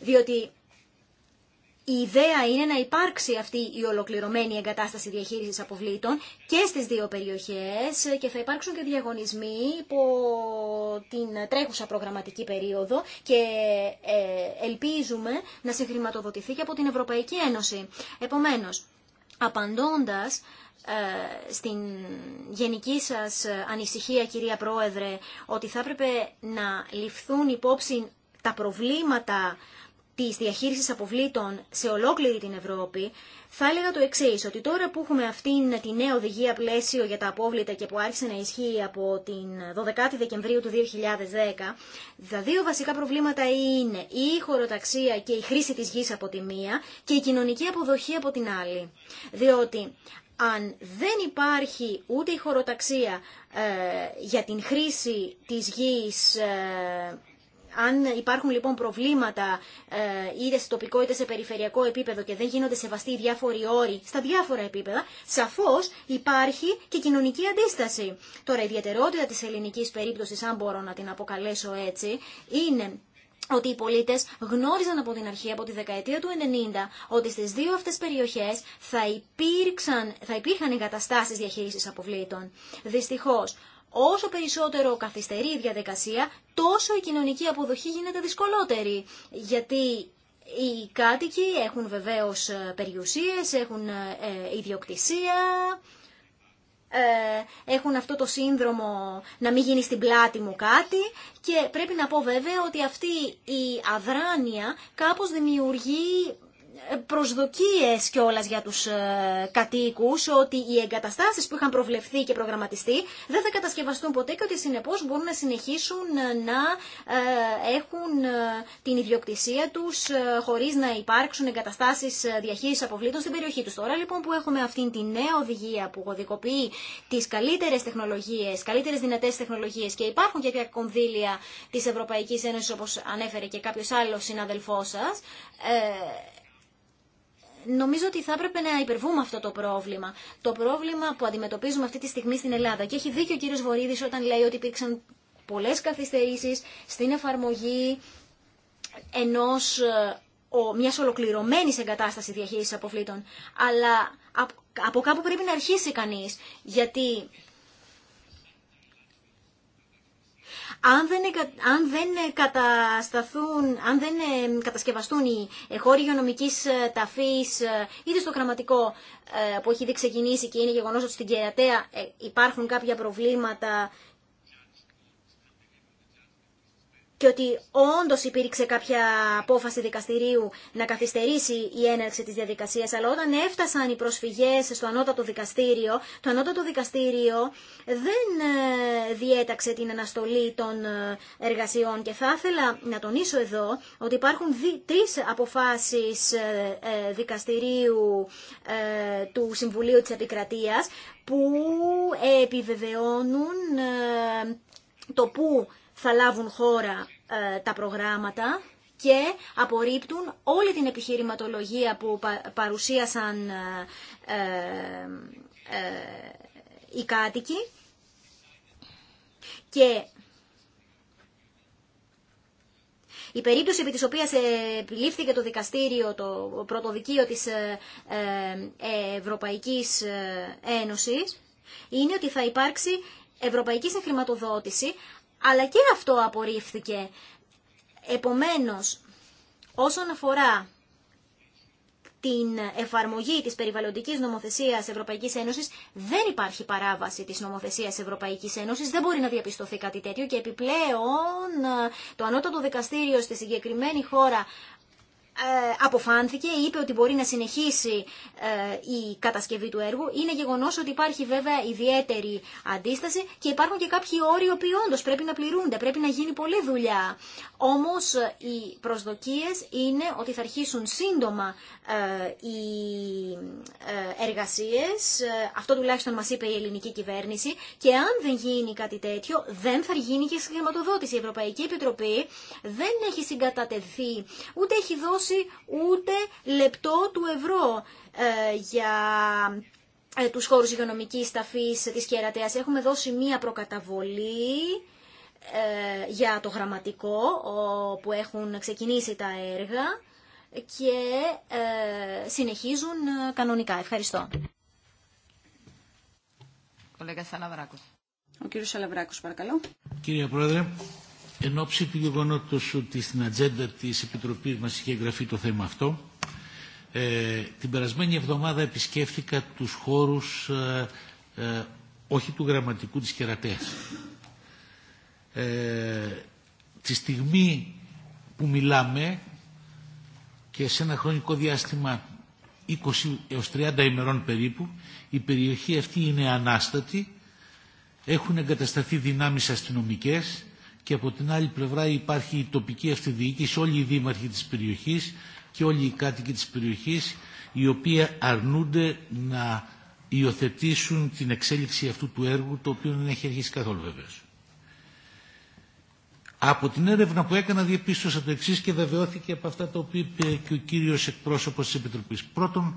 Διότι η ιδέα είναι να υπάρξει αυτή η ολοκληρωμένη εγκατάσταση διαχείρισης αποβλήτων και στις δύο περιοχές και θα υπάρξουν και διαγωνισμοί υπό την τρέχουσα προγραμματική περίοδο και ε, ελπίζουμε να συγχρηματοδοτηθεί και από την Ευρωπαϊκή Ένωση. Επομένως, απαντώντας ε, στην γενική σας ανησυχία, κυρία Πρόεδρε, ότι θα έπρεπε να ληφθούν υπόψη τα προβλήματα Τη διαχείριση αποβλήτων σε ολόκληρη την Ευρώπη, θα έλεγα το εξή, ότι τώρα που έχουμε αυτή τη νέα οδηγία πλαίσιο για τα απόβλητα και που άρχισε να ισχύει από την 12η Δεκεμβρίου του 2010, τα δύο βασικά προβλήματα είναι η χωροταξία και η χρήση της γης από τη μία και η κοινωνική αποδοχή από την άλλη. Διότι αν δεν υπάρχει ούτε η χωροταξία ε, για την χρήση της γης... Ε, αν υπάρχουν λοιπόν προβλήματα ε, είτε σε τοπικό είτε σε περιφερειακό επίπεδο και δεν γίνονται σεβαστοί οι διάφοροι όροι στα διάφορα επίπεδα, σαφώ υπάρχει και κοινωνική αντίσταση. Τώρα, η ιδιαιτερότητα τη ελληνική περίπτωση, αν μπορώ να την αποκαλέσω έτσι, είναι ότι οι πολίτε γνώριζαν από την αρχή, από τη δεκαετία του 90, ότι στι δύο αυτέ περιοχέ θα, θα υπήρχαν εγκαταστάσει διαχείριση αποβλήτων. Δυστυχώ όσο περισσότερο καθυστερεί η διαδικασία, τόσο η κοινωνική αποδοχή γίνεται δυσκολότερη. Γιατί οι κάτοικοι έχουν βεβαίως ε, περιουσίες, έχουν ε, ε, ιδιοκτησία, έχουν αυτό το σύνδρομο να μην γίνει στην πλάτη μου κάτι και πρέπει να πω βέβαια ότι αυτή η αδράνεια κάπως δημιουργεί προσδοκίες κιόλα για τους ε, κατοίκους ότι οι εγκαταστάσεις που είχαν προβλεφθεί και προγραμματιστεί δεν θα κατασκευαστούν ποτέ και ότι συνεπώς μπορούν να συνεχίσουν ε, να ε, έχουν την ιδιοκτησία τους χωρίς να υπάρξουν εγκαταστάσεις διαχείρισης αποβλήτων στην περιοχή τους. Τώρα λοιπόν που έχουμε αυτήν τη νέα οδηγία που κωδικοποιεί τις καλύτερες τεχνολογίες, καλύτερες δυνατές τεχνολογίες και υπάρχουν και κονδύλια τη Ευρωπαϊκή Ένωση, όπως ανέφερε και κάποιος άλλος συναδελφός σας, νομίζω ότι θα έπρεπε να υπερβούμε αυτό το πρόβλημα. Το πρόβλημα που αντιμετωπίζουμε αυτή τη στιγμή στην Ελλάδα. Και έχει δίκιο ο κύριο Βορύδη όταν λέει ότι υπήρξαν πολλέ καθυστερήσει στην εφαρμογή ενός ε, μια ολοκληρωμένη εγκατάσταση διαχείριση αποβλήτων. Αλλά από κάπου πρέπει να αρχίσει κανεί. Γιατί Αν δεν, αν δεν, κατασταθούν, αν δεν ε, κατασκευαστούν οι ε, χώροι υγειονομική ε, ταφή, είτε στο γραμματικό που έχει ήδη ξεκινήσει και είναι γεγονό ότι στην Κερατέα υπάρχουν κάποια προβλήματα και ότι όντως υπήρξε κάποια απόφαση δικαστηρίου να καθυστερήσει η έναρξη της διαδικασίας, αλλά όταν έφτασαν οι προσφυγές στο ανώτατο δικαστήριο, το ανώτατο δικαστήριο δεν ε, διέταξε την αναστολή των ε, εργασιών και θα ήθελα να τονίσω εδώ ότι υπάρχουν τρεις αποφάσεις ε, δικαστηρίου του Συμβουλίου της Επικρατείας που επιβεβαιώνουν το που θα λάβουν χώρα ε, τα προγράμματα και απορρίπτουν όλη την επιχειρηματολογία που παρουσίασαν ε, ε, οι κάτοικοι και η περίπτωση επί της οποίας επιλήφθηκε το δικαστήριο, το πρωτοδικείο της Ευρωπαϊκής Ένωσης, είναι ότι θα υπάρξει ευρωπαϊκή συγχρηματοδότηση αλλά και αυτό απορρίφθηκε. Επομένως, όσον αφορά την εφαρμογή της περιβαλλοντικής νομοθεσίας Ευρωπαϊκής Ένωσης δεν υπάρχει παράβαση της νομοθεσίας Ευρωπαϊκής Ένωσης, δεν μπορεί να διαπιστωθεί κάτι τέτοιο και επιπλέον ε, το ανώτατο δικαστήριο στη συγκεκριμένη χώρα ε, αποφάνθηκε, είπε ότι μπορεί να συνεχίσει ε, η κατασκευή του έργου. Είναι γεγονός ότι υπάρχει βέβαια ιδιαίτερη αντίσταση και υπάρχουν και κάποιοι όροι οποίοι όντως πρέπει να πληρούνται, πρέπει να γίνει πολλή δουλειά. Όμως ε, οι προσδοκίες είναι ότι θα αρχίσουν σύντομα οι εργασίες, αυτό τουλάχιστον μας είπε η ελληνική κυβέρνηση και αν δεν γίνει κάτι τέτοιο δεν θα γίνει και η Η Ευρωπαϊκή Επιτροπή δεν έχει συγκατατεθεί, ούτε έχει δώσει ούτε λεπτό του ευρώ ε, για ε, τους χώρους υγειονομικής ταφής της Κερατέας. Έχουμε δώσει μία προκαταβολή ε, για το γραμματικό που έχουν ξεκινήσει τα έργα και συνεχίζουν κανονικά. Ευχαριστώ. Ο κύριος Σαλαβράκος, παρακαλώ. Κύριε Πρόεδρε, Εν ώψη του γεγονότο ότι στην ατζέντα της Επιτροπής μας είχε εγγραφεί το θέμα αυτό, ε, την περασμένη εβδομάδα επισκέφθηκα τους χώρους ε, ε όχι του γραμματικού της Κερατέας. Ε, τη στιγμή που μιλάμε και σε ένα χρονικό διάστημα 20 έως 30 ημερών περίπου η περιοχή αυτή είναι ανάστατη έχουν εγκατασταθεί δυνάμεις αστυνομικές και από την άλλη πλευρά υπάρχει η τοπική αυτοδιοίκηση, όλοι οι δήμαρχοι της περιοχής και όλοι οι κάτοικοι της περιοχής οι οποίοι αρνούνται να υιοθετήσουν την εξέλιξη αυτού του έργου το οποίο δεν έχει αρχίσει καθόλου βεβαίω. Από την έρευνα που έκανα διαπίστωσα το εξή και βεβαιώθηκε από αυτά τα οποία είπε και ο κύριος εκπρόσωπος της Επιτροπής. Πρώτον,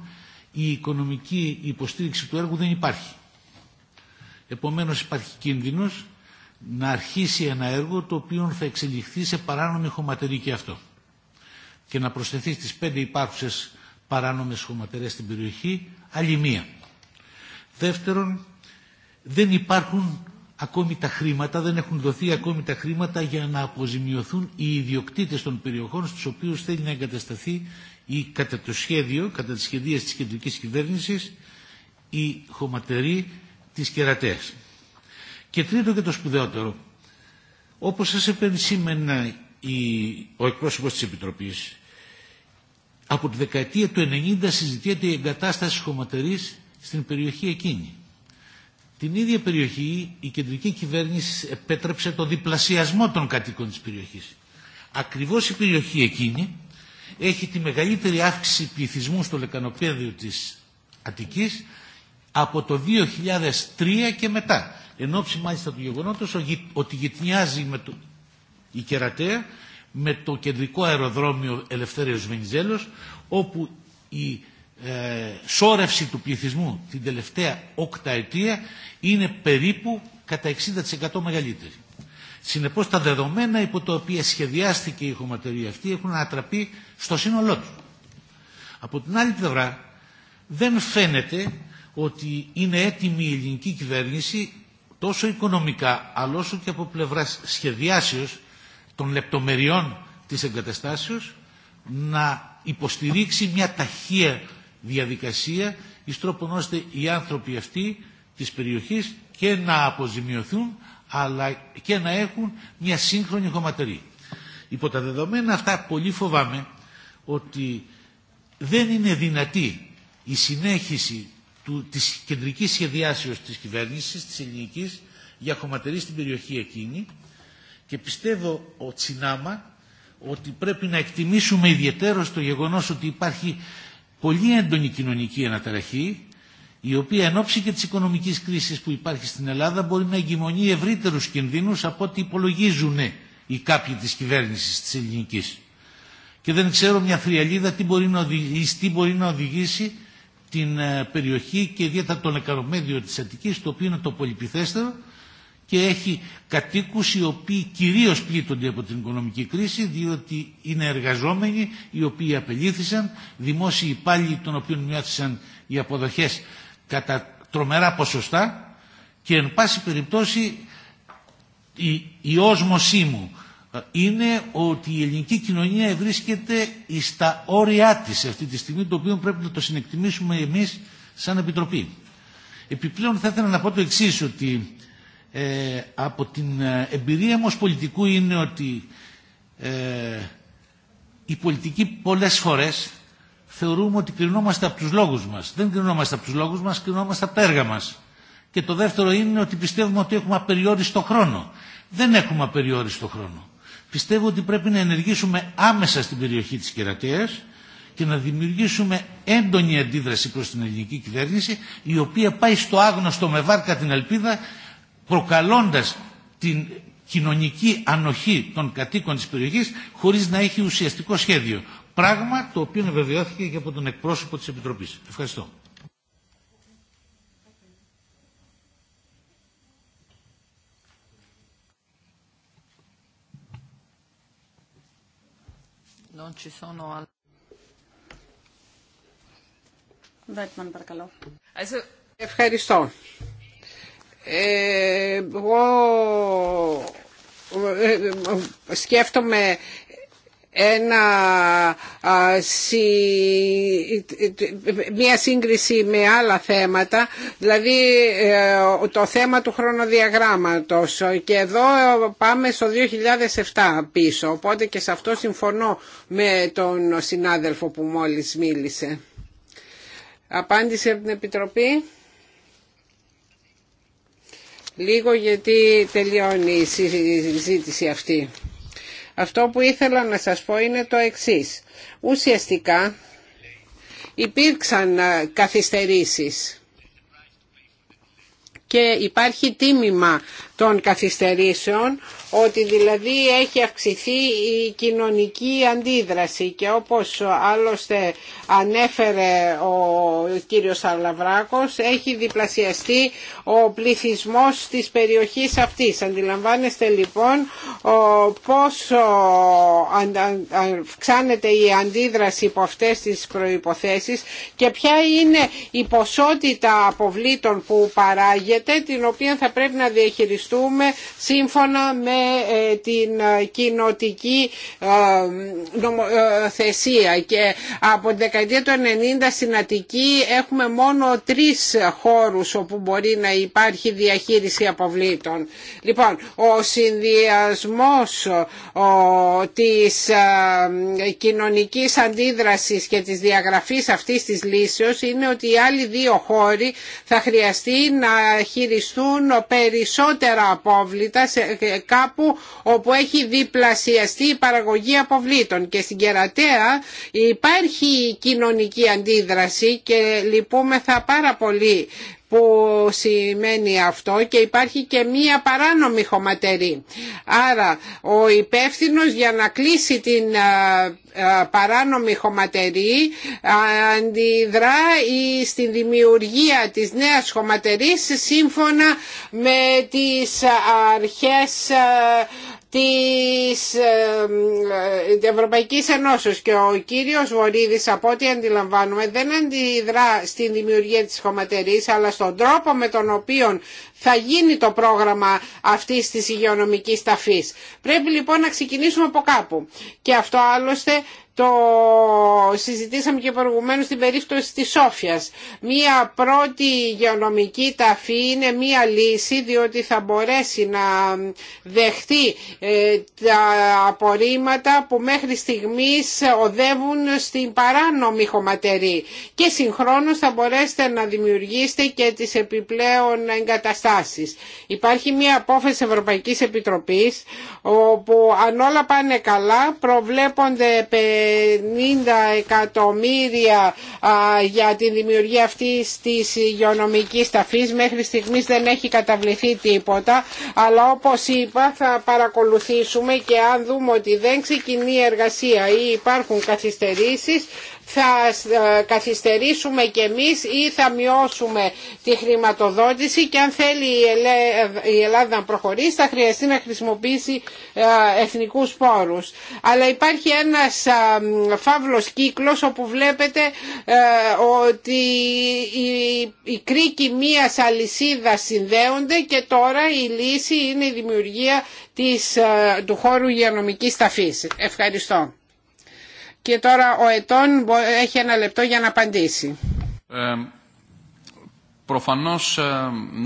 η οικονομική υποστήριξη του έργου δεν υπάρχει. Επομένως υπάρχει κίνδυνος να αρχίσει ένα έργο το οποίο θα εξελιχθεί σε παράνομη και αυτό και να προσθεθεί στις πέντε υπάρχουσες παράνομες χωματερές στην περιοχή άλλη μία. Δεύτερον, δεν υπάρχουν ακόμη τα χρήματα, δεν έχουν δοθεί ακόμη τα χρήματα για να αποζημιωθούν οι ιδιοκτήτες των περιοχών στους οποίους θέλει να εγκατασταθεί ή κατά το σχέδιο, κατά τις σχεδίες της κεντρικής κυβέρνησης, η χωματερή της Κερατέας. Και τρίτο και το σπουδαιότερο, όπως σας σήμερα ο εκπρόσωπος της Επιτροπής, από τη δεκαετία του 90 συζητιέται η εγκατάσταση χωματερής στην περιοχή εκείνη. Την ίδια περιοχή η κεντρική κυβέρνηση επέτρεψε το διπλασιασμό των κατοίκων της περιοχής. Ακριβώς η περιοχή εκείνη έχει τη μεγαλύτερη αύξηση πληθυσμού στο λεκανοπέδιο της Αττικής από το 2003 και μετά εν ώψη μάλιστα του γεγονότος ότι γυτνιάζει με το, η Κερατέα με το κεντρικό αεροδρόμιο Ελευθέριος Βενιζέλος όπου η ε, σώρευση του πληθυσμού την τελευταία οκταετία είναι περίπου κατά 60% μεγαλύτερη. Συνεπώς τα δεδομένα υπό τα οποία σχεδιάστηκε η χωματερία αυτή έχουν ανατραπεί στο σύνολό του. Από την άλλη πλευρά δεν φαίνεται ότι είναι έτοιμη η ελληνική κυβέρνηση τόσο οικονομικά αλλά όσο και από πλευράς σχεδιάσεως των λεπτομεριών της εγκαταστάσεως να υποστηρίξει μια ταχεία διαδικασία εις τρόπον ώστε οι άνθρωποι αυτοί της περιοχής και να αποζημιωθούν αλλά και να έχουν μια σύγχρονη χωματερή. Υπό τα δεδομένα αυτά πολύ φοβάμαι ότι δεν είναι δυνατή η συνέχιση του, της κεντρικής σχεδιάσεως της κυβέρνησης, της ελληνικής, για χωματερή στην περιοχή εκείνη και πιστεύω ο Τσινάμα ότι πρέπει να εκτιμήσουμε ιδιαίτερο το γεγονός ότι υπάρχει πολύ έντονη κοινωνική αναταραχή η οποία εν ώψη και της οικονομικής κρίσης που υπάρχει στην Ελλάδα μπορεί να εγκυμονεί ευρύτερους κινδύνους από ό,τι υπολογίζουν οι κάποιοι της κυβέρνησης της ελληνικής. Και δεν ξέρω μια θριαλίδα τι μπορεί να οδηγήσει, τι μπορεί να οδηγήσει την ε, περιοχή και ιδιαίτερα το νεκαρομέδιο της Αττικής το οποίο είναι το πολυπιθέστερο και έχει κατοίκους οι οποίοι κυρίως πλήττονται από την οικονομική κρίση διότι είναι εργαζόμενοι οι οποίοι απελήθησαν, δημόσιοι υπάλληλοι των οποίων μοιάθησαν οι αποδοχές κατά τρομερά ποσοστά και εν πάση περιπτώσει η, η όσμωσή μου είναι ότι η ελληνική κοινωνία βρίσκεται στα όρια της αυτή τη στιγμή, το οποίο πρέπει να το συνεκτιμήσουμε εμείς σαν Επιτροπή. Επιπλέον θα ήθελα να πω το εξή ότι ε, από την ε, εμπειρία μου πολιτικού είναι ότι ε, οι πολιτικοί πολλές φορές θεωρούμε ότι κρινόμαστε από τους λόγους μας. Δεν κρινόμαστε από τους λόγους μας, κρινόμαστε από τα έργα μας. Και το δεύτερο είναι ότι πιστεύουμε ότι έχουμε απεριόριστο χρόνο. Δεν έχουμε απεριόριστο χρόνο πιστεύω ότι πρέπει να ενεργήσουμε άμεσα στην περιοχή της Κερατέας και να δημιουργήσουμε έντονη αντίδραση προς την ελληνική κυβέρνηση η οποία πάει στο άγνωστο με βάρκα την ελπίδα προκαλώντας την κοινωνική ανοχή των κατοίκων της περιοχής χωρίς να έχει ουσιαστικό σχέδιο. Πράγμα το οποίο βεβαιώθηκε και από τον εκπρόσωπο της Επιτροπής. Ευχαριστώ. Non ci sono... Ε, Ευχαριστώ. Ε, εγώ ε, σκέφτομαι ένα, μια σύγκριση με άλλα θέματα δηλαδή ε, το θέμα του χρονοδιαγράμματος και εδώ πάμε στο 2007 πίσω οπότε και σε αυτό συμφωνώ με τον συνάδελφο που μόλις μίλησε απάντησε από την Επιτροπή λίγο γιατί τελειώνει η συζήτηση αυτή αυτό που ήθελα να σας πω είναι το εξής. Ουσιαστικά υπήρξαν ε, καθυστερήσεις και υπάρχει τίμημα των καθυστερήσεων, ότι δηλαδή έχει αυξηθεί η κοινωνική αντίδραση και όπως άλλωστε ανέφερε ο κύριος Αλαβράκος, έχει διπλασιαστεί ο πληθυσμός της περιοχής αυτής. Αντιλαμβάνεστε λοιπόν πόσο αυξάνεται η αντίδραση υπό αυτές τις προϋποθέσεις και ποια είναι η ποσότητα αποβλήτων που παράγεται, την οποία θα πρέπει να διαχειριστούμε σύμφωνα με ε, την ε, κοινοτική ε, θεσία. και από την δεκαετία του 90 στην Αττική έχουμε μόνο τρεις χώρους όπου μπορεί να υπάρχει διαχείριση αποβλήτων. Λοιπόν, ο συνδυασμός της κοινωνικής αντίδρασης και της διαγραφής αυτής της λύσεως είναι ότι οι άλλοι δύο χώροι θα χρειαστεί να χειριστούν περισσότερα απόβλητα σε, ε, κάπου όπου έχει διπλασιαστεί η παραγωγή αποβλήτων και στην Κερατέα υπάρχει κοινωνική αντίδραση και λυπούμεθα πάρα πολύ που σημαίνει αυτό και υπάρχει και μία παράνομη χωματερή. Άρα ο υπεύθυνο για να κλείσει την παράνομη χωματερή αντιδρά στην δημιουργία της νέας χωματερής σύμφωνα με τις αρχές ε, της Ευρωπαϊκής Ενώσεως και ο κύριος Βορύδης από ό,τι αντιλαμβάνουμε δεν αντιδρά στην δημιουργία της χωματερής αλλά στον τρόπο με τον οποίο θα γίνει το πρόγραμμα αυτής της υγειονομικής ταφής. Πρέπει λοιπόν να ξεκινήσουμε από κάπου. Και αυτό άλλωστε το συζητήσαμε και προηγουμένως στην περίπτωση της Σόφιας. Μία πρώτη γεωνομική ταφή είναι μία λύση διότι θα μπορέσει να δεχτεί ε, τα απορρίμματα που μέχρι στιγμής οδεύουν στην παράνομη χωματερή και συγχρόνως θα μπορέσετε να δημιουργήσετε και τις επιπλέον εγκαταστάσεις. Υπάρχει μία απόφαση Ευρωπαϊκής Επιτροπής όπου αν όλα πάνε καλά προβλέπονται εκατομμύρια για τη δημιουργία αυτής της υγειονομική ταφή, Μέχρι στιγμής δεν έχει καταβληθεί τίποτα, αλλά όπως είπα θα παρακολουθήσουμε και αν δούμε ότι δεν ξεκινεί η εργασία ή υπάρχουν καθυστερήσεις θα ε, καθυστερήσουμε κι εμείς ή θα μειώσουμε τη χρηματοδότηση και αν θέλει η Ελλάδα να προχωρήσει θα χρειαστεί να χρησιμοποιήσει ε, εθνικούς πόρους. Αλλά υπάρχει ένας ε, φαύλος κύκλος όπου βλέπετε ότι οι κρίκοι μίας αλυσίδα συνδέονται και τώρα η λύση είναι η δημιουργία της, του χώρου υγειονομικής ταφής. Ευχαριστώ. Και τώρα ο Ετών έχει ένα λεπτό για να απαντήσει. προφανώς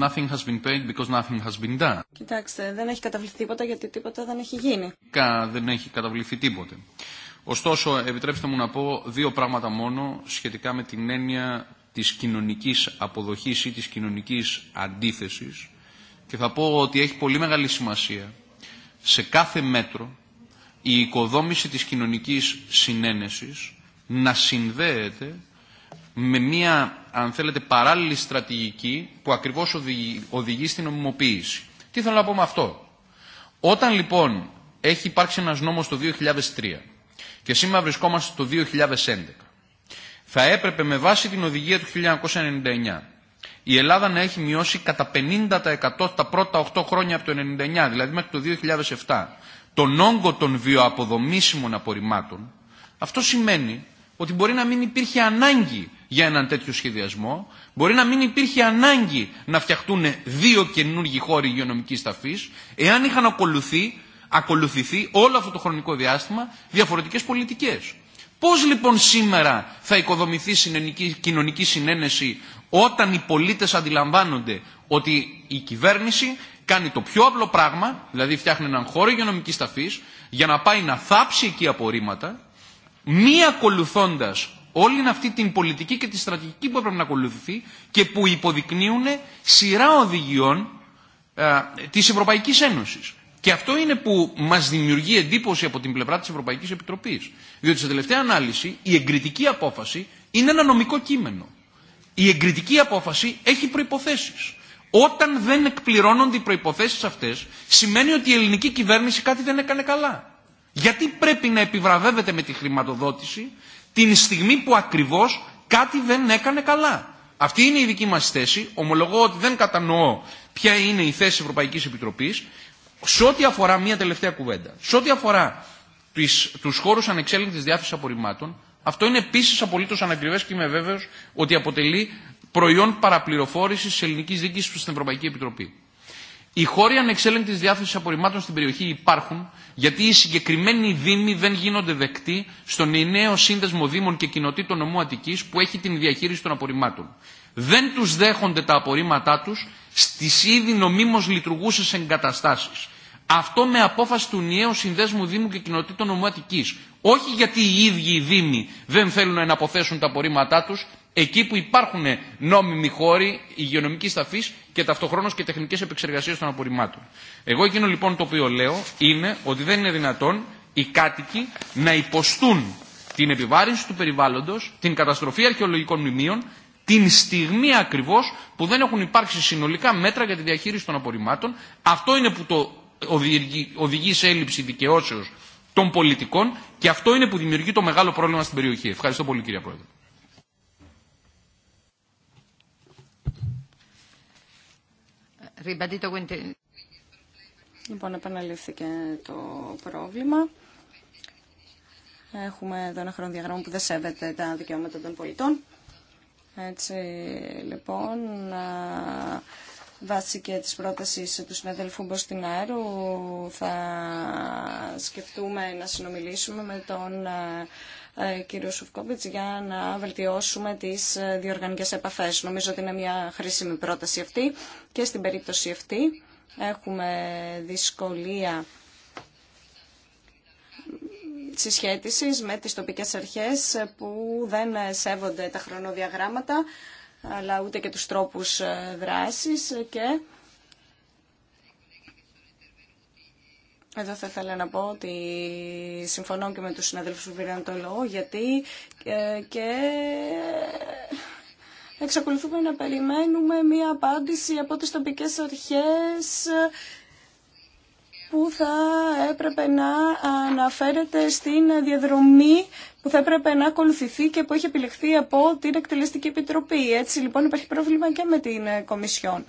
nothing has been paid because nothing has been done. Κοιτάξτε, δεν έχει καταβληθεί τίποτα γιατί τίποτα δεν έχει γίνει. Κα, δεν έχει καταβληθεί τίποτε. Ωστόσο, επιτρέψτε μου να πω δύο πράγματα μόνο σχετικά με την έννοια της κοινωνικής αποδοχής ή της κοινωνικής αντίθεσης και θα πω ότι έχει πολύ μεγάλη σημασία σε κάθε μέτρο η οικοδόμηση της κοινωνικής συνένεσης να συνδέεται με μια, αν θέλετε, παράλληλη στρατηγική που ακριβώς οδηγεί, οδηγεί στην ομιμοποίηση. Τι θέλω να πω με αυτό. Όταν λοιπόν έχει υπάρξει ένας νόμος το 2003 και σήμερα βρισκόμαστε το 2011, θα έπρεπε με βάση την οδηγία του 1999 η Ελλάδα να έχει μειώσει κατά 50% τα πρώτα 8 χρόνια από το 1999, δηλαδή μέχρι το 2007, τον όγκο των βιοαποδομήσιμων απορριμμάτων, αυτό σημαίνει ότι μπορεί να μην υπήρχε ανάγκη για έναν τέτοιο σχεδιασμό, μπορεί να μην υπήρχε ανάγκη να φτιαχτούν δύο καινούργιοι χώροι υγειονομικής ταφής, εάν είχαν ακολουθεί, ακολουθηθεί όλο αυτό το χρονικό διάστημα διαφορετικές πολιτικές. Πώς λοιπόν σήμερα θα οικοδομηθεί κοινωνική συνένεση όταν οι πολίτες αντιλαμβάνονται ότι η κυβέρνηση κάνει το πιο απλό πράγμα, δηλαδή φτιάχνει έναν χώρο υγειονομική ταφή, για να πάει να θάψει εκεί απορρίμματα, μη ακολουθώντα όλη αυτή την πολιτική και τη στρατηγική που έπρεπε να ακολουθηθεί και που υποδεικνύουν σειρά οδηγιών τη ε, της Ευρωπαϊκής Ένωσης. Και αυτό είναι που μα δημιουργεί εντύπωση από την πλευρά τη Ευρωπαϊκή Επιτροπή. Διότι σε τελευταία ανάλυση η εγκριτική απόφαση είναι ένα νομικό κείμενο. Η εγκριτική απόφαση έχει προποθέσει. Όταν δεν εκπληρώνονται οι προϋποθέσεις αυτές, σημαίνει ότι η ελληνική κυβέρνηση κάτι δεν έκανε καλά. Γιατί πρέπει να επιβραβεύεται με τη χρηματοδότηση την στιγμή που ακριβώς κάτι δεν έκανε καλά. Αυτή είναι η δική μας θέση. Ομολογώ ότι δεν κατανοώ ποια είναι η θέση Ευρωπαϊκής Επιτροπής σε ό,τι αφορά μία τελευταία κουβέντα. Σε ό,τι αφορά τους χώρους ανεξέλεγκτης διάθεσης απορριμμάτων, αυτό είναι επίσης απολύτω ανακριβές και είμαι βέβαιος ότι αποτελεί προϊόν παραπληροφόρηση τη ελληνική διοίκηση προ την Ευρωπαϊκή Επιτροπή. Οι χώροι ανεξέλεγκτη διάθεση απορριμμάτων στην περιοχή υπάρχουν γιατί οι συγκεκριμένοι δήμοι δεν γίνονται δεκτοί στον νέο σύνδεσμο Δήμων και Κοινοτήτων Νομού Αττικής που έχει την διαχείριση των απορριμμάτων. Δεν του δέχονται τα απορρίμματά του στι ήδη νομίμω λειτουργούσε εγκαταστάσει. Αυτό με απόφαση του νέου συνδέσμου Δήμου και Κοινοτήτων Νομού Αττικής. Όχι γιατί οι ίδιοι οι Δήμοι δεν θέλουν να αποθέσουν τα απορρίμματά του, εκεί που υπάρχουν νόμιμοι χώροι υγειονομική ταφή και ταυτοχρόνω και τεχνικέ επεξεργασίε των απορριμμάτων. Εγώ εκείνο λοιπόν το οποίο λέω είναι ότι δεν είναι δυνατόν οι κάτοικοι να υποστούν την επιβάρυνση του περιβάλλοντο, την καταστροφή αρχαιολογικών μνημείων, την στιγμή ακριβώ που δεν έχουν υπάρξει συνολικά μέτρα για τη διαχείριση των απορριμμάτων. Αυτό είναι που το οδηγεί, σε έλλειψη δικαιώσεω των πολιτικών και αυτό είναι που δημιουργεί το μεγάλο πρόβλημα στην περιοχή. Ευχαριστώ πολύ κύριε Πρόεδρε. Λοιπόν, επαναλήφθηκε το πρόβλημα. Έχουμε εδώ ένα χρονοδιαγράμμα που δεν σέβεται τα δικαιώματα των πολιτών. Έτσι, λοιπόν, βάσει και της πρότασης του συναδελφού Μποστινάρου θα σκεφτούμε να συνομιλήσουμε με τον ε, κύριο Σουφκόβιτς για να βελτιώσουμε τις ε, διοργανικές επαφές. Νομίζω ότι είναι μια χρήσιμη πρόταση αυτή και στην περίπτωση αυτή έχουμε δυσκολία συσχέτισης με τις τοπικές αρχές που δεν σέβονται τα χρονοδιαγράμματα αλλά ούτε και τους τρόπους ε, δράσης και Εδώ θα ήθελα να πω ότι συμφωνώ και με τους συναδέλφους που πήραν το λόγο, γιατί ε, και εξακολουθούμε να περιμένουμε μία απάντηση από τις τοπικές αρχές που θα έπρεπε να αναφέρεται στην διαδρομή που θα έπρεπε να ακολουθηθεί και που έχει επιλεχθεί από την Εκτελεστική Επιτροπή. Έτσι λοιπόν υπάρχει πρόβλημα και με την Κομισιόν.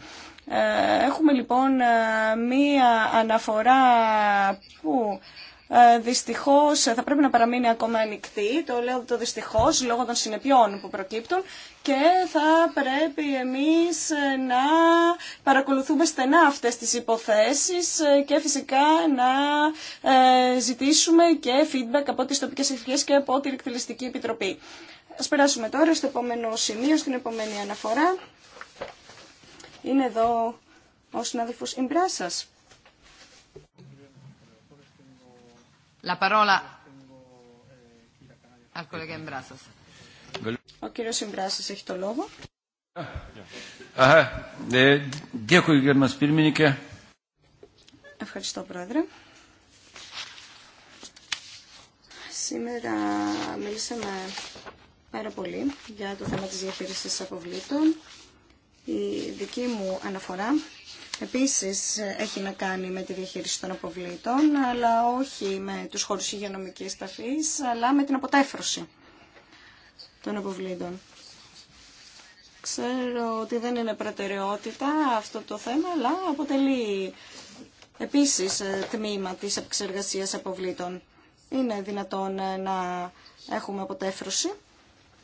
Ε, έχουμε λοιπόν ε, μία αναφορά που ε, δυστυχώς θα πρέπει να παραμείνει ακόμα ανοιχτή, το λέω το δυστυχώς λόγω των συνεπειών που προκύπτουν και θα πρέπει εμείς να παρακολουθούμε στενά αυτές τις υποθέσεις και φυσικά να ζητήσουμε και feedback από τις τοπικές ευχές και από την Εκτελεστική Επιτροπή. Ας περάσουμε τώρα στο επόμενο σημείο, στην επόμενη αναφορά. Είναι εδώ ο συνάδελφος Ιμπράσας. La parola Ο κύριος Ιμπράσας έχει το λόγο. Ευχαριστώ, Πρόεδρε. Σήμερα μίλησαμε πάρα πολύ για το θέμα της διαχείρισης αποβλήτων η δική μου αναφορά επίσης έχει να κάνει με τη διαχείριση των αποβλήτων, αλλά όχι με τους χώρους υγειονομικής ταφής, αλλά με την αποτέφρωση των αποβλήτων. Ξέρω ότι δεν είναι προτεραιότητα αυτό το θέμα, αλλά αποτελεί επίσης τμήμα της επεξεργασίας αποβλήτων. Είναι δυνατόν να έχουμε αποτέφρωση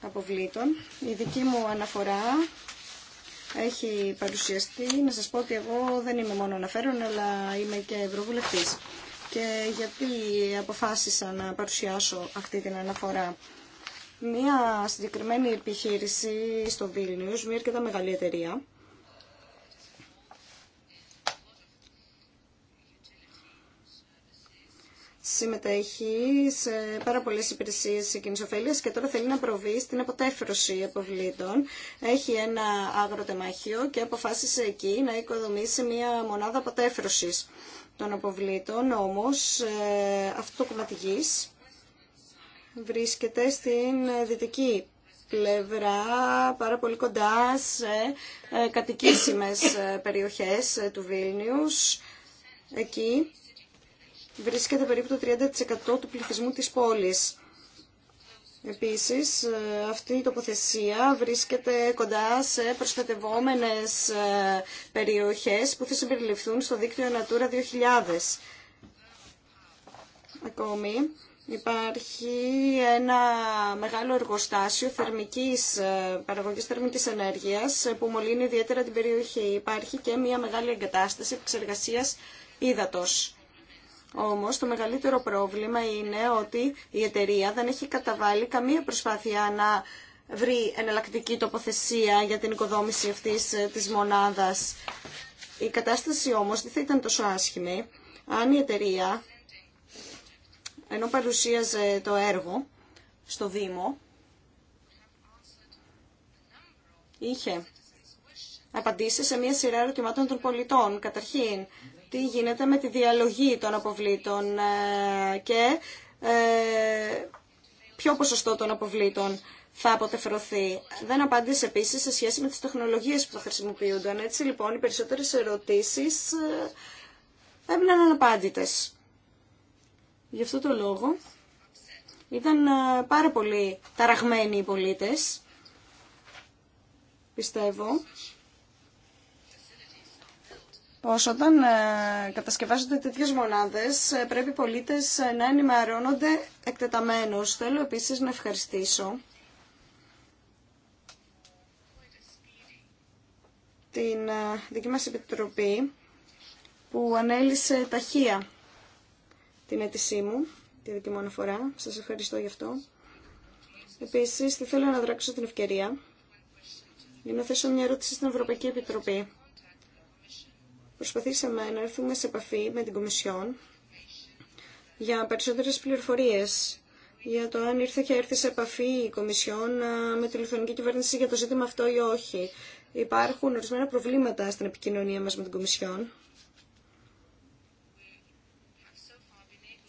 αποβλήτων. Η δική μου αναφορά έχει παρουσιαστεί. Να σας πω ότι εγώ δεν είμαι μόνο αναφέρον, αλλά είμαι και ευρωβουλευτής. Και γιατί αποφάσισα να παρουσιάσω αυτή την αναφορά. Μία συγκεκριμένη επιχείρηση στο Βίλνιους, μια αρκετά μεγάλη εταιρεία, συμμετέχει σε πάρα πολλές υπηρεσίες κοινής ωφέλειας και τώρα θέλει να προβεί στην αποτέφρωση αποβλήτων. Έχει ένα αγροτεμάχιο και αποφάσισε εκεί να οικοδομήσει μια μονάδα αποτέφρωσης των αποβλήτων, όμως ε, αυτό το κομμάτι βρίσκεται στην δυτική πλευρά, πάρα πολύ κοντά σε ε, κατοικήσιμες ε, περιοχές του Βίλνιους. Εκεί βρίσκεται περίπου το 30% του πληθυσμού της πόλης. Επίσης, ε, αυτή η τοποθεσία βρίσκεται κοντά σε προστατευόμενες ε, περιοχές που θα συμπεριληφθούν στο δίκτυο Natura 2000. Ακόμη, υπάρχει ένα μεγάλο εργοστάσιο θερμικής, ε, παραγωγής θερμικής ενέργειας που μολύνει ιδιαίτερα την περιοχή. Υπάρχει και μια μεγάλη εγκατάσταση εξεργασίας ύδατος. Όμως το μεγαλύτερο πρόβλημα είναι ότι η εταιρεία δεν έχει καταβάλει καμία προσπάθεια να βρει εναλλακτική τοποθεσία για την οικοδόμηση αυτής ε, της μονάδας. Η κατάσταση όμως δεν θα ήταν τόσο άσχημη αν η εταιρεία, ενώ παρουσίαζε το έργο στο Δήμο, είχε απαντήσει σε μία σειρά ερωτημάτων των πολιτών. Καταρχήν, τι γίνεται με τη διαλογή των αποβλήτων ε, και ε, ποιο ποσοστό των αποβλήτων θα αποτεφρωθεί. Δεν απάντησε επίση σε σχέση με τι τεχνολογίε που θα χρησιμοποιούνταν. Έτσι λοιπόν οι περισσότερε ερωτήσει ε, έμπαιναν αναπάντητε. Γι' αυτό το λόγο ήταν πάρα πολύ ταραγμένοι οι πολίτες, πιστεύω, πως όταν ε, κατασκευάζονται τέτοιες μονάδες ε, πρέπει οι πολίτες ε, να ενημερώνονται εκτεταμένως. Θέλω επίσης να ευχαριστήσω την δική μας επιτροπή που ανέλησε ταχεία την αίτησή μου, τη δική μου αναφορά. Σας ευχαριστώ γι' αυτό. Επίσης, θέλω να δράξω την ευκαιρία για να θέσω μια ερώτηση στην Ευρωπαϊκή Επιτροπή προσπαθήσαμε να έρθουμε σε επαφή με την Κομισιόν για περισσότερες πληροφορίες για το αν ήρθε και έρθει σε επαφή η Κομισιόν με τη Λιθουανική Κυβέρνηση για το ζήτημα αυτό ή όχι. Υπάρχουν ορισμένα προβλήματα στην επικοινωνία μας με την Κομισιόν.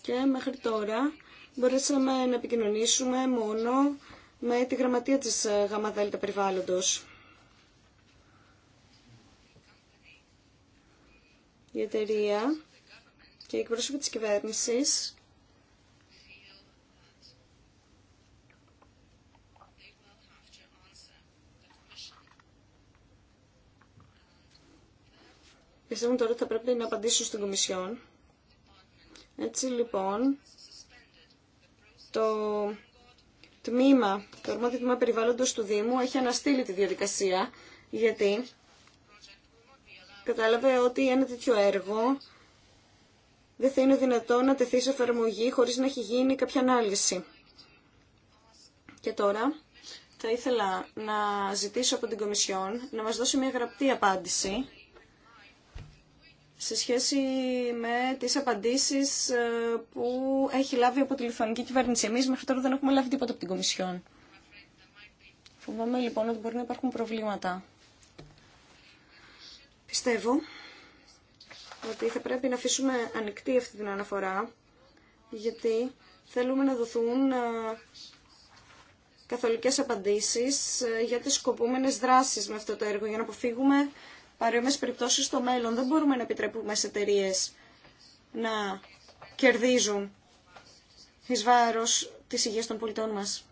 Και μέχρι τώρα μπορέσαμε να επικοινωνήσουμε μόνο με τη γραμματεία της ε, ΓΑΜΑΔΕΛΤΑ Περιβάλλοντος. η εταιρεία και οι εκπρόσωποι της κυβέρνησης πιστεύουν τώρα ότι θα πρέπει να απαντήσουν στην Κομισιόν. Έτσι λοιπόν, το τμήμα, το αρμόδιο τμήμα περιβάλλοντος του Δήμου έχει αναστείλει τη διαδικασία, γιατί κατάλαβε ότι ένα τέτοιο έργο δεν θα είναι δυνατό να τεθεί σε εφαρμογή χωρίς να έχει γίνει κάποια ανάλυση. Και τώρα θα ήθελα να ζητήσω από την Κομισιόν να μας δώσει μια γραπτή απάντηση σε σχέση με τις απαντήσεις ε, που έχει λάβει από τη Λιθουανική κυβέρνηση. Εμείς μέχρι τώρα δεν έχουμε λάβει τίποτα από την Κομισιόν. Φοβάμαι λοιπόν ότι μπορεί να υπάρχουν προβλήματα. Πιστεύω ότι θα πρέπει να αφήσουμε ανοιχτή αυτή την αναφορά, γιατί θέλουμε να δοθούν ε, καθολικές απαντήσεις ε, για τις σκοπούμενες δράσεις με αυτό το έργο, για να αποφύγουμε παρόμοιες περιπτώσεις στο μέλλον. Δεν μπορούμε να επιτρέπουμε σε εταιρείε να κερδίζουν εις βάρος της υγείας των πολιτών μας.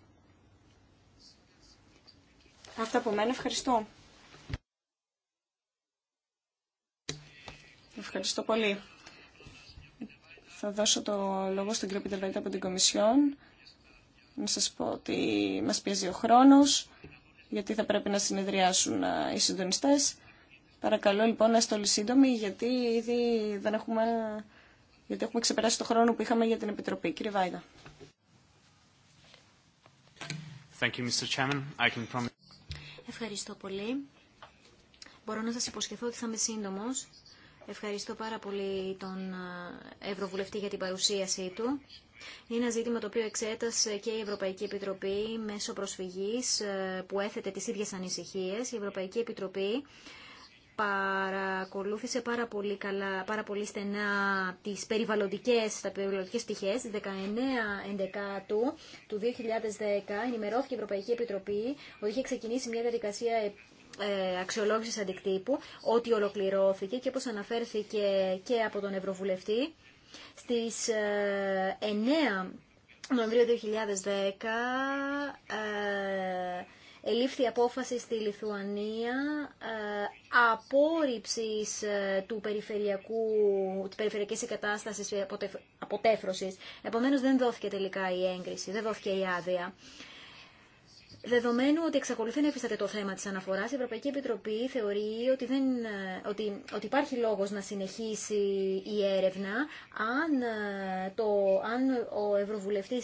Αυτά από μένα. Ευχαριστώ. Ευχαριστώ πολύ. Θα δώσω το λόγο στον κύριο από την Κομισιόν. Να σας πω ότι μας πιέζει ο χρόνος, γιατί θα πρέπει να συνεδριάσουν ε, οι συντονιστές. Παρακαλώ λοιπόν να είστε όλοι σύντομοι, γιατί δεν έχουμε, γιατί έχουμε ξεπεράσει το χρόνο που είχαμε για την Επιτροπή. Κύριε Βάιδα. Ευχαριστώ πολύ. Μπορώ να σας υποσχεθώ ότι θα είμαι σύντομος. Ευχαριστώ πάρα πολύ τον ε, Ευρωβουλευτή για την παρουσίασή του. Είναι ένα ζήτημα το οποίο εξέτασε και η Ευρωπαϊκή Επιτροπή μέσω προσφυγής ε, που έθετε τις ίδιες ανησυχίες. Η Ευρωπαϊκή Επιτροπή παρακολούθησε πάρα πολύ, καλά, πάρα πολύ στενά τις περιβαλλοντικές, τα περιβαλλοντικές πτυχές. 19 του 2010 ενημερώθηκε η Ευρωπαϊκή Επιτροπή ότι είχε ξεκινήσει μια διαδικασία ε, Αξιολόγηση αντικτύπου ότι ολοκληρώθηκε και όπως αναφέρθηκε και από τον Ευρωβουλευτή στις 9 ε, Νοεμβρίου 2010 ε, ελήφθη απόφαση στη Λιθουανία ε, απόρριψης του περιφερειακού, της περιφερειακής εγκατάστασης αποτέφρωσης. Επομένως δεν δόθηκε τελικά η έγκριση, δεν δόθηκε η άδεια. Δεδομένου ότι εξακολουθεί να υφίσταται το θέμα της αναφοράς, η Ευρωπαϊκή Επιτροπή θεωρεί ότι, δεν, ότι, ότι υπάρχει λόγος να συνεχίσει η έρευνα αν, ε, το, αν ο Ευρωβουλευτή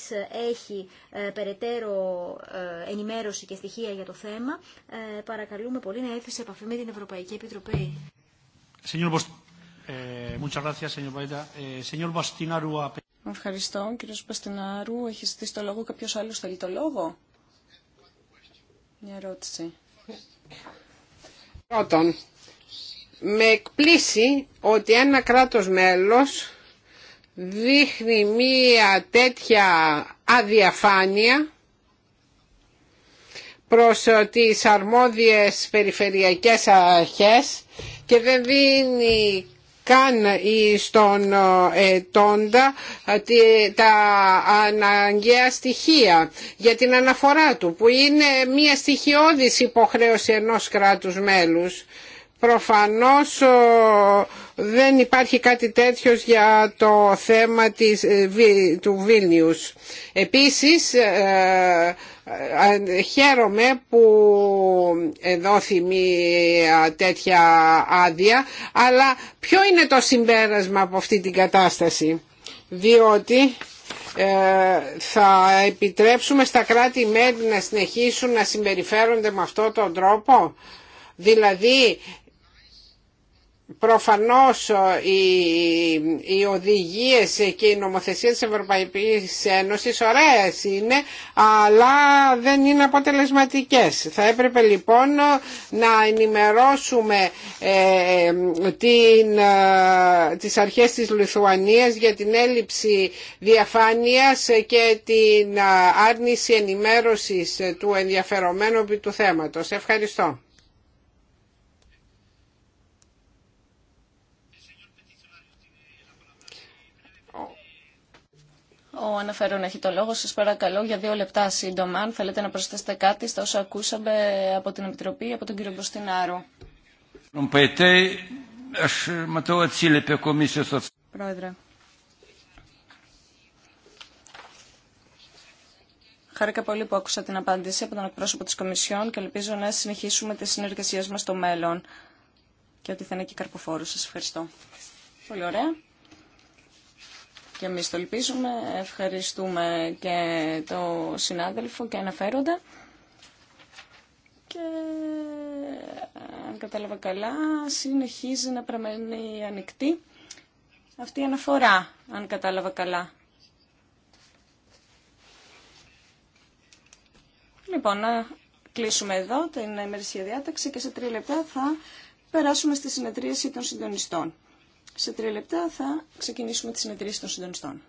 έχει ε, περαιτέρω ε, ενημέρωση και στοιχεία για το θέμα. Ε, παρακαλούμε πολύ να έρθει σε επαφή με την Ευρωπαϊκή Επιτροπή. Ευχαριστώ. Κύριος Παστινάρου, έχει ζητήσει το λόγο. Κάποιος άλλος θέλει το λόγο. Μια Πρώτον, με εκπλήσει ότι ένα κράτος μέλος δείχνει μία τέτοια αδιαφάνεια προς τις αρμόδιες περιφερειακές αρχές και δεν δίνει καν στον ε, ετώντα ε, τα αναγκαία στοιχεία για την αναφορά του που είναι μια στοιχειώδης υποχρέωση ενός κράτους μέλους. Προφανώς δεν υπάρχει κάτι τέτοιο για το θέμα της, ε, του Βίλνιους. Επίσης ε, χαίρομαι που δόθη μια τέτοια άδεια, αλλά ποιο είναι το συμπέρασμα από αυτή την κατάσταση. Διότι ε, θα επιτρέψουμε στα κράτη-μέλη να συνεχίσουν να συμπεριφέρονται με αυτόν τον τρόπο. Δηλαδή Προφανώς ε, οι, οι οδηγίες και οι νομοθεσίες της Ευρωπαϊκής Ένωσης ωραίες είναι, αλλά δεν είναι αποτελεσματικές. Θα έπρεπε λοιπόν να ενημερώσουμε ε, την, ε, τις αρχές της Λιθουανίας για την έλλειψη διαφάνειας και την ε, άρνηση ενημέρωσης του ενδιαφερομένου του θέματος. Ευχαριστώ. Ο αναφέρον έχει το λόγο. Σας παρακαλώ για δύο λεπτά σύντομα, αν θέλετε να προσθέσετε κάτι στα όσα ακούσαμε από την Επιτροπή, από τον κύριο Μποστινάρο. Πρόεδρε. Χάρηκα πολύ που άκουσα την απάντηση από τον εκπρόσωπο της Κομισιόν και ελπίζω να συνεχίσουμε τις συνεργασία μας στο μέλλον και ότι θα είναι και καρποφόρο. Σας ευχαριστώ. Πολύ ωραία. Και εμείς το ελπίζουμε. Ευχαριστούμε και το συνάδελφο και αναφέροντα. Και αν κατάλαβα καλά, συνεχίζει να παραμένει ανοιχτή αυτή η αναφορά, αν κατάλαβα καλά. Λοιπόν, να κλείσουμε εδώ την ημερησία διάταξη και σε τρία λεπτά θα περάσουμε στη συνεδρίαση των συντονιστών. Σε τρία λεπτά θα ξεκινήσουμε τη συνεδρίαση των συντονιστών.